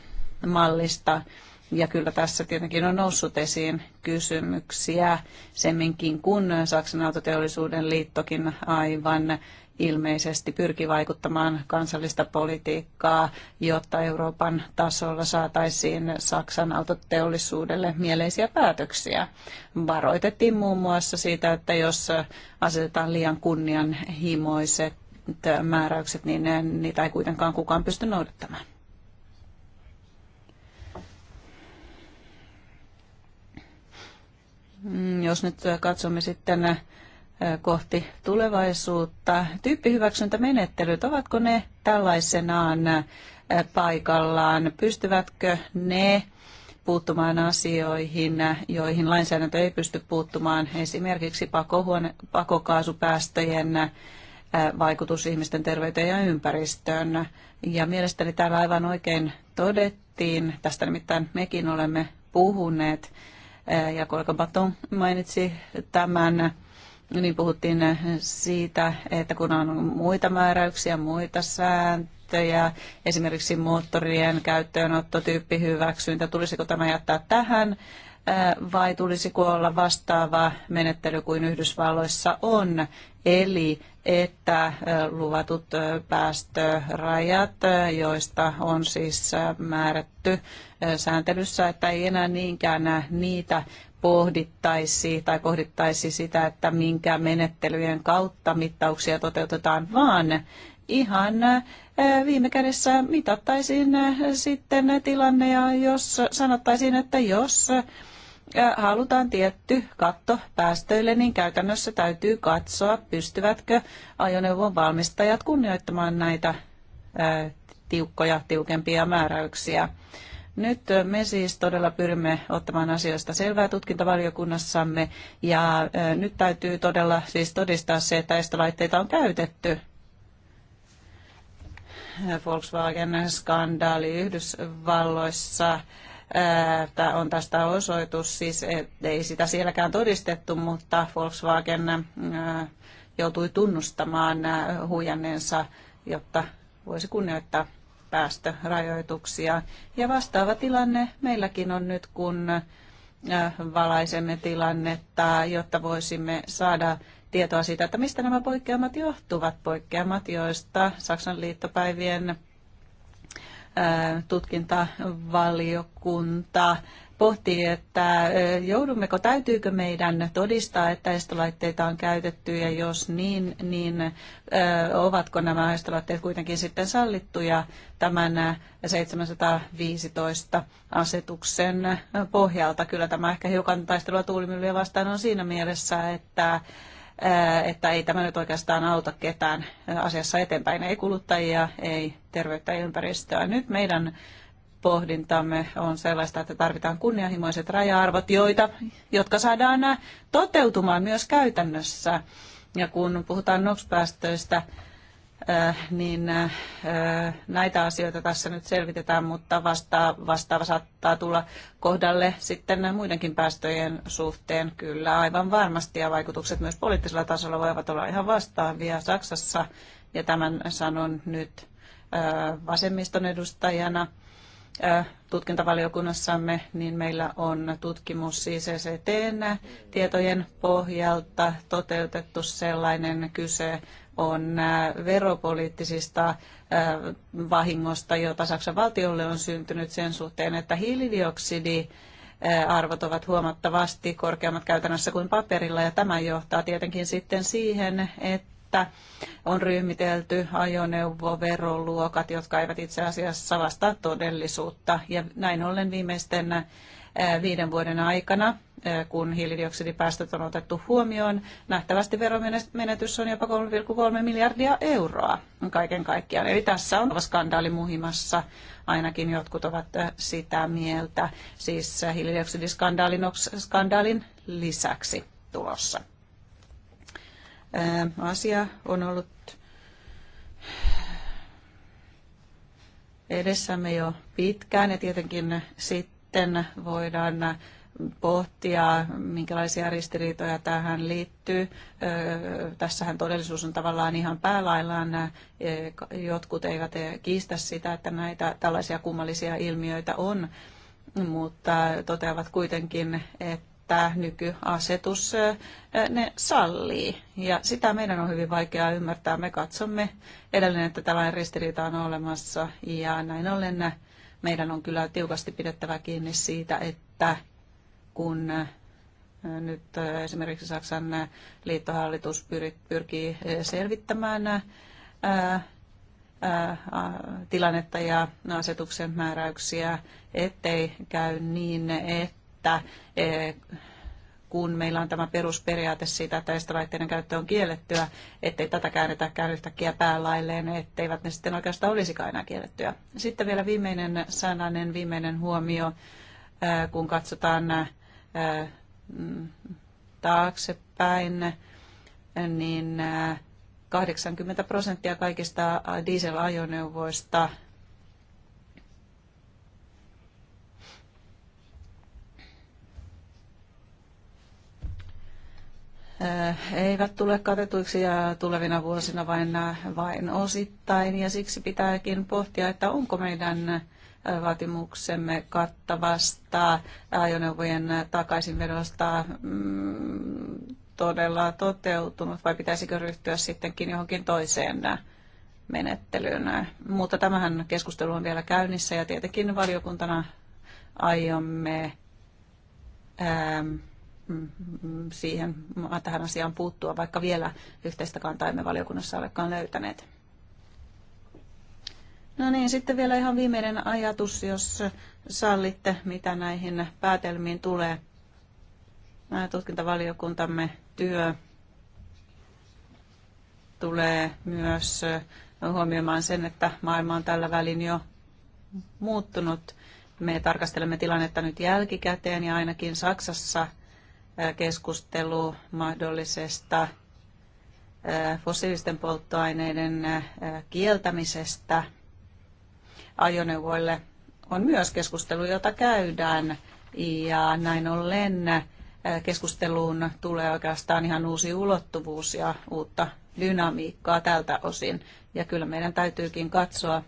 mallista. Ja kyllä tässä tietenkin on noussut esiin kysymyksiä semminkin, kun Saksan autoteollisuuden liittokin aivan ilmeisesti pyrki vaikuttamaan kansallista politiikkaa, jotta Euroopan tasolla saataisiin Saksan autoteollisuudelle mieleisiä päätöksiä. Varoitettiin muun muassa siitä, että jos asetetaan liian kunnianhimoiset määräykset, niin ne, niitä ei kuitenkaan kukaan pysty noudattamaan. Mm, jos nyt katsomme sitten kohti tulevaisuutta. Tyyppihyväksyntämenettelyt, ovatko ne tällaisenaan paikallaan? Pystyvätkö ne puuttumaan asioihin, joihin lainsäädäntö ei pysty puuttumaan, esimerkiksi pakohuone, pakokaasupäästöjen vaikutus ihmisten terveyteen ja ympäristöön. Ja mielestäni täällä aivan oikein todettiin, tästä nimittäin mekin olemme puhuneet, ja kollega Baton mainitsi tämän niin puhuttiin siitä, että kun on muita määräyksiä, muita sääntöjä, esimerkiksi moottorien käyttöönotto, tyyppihyväksyntä, tulisiko tämä jättää tähän äh, vai tulisiko olla vastaava menettely kuin Yhdysvalloissa on, eli että äh, luvatut äh, päästörajat, joista on siis määrätty sääntelyssä, että ei enää niinkään niitä pohdittaisi tai pohdittaisi sitä, että minkä menettelyjen kautta mittauksia toteutetaan, vaan ihan viime kädessä mitattaisiin sitten tilanne ja jos sanottaisiin, että jos halutaan tietty katto päästöille, niin käytännössä täytyy katsoa, pystyvätkö ajoneuvon valmistajat kunnioittamaan näitä tiukkoja, tiukempia määräyksiä. Nyt me siis todella pyrimme ottamaan asioista selvää tutkintavaliokunnassamme ja nyt täytyy todella siis todistaa se, että estolaitteita on käytetty. Volkswagen-skandaali Yhdysvalloissa Tämä on tästä osoitus, siis ei sitä sielläkään todistettu, mutta Volkswagen joutui tunnustamaan huijanneensa, jotta voisi kunnioittaa päästörajoituksia. Ja vastaava tilanne meilläkin on nyt, kun äh, valaisemme tilannetta, jotta voisimme saada tietoa siitä, että mistä nämä poikkeamat johtuvat. Poikkeamat, joista Saksan liittopäivien äh, tutkintavaliokunta pohtii, että joudummeko, täytyykö meidän todistaa, että estolaitteita on käytetty ja jos niin, niin ovatko nämä estolaitteet kuitenkin sitten sallittuja tämän 715 asetuksen pohjalta. Kyllä tämä ehkä hiukan taistelua tuulimyllyä vastaan on siinä mielessä, että että ei tämä nyt oikeastaan auta ketään asiassa eteenpäin, ei kuluttajia, ei terveyttä ja ympäristöä. Nyt meidän pohdintamme on sellaista, että tarvitaan kunnianhimoiset raja-arvot, joita, jotka saadaan toteutumaan myös käytännössä. Ja kun puhutaan NOx-päästöistä, äh, niin äh, näitä asioita tässä nyt selvitetään, mutta vasta, vastaava saattaa tulla kohdalle sitten muidenkin päästöjen suhteen kyllä aivan varmasti ja vaikutukset myös poliittisella tasolla voivat olla ihan vastaavia Saksassa ja tämän sanon nyt äh, vasemmiston edustajana – tutkintavaliokunnassamme, niin meillä on tutkimus ICCTn tietojen pohjalta toteutettu sellainen kyse on veropoliittisista vahingosta, jota Saksan valtiolle on syntynyt sen suhteen, että hiilidioksidi arvot ovat huomattavasti korkeammat käytännössä kuin paperilla ja tämä johtaa tietenkin sitten siihen, että että on ryhmitelty ajoneuvoveroluokat, jotka eivät itse asiassa vastaa todellisuutta. Ja näin ollen viimeisten äh, viiden vuoden aikana, äh, kun hiilidioksidipäästöt on otettu huomioon. Nähtävästi veromenetys on jopa 3,3 miljardia euroa kaiken kaikkiaan. Eli tässä on skandaali muhimassa, ainakin jotkut ovat äh, sitä mieltä, siis hiilidioksidiskandaalin lisäksi tulossa asia on ollut edessämme jo pitkään ja tietenkin sitten voidaan pohtia, minkälaisia ristiriitoja tähän liittyy. Tässähän todellisuus on tavallaan ihan päälaillaan. Jotkut eivät kiistä sitä, että näitä tällaisia kummallisia ilmiöitä on, mutta toteavat kuitenkin, että tämä nykyasetus ne sallii. Ja sitä meidän on hyvin vaikeaa ymmärtää. Me katsomme edelleen, että tällainen ristiriita on olemassa ja näin ollen meidän on kyllä tiukasti pidettävä kiinni siitä, että kun nyt esimerkiksi Saksan liittohallitus pyrkii selvittämään tilannetta ja asetuksen määräyksiä, ettei käy niin, että että e, kun meillä on tämä perusperiaate siitä, että estoraitteiden käyttö on kiellettyä, ettei tätä käännetäkään yhtäkkiä päälailleen, etteivät ne sitten oikeastaan olisikaan enää kiellettyä. Sitten vielä viimeinen sananen, viimeinen huomio, e, kun katsotaan e, taaksepäin, niin 80 prosenttia kaikista dieselajoneuvoista Äh, eivät tule katetuiksi ja tulevina vuosina vain, äh, vain osittain. Ja siksi pitääkin pohtia, että onko meidän äh, vaatimuksemme kattavasta ajoneuvojen takaisinvedosta mm, todella toteutunut vai pitäisikö ryhtyä sittenkin johonkin toiseen menettelyyn. Mutta tämähän keskustelu on vielä käynnissä ja tietenkin valiokuntana aiomme ähm, siihen tähän asiaan puuttua, vaikka vielä yhteistä kantaa emme valiokunnassa olekaan löytäneet. No niin, sitten vielä ihan viimeinen ajatus, jos sallitte, mitä näihin päätelmiin tulee. Äh, tutkintavaliokuntamme työ tulee myös huomioimaan sen, että maailma on tällä välin jo muuttunut. Me tarkastelemme tilannetta nyt jälkikäteen ja ainakin Saksassa – keskustelu mahdollisesta fossiilisten polttoaineiden kieltämisestä ajoneuvoille on myös keskustelu, jota käydään. Ja näin ollen keskusteluun tulee oikeastaan ihan uusi ulottuvuus ja uutta dynamiikkaa tältä osin. Ja kyllä meidän täytyykin katsoa,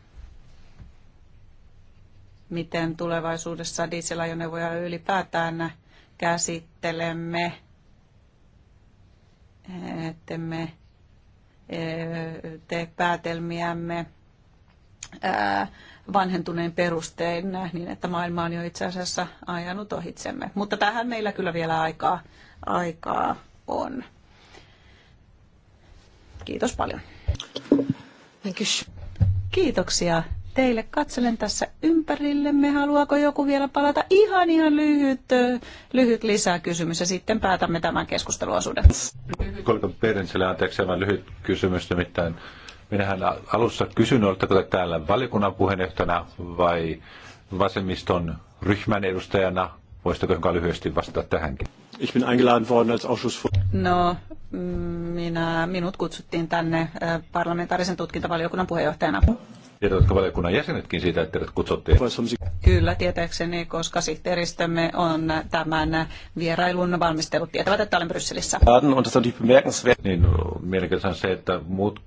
miten tulevaisuudessa dieselajoneuvoja ylipäätään käsittelemme, teemme e, te päätelmiämme vanhentuneen perustein niin, että maailma on jo itse asiassa ajanut ohitsemme. Mutta tähän meillä kyllä vielä aikaa, aikaa on. Kiitos paljon. Kiitoksia teille. Katselen tässä ympärillemme. Haluaako joku vielä palata? Ihan ihan lyhyt, lyhyt lisäkysymys ja sitten päätämme tämän keskusteluosuuden. Kolikon Perensille, anteeksi, vain lyhyt kysymys nimittäin. Minähän alussa kysyn, oletteko te täällä valiokunnan puheenjohtajana vai vasemmiston ryhmän edustajana? Voisitteko jonka lyhyesti vastata tähänkin? Ich bin eingeladen worden als Ausschussvorsitzender. No, mm, minä, minut kutsuttiin tänne parlamentaarisen tutkintavaliokunnan puheenjohtajana. Tiedätkö valiokunnan jäsenetkin siitä, että teidät kutsuttiin? Kyllä, tietääkseni, koska sihteeristömme on tämän vierailun valmistellut tietävät, että olen Brysselissä. Niin, mielenkiintoista on se, että muut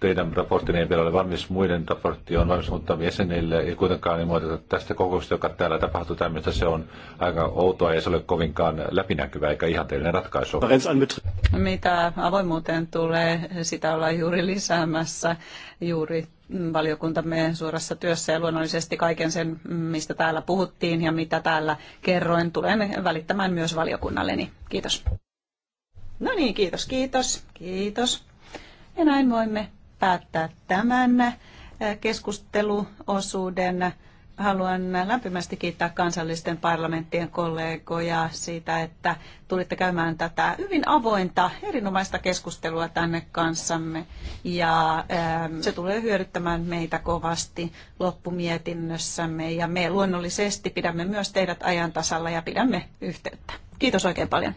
teidän raporttinne ei vielä ole valmis, muiden raportti on valmis, mutta jäsenille ei kuitenkaan ilmoiteta tästä kokouksesta, joka täällä tapahtuu tämmöistä. Se on aika outoa ja se ole kovinkaan läpinäkyvä eikä ihanteellinen ratkaisu. Mitä avoimuuteen tulee, sitä ollaan juuri lisäämässä juuri valiokuntamme suorassa työssä ja luonnollisesti kaiken sen, mistä täällä puhuttiin ja mitä täällä kerroin, tulen välittämään myös valiokunnalleni. Kiitos. No niin, kiitos, kiitos, kiitos. Ja näin voimme päättää tämän eh, keskusteluosuuden. Haluan lämpimästi kiittää kansallisten parlamenttien kollegoja siitä, että tulitte käymään tätä hyvin avointa, erinomaista keskustelua tänne kanssamme. Ja eh, se tulee hyödyttämään meitä kovasti loppumietinnössämme. Ja me luonnollisesti pidämme myös teidät ajan tasalla ja pidämme yhteyttä. Kiitos oikein paljon.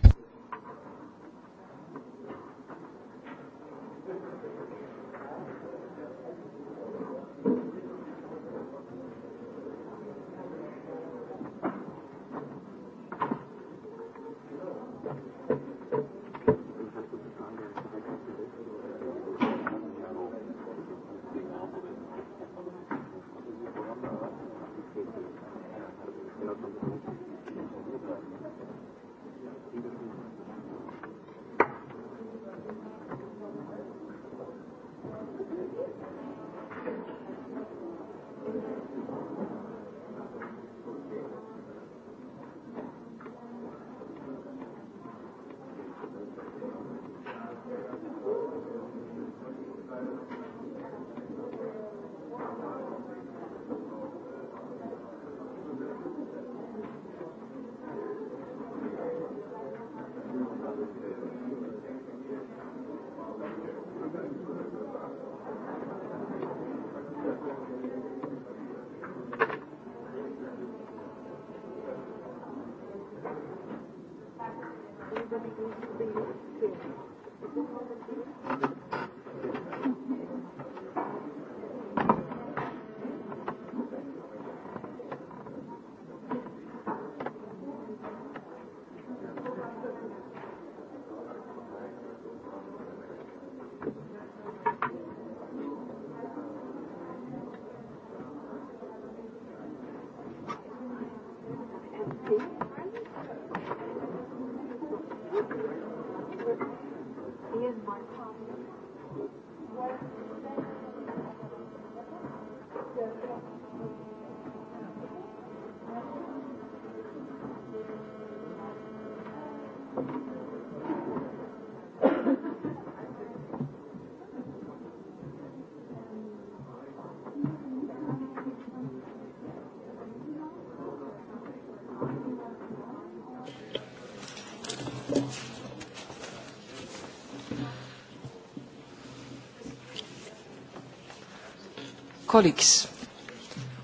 colleagues,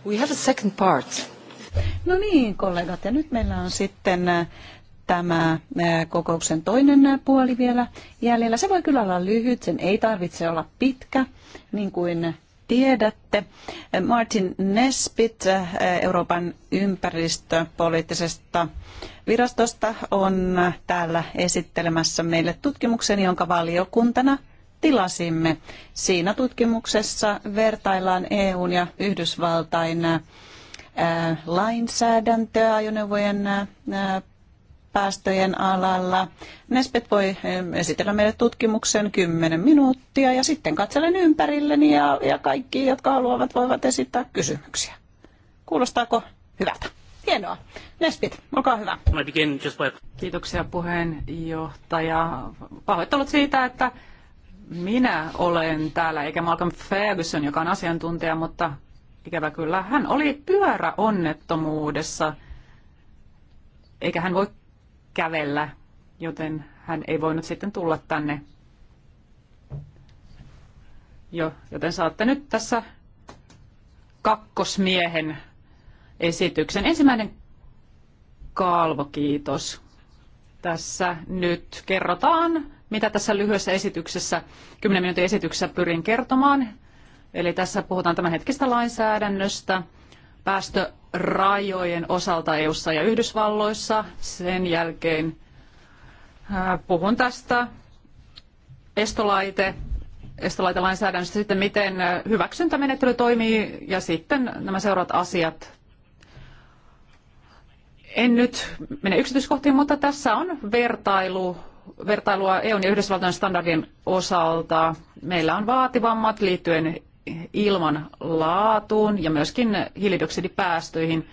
we have a second part. No niin, kollegat, ja nyt meillä on sitten äh, tämä äh, kokouksen toinen äh, puoli vielä jäljellä. Se voi kyllä olla lyhyt, sen ei tarvitse olla pitkä, niin kuin tiedätte. Martin Nesbitt Euroopan ympäristöpoliittisesta virastosta on täällä esittelemässä meille tutkimuksen, jonka valiokuntana – tilasimme. Siinä tutkimuksessa vertaillaan EUn ja Yhdysvaltain äh, lainsäädäntöä ajoneuvojen äh, päästöjen alalla. Nespet voi ähm, esitellä meille tutkimuksen 10 minuuttia ja sitten katselen ympärilleni ja, ja kaikki, jotka haluavat, voivat esittää kysymyksiä. Kuulostaako hyvältä? Hienoa. Nespit, olkaa hyvä. Kiitoksia puheenjohtaja. Pahoittelut siitä, että minä olen täällä, eikä Malcolm Ferguson, joka on asiantuntija, mutta ikävä kyllä, hän oli pyöräonnettomuudessa, eikä hän voi kävellä, joten hän ei voinut sitten tulla tänne. Jo, joten saatte nyt tässä kakkosmiehen esityksen. Ensimmäinen kalvo, kiitos. Tässä nyt kerrotaan mitä tässä lyhyessä esityksessä, 10 minuutin esityksessä pyrin kertomaan. Eli tässä puhutaan tämänhetkistä lainsäädännöstä päästörajojen osalta EU:ssa ja Yhdysvalloissa. Sen jälkeen puhun tästä estolaite, estolaitelainsäädännöstä, sitten miten hyväksyntämenettely toimii ja sitten nämä seuraavat asiat. En nyt mene yksityiskohtiin, mutta tässä on vertailu vertailua EUn ja Yhdysvaltain standardien osalta. Meillä on vaativammat liittyen ilman laatuun ja myöskin hiilidioksidipäästöihin,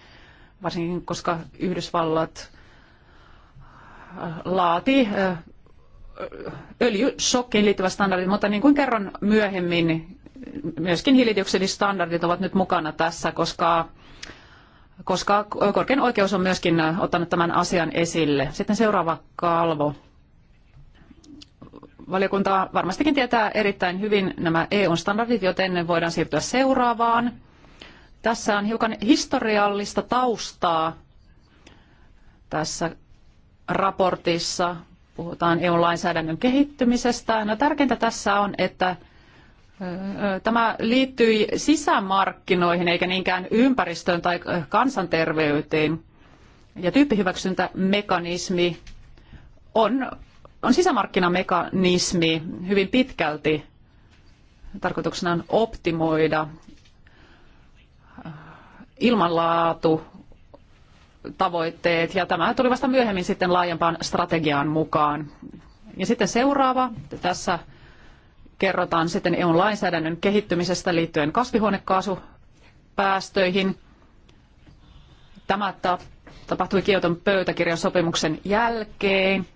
varsinkin koska Yhdysvallat äh, laati äh, öljyshokkiin liittyvät standardit, mutta niin kuin kerron myöhemmin, myöskin hiilidioksidistandardit ovat nyt mukana tässä, koska, koska korkein oikeus on myöskin ottanut tämän asian esille. Sitten seuraava kalvo valiokunta varmastikin tietää erittäin hyvin nämä EU-standardit, joten voidaan siirtyä seuraavaan. Tässä on hiukan historiallista taustaa tässä raportissa. Puhutaan EU-lainsäädännön kehittymisestä. No, tärkeintä tässä on, että Tämä liittyi sisämarkkinoihin eikä niinkään ympäristöön tai kansanterveyteen. Ja tyyppihyväksyntämekanismi on on sisämarkkinamekanismi hyvin pitkälti. Tarkoituksena on optimoida äh, ilmanlaatu, tavoitteet, ja tämä tuli vasta myöhemmin sitten laajempaan strategiaan mukaan. Ja sitten seuraava, tässä kerrotaan sitten EUn lainsäädännön kehittymisestä liittyen kasvihuonekaasupäästöihin. Tämä tapahtui Kioton pöytäkirjan sopimuksen jälkeen.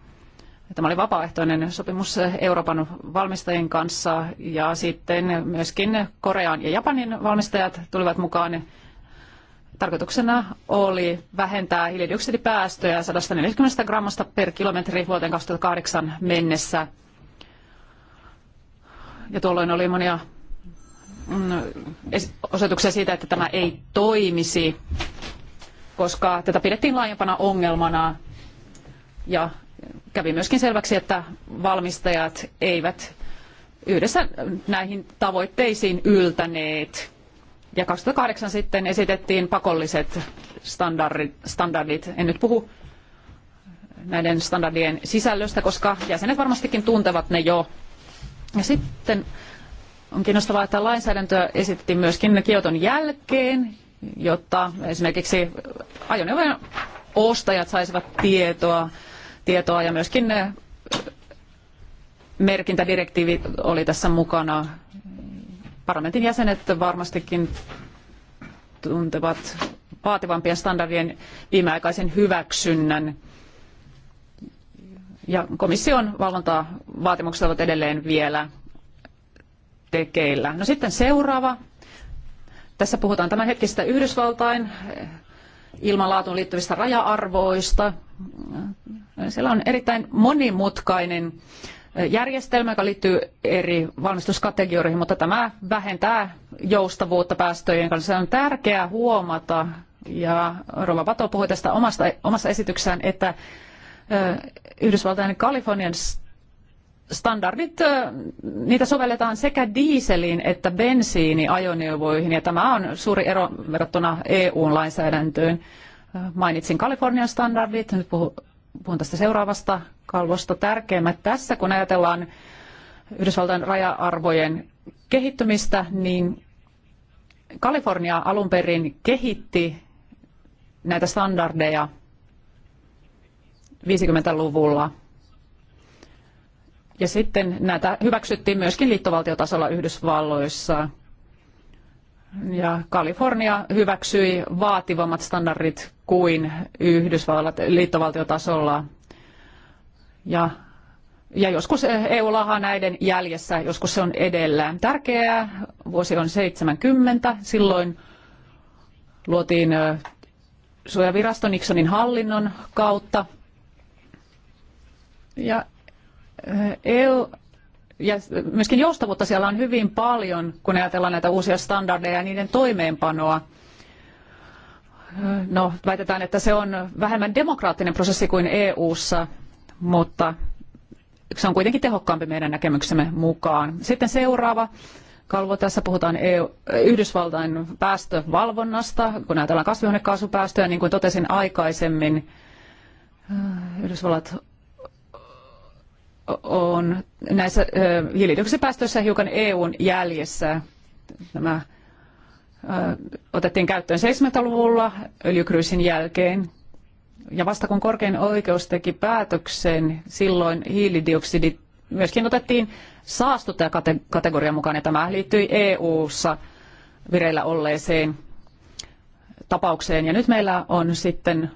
Tämä oli vapaaehtoinen sopimus Euroopan valmistajien kanssa ja sitten myöskin Korean ja Japanin valmistajat tulivat mukaan. Tarkoituksena oli vähentää hiilidioksidipäästöjä 140 grammasta per kilometri vuoteen 2008 mennessä. Ja tuolloin oli monia mm, osoituksia siitä, että tämä ei toimisi, koska tätä pidettiin laajempana ongelmana ja kävi myöskin selväksi, että valmistajat eivät yhdessä näihin tavoitteisiin yltäneet. Ja 2008 sitten esitettiin pakolliset standardit. standardit. En nyt puhu näiden standardien sisällöstä, koska jäsenet varmastikin tuntevat ne jo. Ja sitten on kiinnostavaa, että lainsäädäntöä esitettiin myöskin Kioton jälkeen, jotta esimerkiksi ajoneuvojen ostajat saisivat tietoa tietoa ja myöskin eh, merkintädirektiivi oli tässä mukana. Parlamentin jäsenet varmastikin tuntevat vaativampien standardien viimeaikaisen hyväksynnän. Ja komission valvontaa vaatimukset ovat edelleen vielä tekeillä. No sitten seuraava. Tässä puhutaan tämänhetkistä Yhdysvaltain ilmanlaatuun liittyvistä raja-arvoista. Siellä on erittäin monimutkainen järjestelmä, joka liittyy eri valmistuskategorioihin, mutta tämä vähentää joustavuutta päästöjen kanssa. Se on tärkeää huomata, ja Rova Pato puhui tästä omasta, omassa esityksessään, että Yhdysvaltain ja Kalifornian standardit, niitä sovelletaan sekä diiseliin että bensiiniajoneuvoihin, ja tämä on suuri ero verrattuna EU-lainsäädäntöön. Mainitsin Kalifornian standardit, nyt puhun puhun tästä seuraavasta kalvosta, tärkeimmät tässä, kun ajatellaan Yhdysvaltain raja-arvojen kehittymistä, niin Kalifornia alun perin kehitti näitä standardeja 50-luvulla. Ja sitten näitä hyväksyttiin myöskin liittovaltiotasolla Yhdysvalloissa – ja Kalifornia hyväksyi vaativammat standardit kuin Yhdysvallat liittovaltiotasolla. Ja, ja joskus EU lahaa näiden jäljessä, joskus se on edellä. Tärkeää vuosi on 70, silloin luotiin suojavirasto Nixonin hallinnon kautta. Ja EU, ja myöskin joustavuutta siellä on hyvin paljon, kun ajatellaan näitä uusia standardeja ja niiden toimeenpanoa. No, väitetään, että se on vähemmän demokraattinen prosessi kuin EU:ssa, mutta se on kuitenkin tehokkaampi meidän näkemyksemme mukaan. Sitten seuraava kalvo. Tässä puhutaan EU, äh, Yhdysvaltain päästövalvonnasta, kun ajatellaan kasvihuonekaasupäästöjä, niin kuin totesin aikaisemmin. Äh, Yhdysvallat on näissä hiilidioksidipäästöissä hiukan EUn jäljessä. Nämä otettiin käyttöön 70-luvulla öljykryysin jälkeen. Ja vasta kun korkein oikeus teki päätöksen, silloin hiilidioksidit myöskin otettiin saastuttajakategorian mukaan, ja tämä liittyi EU-ssa vireillä olleeseen tapaukseen. Ja nyt meillä on sitten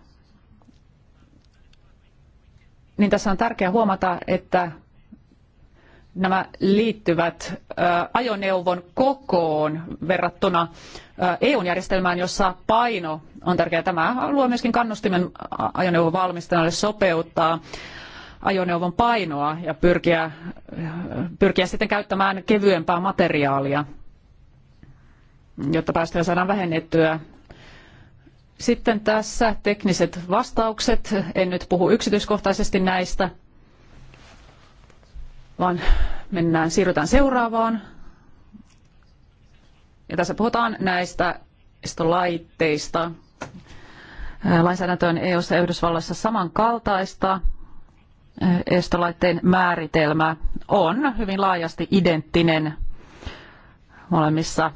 niin tässä on tärkeää huomata, että nämä liittyvät ajoneuvon kokoon verrattuna EU-järjestelmään, jossa paino on tärkeää. Tämä luo myöskin kannustimen ajoneuvon valmistajalle sopeuttaa ajoneuvon painoa ja pyrkiä, pyrkiä sitten käyttämään kevyempää materiaalia, jotta päästöjä saadaan vähennettyä. Sitten tässä tekniset vastaukset. En nyt puhu yksityiskohtaisesti näistä, vaan mennään, siirrytään seuraavaan. Ja tässä puhutaan näistä laitteista. Lainsäädäntö on EU-ssa ja Yhdysvalloissa samankaltaista. Estolaitteen määritelmä on hyvin laajasti identtinen molemmissa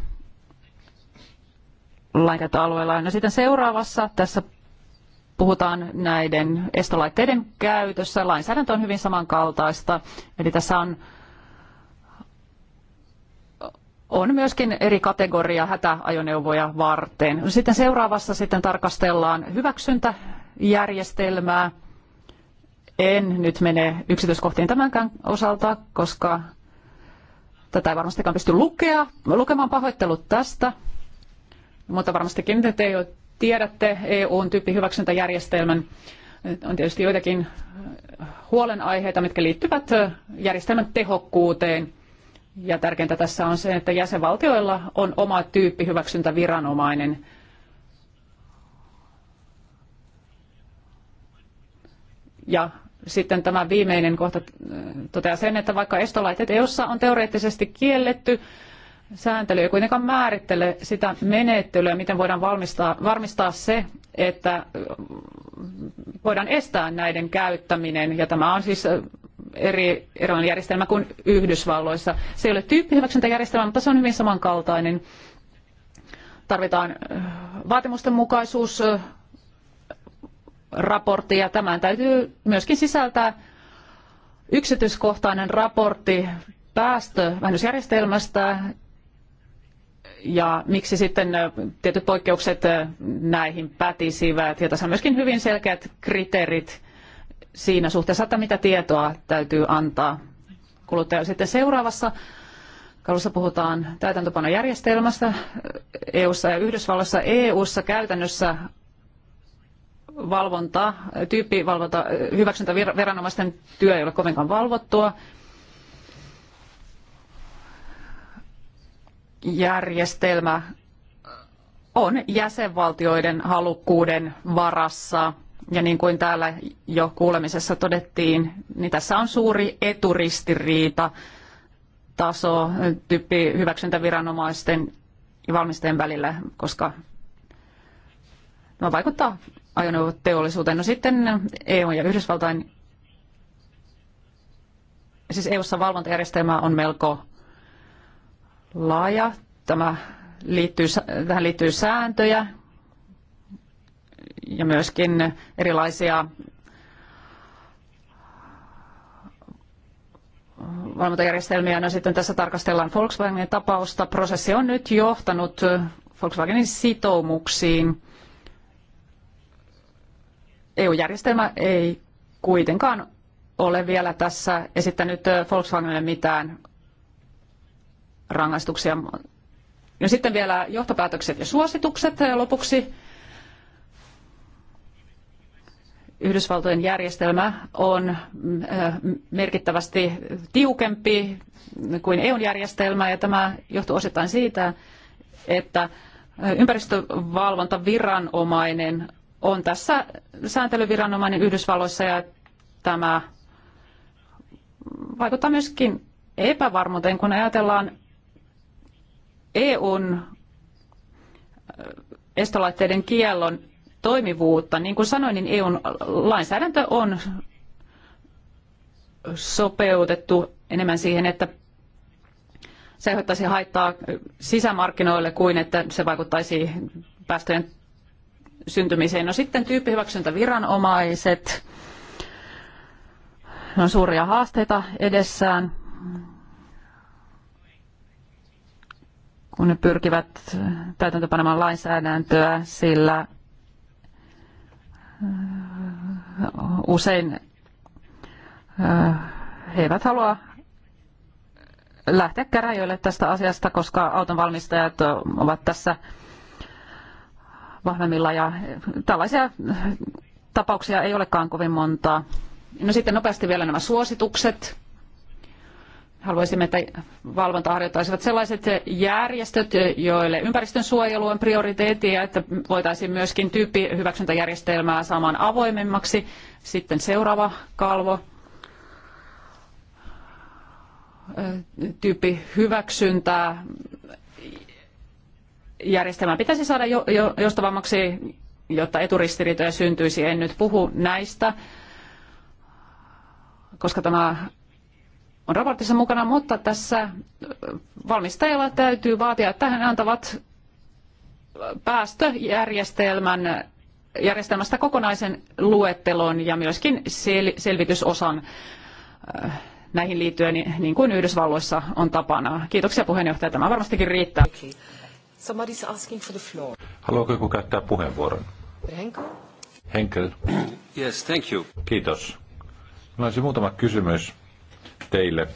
lainkäyttöalueellaan. No sitten seuraavassa tässä puhutaan näiden estolaitteiden käytössä. Lainsäädäntö on hyvin samankaltaista. Eli tässä on, on myöskin eri kategoria hätäajoneuvoja varten. No sitten seuraavassa sitten tarkastellaan hyväksyntäjärjestelmää. En nyt mene yksityiskohtiin tämänkään osalta, koska tätä ei varmastikaan pysty lukea. Lukemaan pahoittelut tästä. Mutta varmastikin te jo tiedätte EUn tyyppihyväksyntäjärjestelmän. On tietysti joitakin huolenaiheita, mitkä liittyvät järjestelmän tehokkuuteen. Ja tärkeintä tässä on se, että jäsenvaltioilla on oma tyyppihyväksyntäviranomainen. Ja sitten tämä viimeinen kohta toteaa sen, että vaikka estolaitteet EU:ssa on teoreettisesti kielletty, sääntely ei kuitenkaan määrittele sitä menettelyä, miten voidaan varmistaa se, että mm, voidaan estää näiden käyttäminen. Ja tämä on siis äh, eri, erilainen järjestelmä kuin Yhdysvalloissa. Se ei ole tyyppihyväksyntäjärjestelmä, mutta se on hyvin samankaltainen. Tarvitaan äh, vaatimusten mukaisuus, äh, raportti ja tämän täytyy myöskin sisältää yksityiskohtainen raportti päästövähennysjärjestelmästä ja miksi sitten tietyt poikkeukset näihin pätisivät. Ja tässä on myöskin hyvin selkeät kriteerit siinä suhteessa, että mitä tietoa täytyy antaa kuluttajalle. Sitten seuraavassa kalussa puhutaan täytäntöpanojärjestelmästä EU-ssa ja Yhdysvalloissa. EU-ssa käytännössä valvonta, tyyppivalvonta, hyväksyntäviranomaisten työ ei ole kovinkaan valvottua. järjestelmä on jäsenvaltioiden halukkuuden varassa. Ja niin kuin täällä jo kuulemisessa todettiin, niin tässä on suuri eturistiriita taso tyyppi hyväksyntäviranomaisten ja valmistajien välillä, koska tämä no, vaikuttaa ajoneuvoteollisuuteen. No sitten EU ja Yhdysvaltain, siis EUssa valvontajärjestelmä on melko laaja. Tämä liittyy, tähän liittyy sääntöjä ja myöskin erilaisia valvontajärjestelmiä. No sitten tässä tarkastellaan Volkswagenin tapausta. Prosessi on nyt johtanut Volkswagenin sitoumuksiin. EU-järjestelmä ei kuitenkaan ole vielä tässä esittänyt Volkswagenille mitään rangaistuksia. ja sitten vielä johtopäätökset ja suositukset lopuksi. Yhdysvaltojen järjestelmä on äh, merkittävästi tiukempi kuin EUn järjestelmä ja tämä johtuu osittain siitä, että ympäristövalvontaviranomainen on tässä sääntelyviranomainen Yhdysvalloissa ja tämä vaikuttaa myöskin epävarmuuteen, kun ajatellaan EUn äh, estolaitteiden kiellon toimivuutta. Niin kuin sanoin, niin EUn lainsäädäntö on sopeutettu enemmän siihen, että se aiheuttaisi haittaa sisämarkkinoille kuin että se vaikuttaisi päästöjen syntymiseen. No sitten tyyppihyväksyntäviranomaiset, ne on suuria haasteita edessään kun ne pyrkivät täytäntöpanemaan lainsäädäntöä, sillä äh, usein äh, he eivät halua lähteä käräjöille tästä asiasta, koska auton valmistajat ovat tässä vahvemmilla ja tällaisia tapauksia ei olekaan kovin montaa. No sitten nopeasti vielä nämä suositukset haluaisimme, että valvonta harjoittaisivat sellaiset järjestöt, joille ympäristön suojelu on prioriteetti ja että voitaisiin myöskin tyyppihyväksyntäjärjestelmää saamaan avoimemmaksi. Sitten seuraava kalvo. Tyyppihyväksyntää järjestelmää pitäisi saada jo, jo, joustavammaksi, jotta eturistiriitoja syntyisi. En nyt puhu näistä, koska tämä on raportissa mukana, mutta tässä valmistajalla täytyy vaatia, että he antavat päästöjärjestelmän järjestelmästä kokonaisen luettelon ja myöskin sel- selvitysosan äh, näihin liittyen, niin kuin Yhdysvalloissa on tapana. Kiitoksia puheenjohtaja, tämä varmastikin riittää. Okay. Somebody's asking for the floor. Haluaako joku käyttää puheenvuoron? Henkel? Henkel. Yes, thank you. Kiitos. Minulla olisi muutama kysymys teille.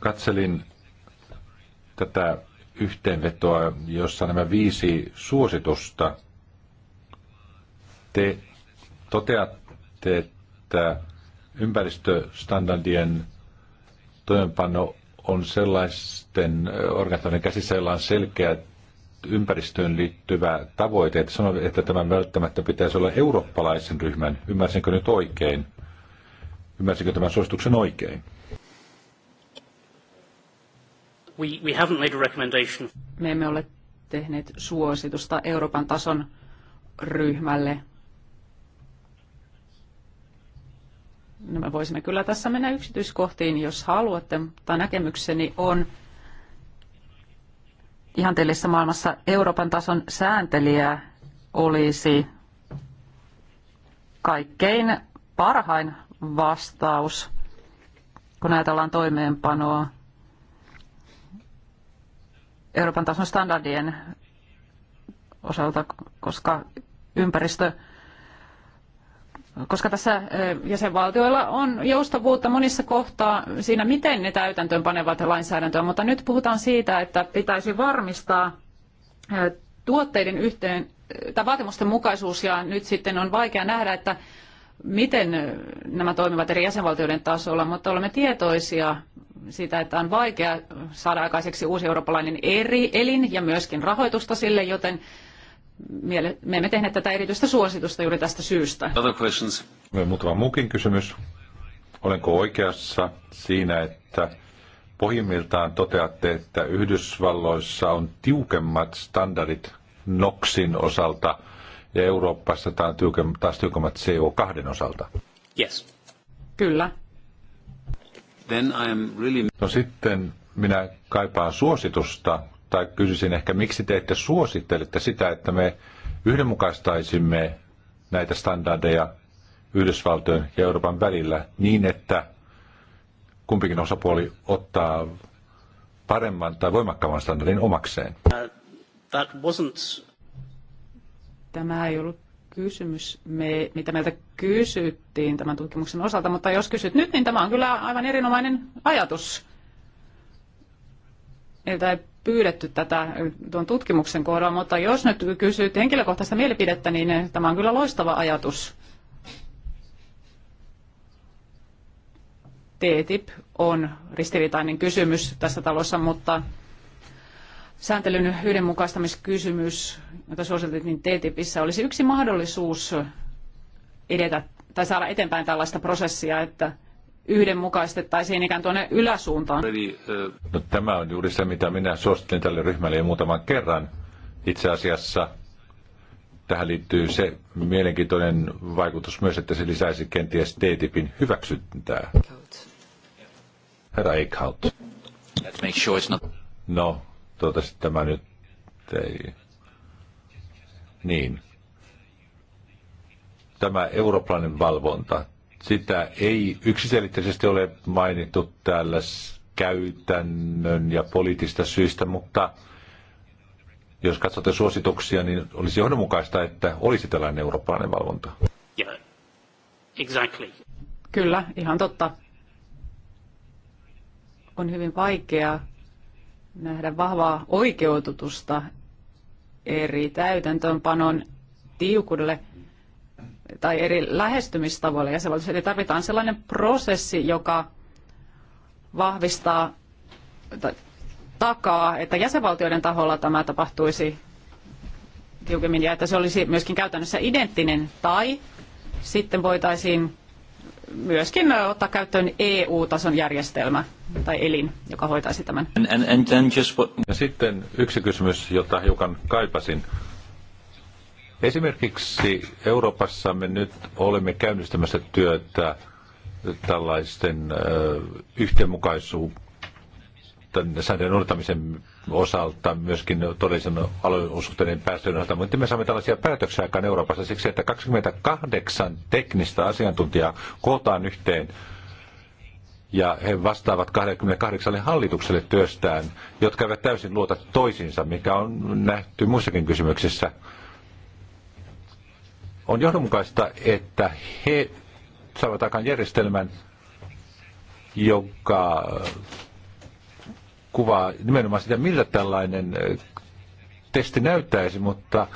Katselin tätä yhteenvetoa, jossa nämä viisi suositusta te toteatte, että ympäristöstandardien toimenpano on sellaisten organisaatioiden käsissä, joilla on selkeä ympäristöön liittyvä tavoite, että sanoin, että tämän välttämättä pitäisi olla eurooppalaisen ryhmän. Ymmärsinkö nyt oikein? Ymmärsikö tämän suosituksen oikein? We, we haven't made a recommendation. Me emme ole tehneet suositusta Euroopan tason ryhmälle. No me voisimme kyllä tässä mennä yksityiskohtiin, jos haluatte, mutta näkemykseni on ihanteellisessa maailmassa Euroopan tason sääntelijä olisi kaikkein parhain vastaus, kun ajatellaan toimeenpanoa Euroopan tason standardien osalta, koska ympäristö koska tässä e, jäsenvaltioilla on joustavuutta monissa kohtaa siinä, miten ne täytäntöön panevat lainsäädäntöä, mutta nyt puhutaan siitä, että pitäisi varmistaa e, tuotteiden yhteen, tai vaatimusten mukaisuus, ja nyt sitten on vaikea nähdä, että miten nämä toimivat eri jäsenvaltioiden tasolla, mutta olemme tietoisia siitä, että on vaikea saada aikaiseksi uusi eurooppalainen eri elin ja myöskin rahoitusta sille, joten me emme tehneet tätä erityistä suositusta juuri tästä syystä. Muutama muukin kysymys. Olenko oikeassa siinä, että pohjimmiltaan toteatte, että Yhdysvalloissa on tiukemmat standardit NOXin osalta – ja Euroopassa taas tiukemmat CO2 osalta. Yes. Kyllä. Then I am really... No sitten minä kaipaan suositusta, tai kysyisin ehkä, miksi te ette suosittelette sitä, että me yhdenmukaistaisimme näitä standardeja Yhdysvaltojen ja Euroopan välillä niin, että kumpikin osapuoli ottaa paremman tai voimakkaamman standardin omakseen. Uh, that wasn't Tämä ei ollut kysymys, me, mitä meiltä kysyttiin tämän tutkimuksen osalta, mutta jos kysyt nyt, niin tämä on kyllä aivan erinomainen ajatus. Meiltä ei pyydetty tätä tuon tutkimuksen kohdalla, mutta jos nyt kysyt henkilökohtaista mielipidettä, niin tämä on kyllä loistava ajatus. TTIP on ristiriitainen kysymys tässä talossa, mutta sääntelyn yhdenmukaistamiskysymys, jota suositeltiin niin TTIPissä, olisi yksi mahdollisuus edetä tai saada eteenpäin tällaista prosessia, että yhdenmukaistettaisiin ikään tuonne yläsuuntaan? No, tämä on juuri se, mitä minä suosittelin tälle ryhmälle jo muutaman kerran. Itse asiassa tähän liittyy se mielenkiintoinen vaikutus myös, että se lisäisi kenties TTIPin hyväksyntää. Herra Eichhout. No, sitten tämä nyt ei... Niin. Tämä eurooppalainen valvonta, sitä ei yksiselitteisesti ole mainittu täällä käytännön ja poliittista syistä, mutta jos katsotte suosituksia, niin olisi johdonmukaista, että olisi tällainen eurooppalainen valvonta. Yeah. Exactly. Kyllä, ihan totta. On hyvin vaikeaa nähdä vahvaa oikeututusta eri täytäntöönpanon tiukudelle tai eri lähestymistavoille jäsenvaltioissa. Eli tarvitaan sellainen prosessi, joka vahvistaa takaa, että jäsenvaltioiden taholla tämä tapahtuisi tiukemmin ja että se olisi myöskin käytännössä identtinen tai sitten voitaisiin myöskin ottaa käyttöön EU-tason järjestelmä tai elin, joka hoitaisi tämän. And, and, and just what... ja sitten yksi kysymys, jota hiukan kaipasin. Esimerkiksi Euroopassa me nyt olemme käynnistämässä työtä tällaisten äh, noudattamisen osalta, myöskin todellisen alueosuhteiden päästöjen osalta, mutta me saamme tällaisia päätöksiä aikaan Euroopassa siksi, että 28 teknistä asiantuntijaa kootaan yhteen ja he vastaavat 28 hallitukselle työstään, jotka eivät täysin luota toisiinsa, mikä on nähty muissakin kysymyksissä. On johdonmukaista, että he saavat aikaan järjestelmän, joka kuvaa nimenomaan sitä, miltä tällainen testi näyttäisi, mutta,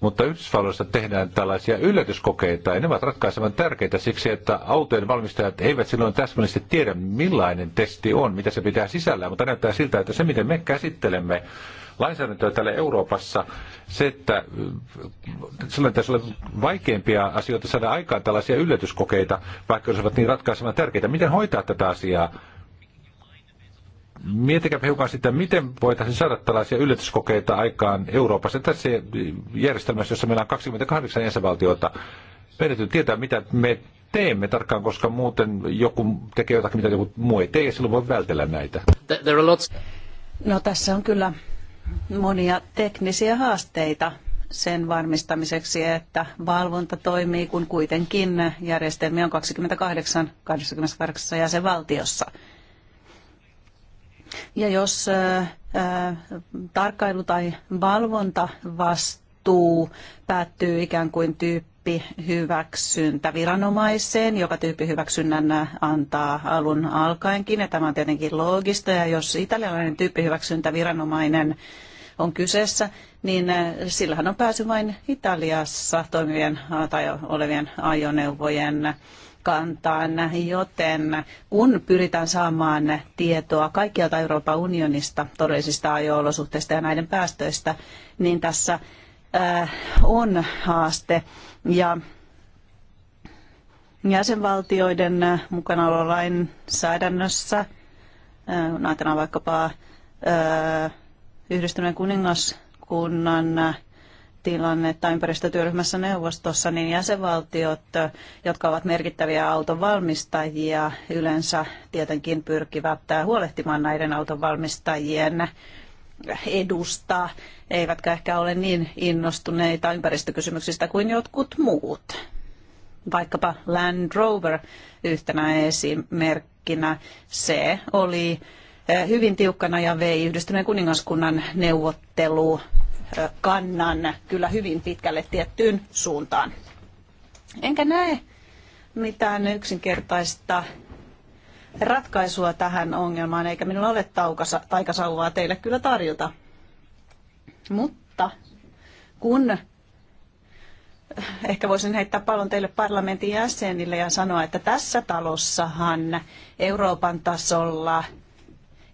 mutta Yhdysvalloissa tehdään tällaisia yllätyskokeita ja ne ovat ratkaisevan tärkeitä siksi, että autojen valmistajat eivät silloin täsmällisesti tiedä, millainen testi on, mitä se pitää sisällään, mutta näyttää siltä, että se, miten me käsittelemme lainsäädäntöä täällä Euroopassa, se, että silloin tässä on vaikeampia asioita saada aikaan tällaisia yllätyskokeita, vaikka olisivat niin ratkaisevan tärkeitä. Miten hoitaa tätä asiaa? Mietikää hiukan sitä, miten voitaisiin saada tällaisia yllätyskokeita aikaan Euroopassa. Tässä järjestelmässä, jossa meillä on 28 jäsenvaltiota, meidän täytyy tietää, mitä me teemme tarkkaan, koska muuten joku tekee jotakin, mitä joku muu ei tee, ja silloin voi vältellä näitä. No tässä on kyllä monia teknisiä haasteita sen varmistamiseksi, että valvonta toimii, kun kuitenkin järjestelmä on 28, 28 jäsenvaltiossa. Ja jos tarkkailu- tai valvontavastuu päättyy ikään kuin hyväksyntä viranomaiseen, joka tyyppihyväksynnän antaa alun alkaenkin, ja tämä on tietenkin loogista, ja jos italialainen viranomainen on kyseessä, niin sillähän on pääsy vain Italiassa toimivien tai olevien ajoneuvojen kantaa näihin, joten kun pyritään saamaan tietoa kaikkialta Euroopan unionista todellisista ajo-olosuhteista ja näiden päästöistä, niin tässä äh, on haaste. Ja jäsenvaltioiden mukanaololainsäädännössä, äh, kun ajatellaan vaikkapa äh, Yhdistyneen kuningaskunnan tilannetta ympäristötyöryhmässä neuvostossa, niin jäsenvaltiot, jotka ovat merkittäviä autonvalmistajia, yleensä tietenkin pyrkivät huolehtimaan näiden autonvalmistajien edusta, eivätkä ehkä ole niin innostuneita ympäristökysymyksistä kuin jotkut muut. Vaikkapa Land Rover yhtenä esimerkkinä. Se oli hyvin tiukkana ja vei yhdistyneen kuningaskunnan neuvottelu kannan kyllä hyvin pitkälle tiettyyn suuntaan. Enkä näe mitään yksinkertaista ratkaisua tähän ongelmaan, eikä minulla ole taukasa, taikasauvaa teille kyllä tarjota. Mutta kun eh, ehkä voisin heittää pallon teille parlamentin jäsenille ja sanoa, että tässä talossahan Euroopan tasolla –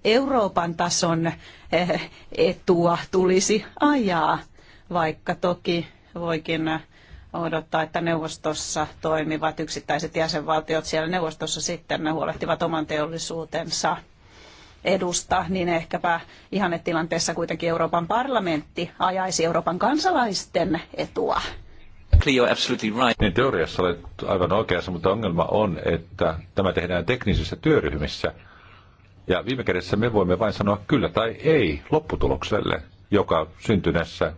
Euroopan tason eh, etua tulisi ajaa, vaikka toki voikin odottaa, että neuvostossa toimivat yksittäiset jäsenvaltiot siellä neuvostossa sitten ne huolehtivat oman teollisuutensa edusta, niin ehkäpä ihannetilanteessa kuitenkin Euroopan parlamentti ajaisi Euroopan kansalaisten etua. Clio, absolutely right. Niin teoriassa olet aivan oikeassa, mutta ongelma on, että tämä tehdään teknisissä työryhmissä – ja viime kädessä me voimme vain sanoa kyllä tai ei lopputulokselle, joka syntyy näissä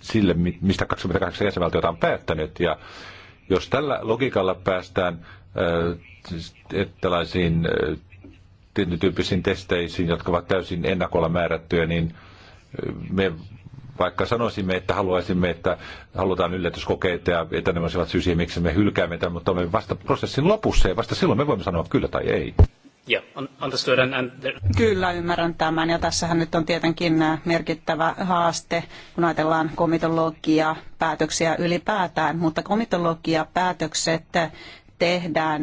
sille, mistä 28 jäsenvaltiota on päättänyt. Ja jos tällä logiikalla päästään äh, tällaisiin äh, tyyppisiin testeisiin, jotka ovat täysin ennakolla määrättyjä, niin äh, me vaikka sanoisimme, että haluaisimme, että halutaan yllätyskokeita ja että ne olisivat syy siihen, miksi me hylkäämme tämän, mutta olemme vasta prosessin lopussa ja vasta silloin me voimme sanoa kyllä tai ei understood. And, and there... Kyllä ymmärrän tämän ja tässähän nyt on tietenkin äh, merkittävä haaste, kun ajatellaan komitologia päätöksiä ylipäätään, mutta komitologia päätökset tehdään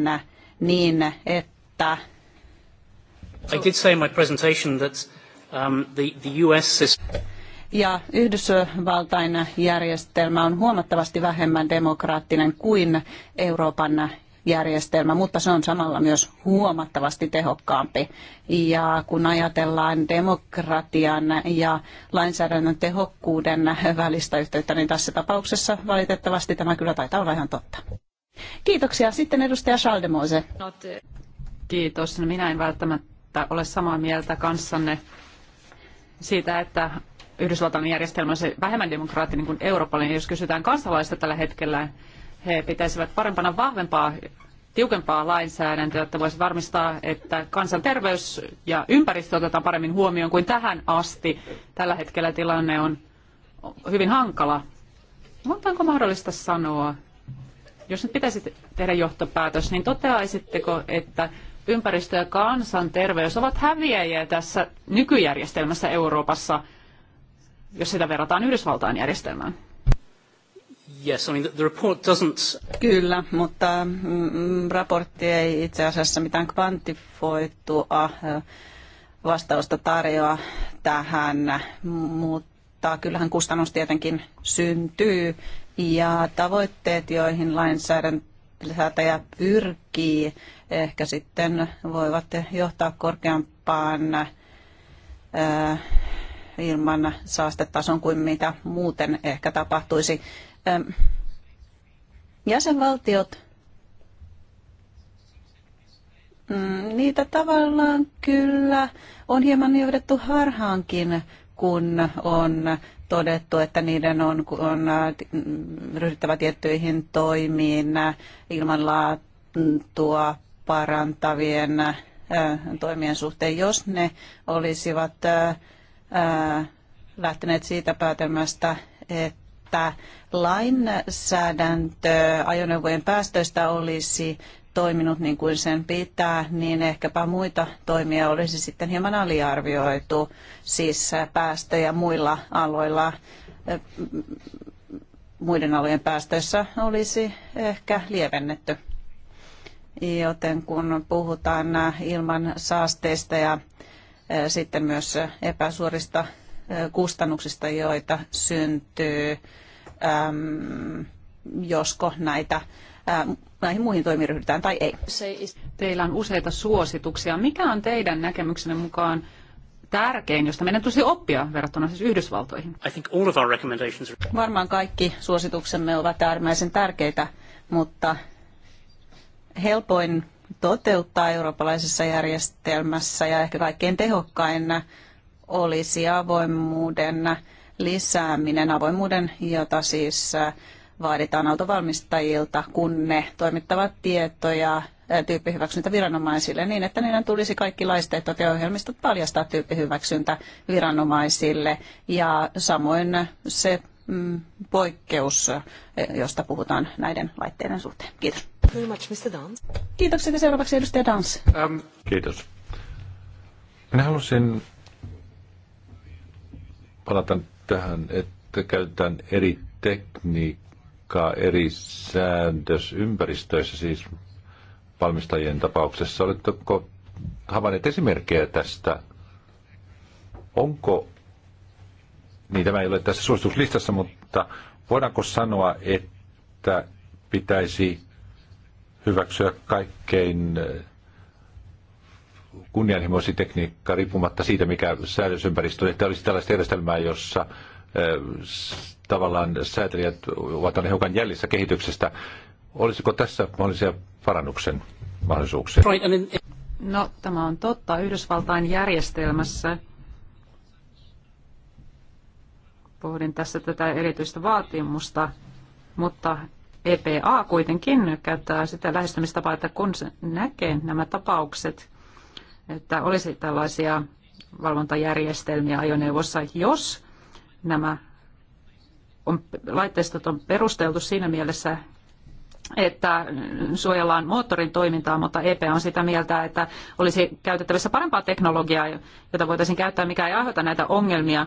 niin, että... I did say in my presentation that um, the, the US is... Ja Yhdysvaltain järjestelmä on huomattavasti vähemmän demokraattinen kuin Euroopan järjestelmä, mutta se on samalla myös huomattavasti tehokkaampi. Ja kun ajatellaan demokratian ja lainsäädännön tehokkuuden välistä yhteyttä, niin tässä tapauksessa valitettavasti tämä kyllä taitaa olla ihan totta. Kiitoksia. Sitten edustaja Schaldemose. Kiitos. Minä en välttämättä ole samaa mieltä kanssanne siitä, että Yhdysvaltain järjestelmä on se vähemmän demokraattinen kuin Euroopan. Jos kysytään kansalaista tällä hetkellä, he pitäisivät parempana vahvempaa, tiukempaa lainsäädäntöä, että voisi varmistaa, että kansanterveys ja ympäristö otetaan paremmin huomioon kuin tähän asti. Tällä hetkellä tilanne on hyvin hankala. onko mahdollista sanoa, jos nyt pitäisi tehdä johtopäätös, niin toteaisitteko, että ympäristö ja kansanterveys ovat häviäjiä tässä nykyjärjestelmässä Euroopassa, jos sitä verrataan Yhdysvaltain järjestelmään? Yes, I mean, the report doesn't... Kyllä, mutta mm, raportti ei itse asiassa mitään kvantifoitua äh, vastausta tarjoa tähän, mutta kyllähän kustannus tietenkin syntyy ja tavoitteet, joihin lainsäätäjä pyrkii, ehkä sitten voivat johtaa korkeampaan äh, ilman saastetason kuin mitä muuten ehkä tapahtuisi jäsenvaltiot, mm, niitä tavallaan kyllä on hieman johdettu harhaankin, kun on todettu, että niiden on, on äh, mm, ryhdyttävä tiettyihin toimiin äh, ilmanlaatua parantavien äh, toimien suhteen, jos ne olisivat lähteneet siitä päätelmästä, että että lainsäädäntö ajoneuvojen päästöistä olisi toiminut niin kuin sen pitää, niin ehkäpä muita toimia olisi sitten hieman aliarvioitu, siis päästöjä muilla aloilla muiden alojen päästöissä olisi ehkä lievennetty. Joten kun puhutaan ilman saasteista ja sitten myös epäsuorista kustannuksista, joita syntyy, josko näitä näihin muihin toimiin ryhdytään tai ei. Teillä on useita suosituksia. Mikä on teidän näkemyksenne mukaan tärkein, josta meidän tulisi oppia verrattuna siis Yhdysvaltoihin? Recommendations... Varmaan kaikki suosituksemme ovat äärimmäisen tärkeitä, mutta helpoin toteuttaa eurooppalaisessa järjestelmässä ja ehkä kaikkein tehokkain olisi avoimuuden lisääminen, avoimuuden, jota siis äh, vaaditaan autovalmistajilta, kun ne toimittavat tietoja äh, viranomaisille, niin, että niiden tulisi kaikki laisteet ja ohjelmistot paljastaa viranomaisille ja samoin se mm, poikkeus, äh, josta puhutaan näiden laitteiden suhteen. Kiitos. Very much, Mr. Dans. Kiitoksia seuraavaksi edustaja Dans. Um, kiitos. Minä halusin palataan tähän, että käytetään eri tekniikkaa eri säännösympäristöissä, siis valmistajien tapauksessa. Oletteko havainneet esimerkkejä tästä? Onko, niin tämä ei ole tässä suosituslistassa, mutta voidaanko sanoa, että pitäisi hyväksyä kaikkein kunnianhimoisin tekniikka riippumatta siitä, mikä säädösympäristö on. Että olisi tällaista järjestelmää, jossa tavallaan säätelijät ovat hiukan jäljissä kehityksestä. Olisiko tässä mahdollisia parannuksen mahdollisuuksia? No, tämä on totta. Yhdysvaltain järjestelmässä pohdin tässä tätä erityistä vaatimusta, mutta EPA kuitenkin käyttää sitä lähestymistapaa, että kun se näkee nämä tapaukset, että olisi tällaisia valvontajärjestelmiä ajoneuvossa, jos nämä on, laitteistot on perusteltu siinä mielessä, että suojellaan moottorin toimintaa, mutta EP on sitä mieltä, että olisi käytettävissä parempaa teknologiaa, jota voitaisiin käyttää, mikä ei aiheuta näitä ongelmia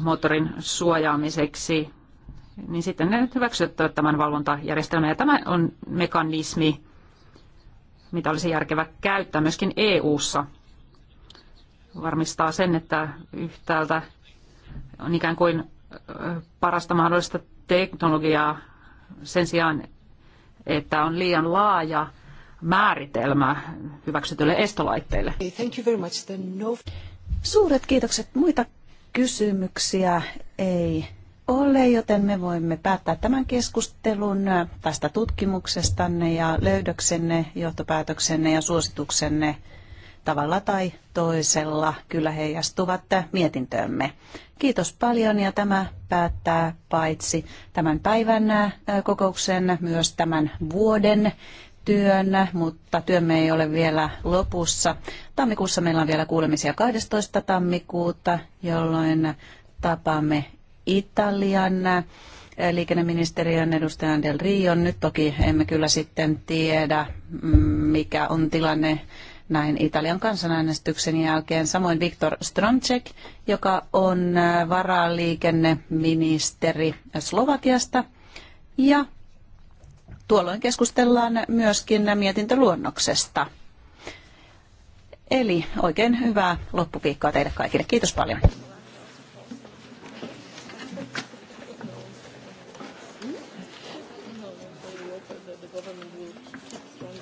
moottorin suojaamiseksi, niin sitten ne hyväksyttävät tämän valvontajärjestelmän. Ja tämä on mekanismi, mitä olisi järkevä käyttää myöskin EU-ssa. Varmistaa sen, että yhtäältä on ikään kuin parasta mahdollista teknologiaa sen sijaan, että on liian laaja määritelmä hyväksytylle estolaitteille. Thank you very much. No... Suuret kiitokset. Muita kysymyksiä ei ole, joten me voimme päättää tämän keskustelun tästä tutkimuksestanne ja löydöksenne, johtopäätöksenne ja suosituksenne tavalla tai toisella kyllä heijastuvat mietintöömme. Kiitos paljon ja tämä päättää paitsi tämän päivän kokouksen myös tämän vuoden työn, mutta työmme ei ole vielä lopussa. Tammikuussa meillä on vielä kuulemisia 12. tammikuuta, jolloin tapaamme Italian eh, liikenneministeriön edustajan Del Rio. Nyt toki emme kyllä sitten tiedä, mm, mikä on tilanne näin Italian kansanäänestyksen jälkeen. Samoin Viktor Stromcek, joka on eh, varaliikenneministeri Slovakiasta. Ja tuolloin keskustellaan myöskin mietintöluonnoksesta. Eli oikein hyvää loppuviikkoa teille kaikille. Kiitos paljon.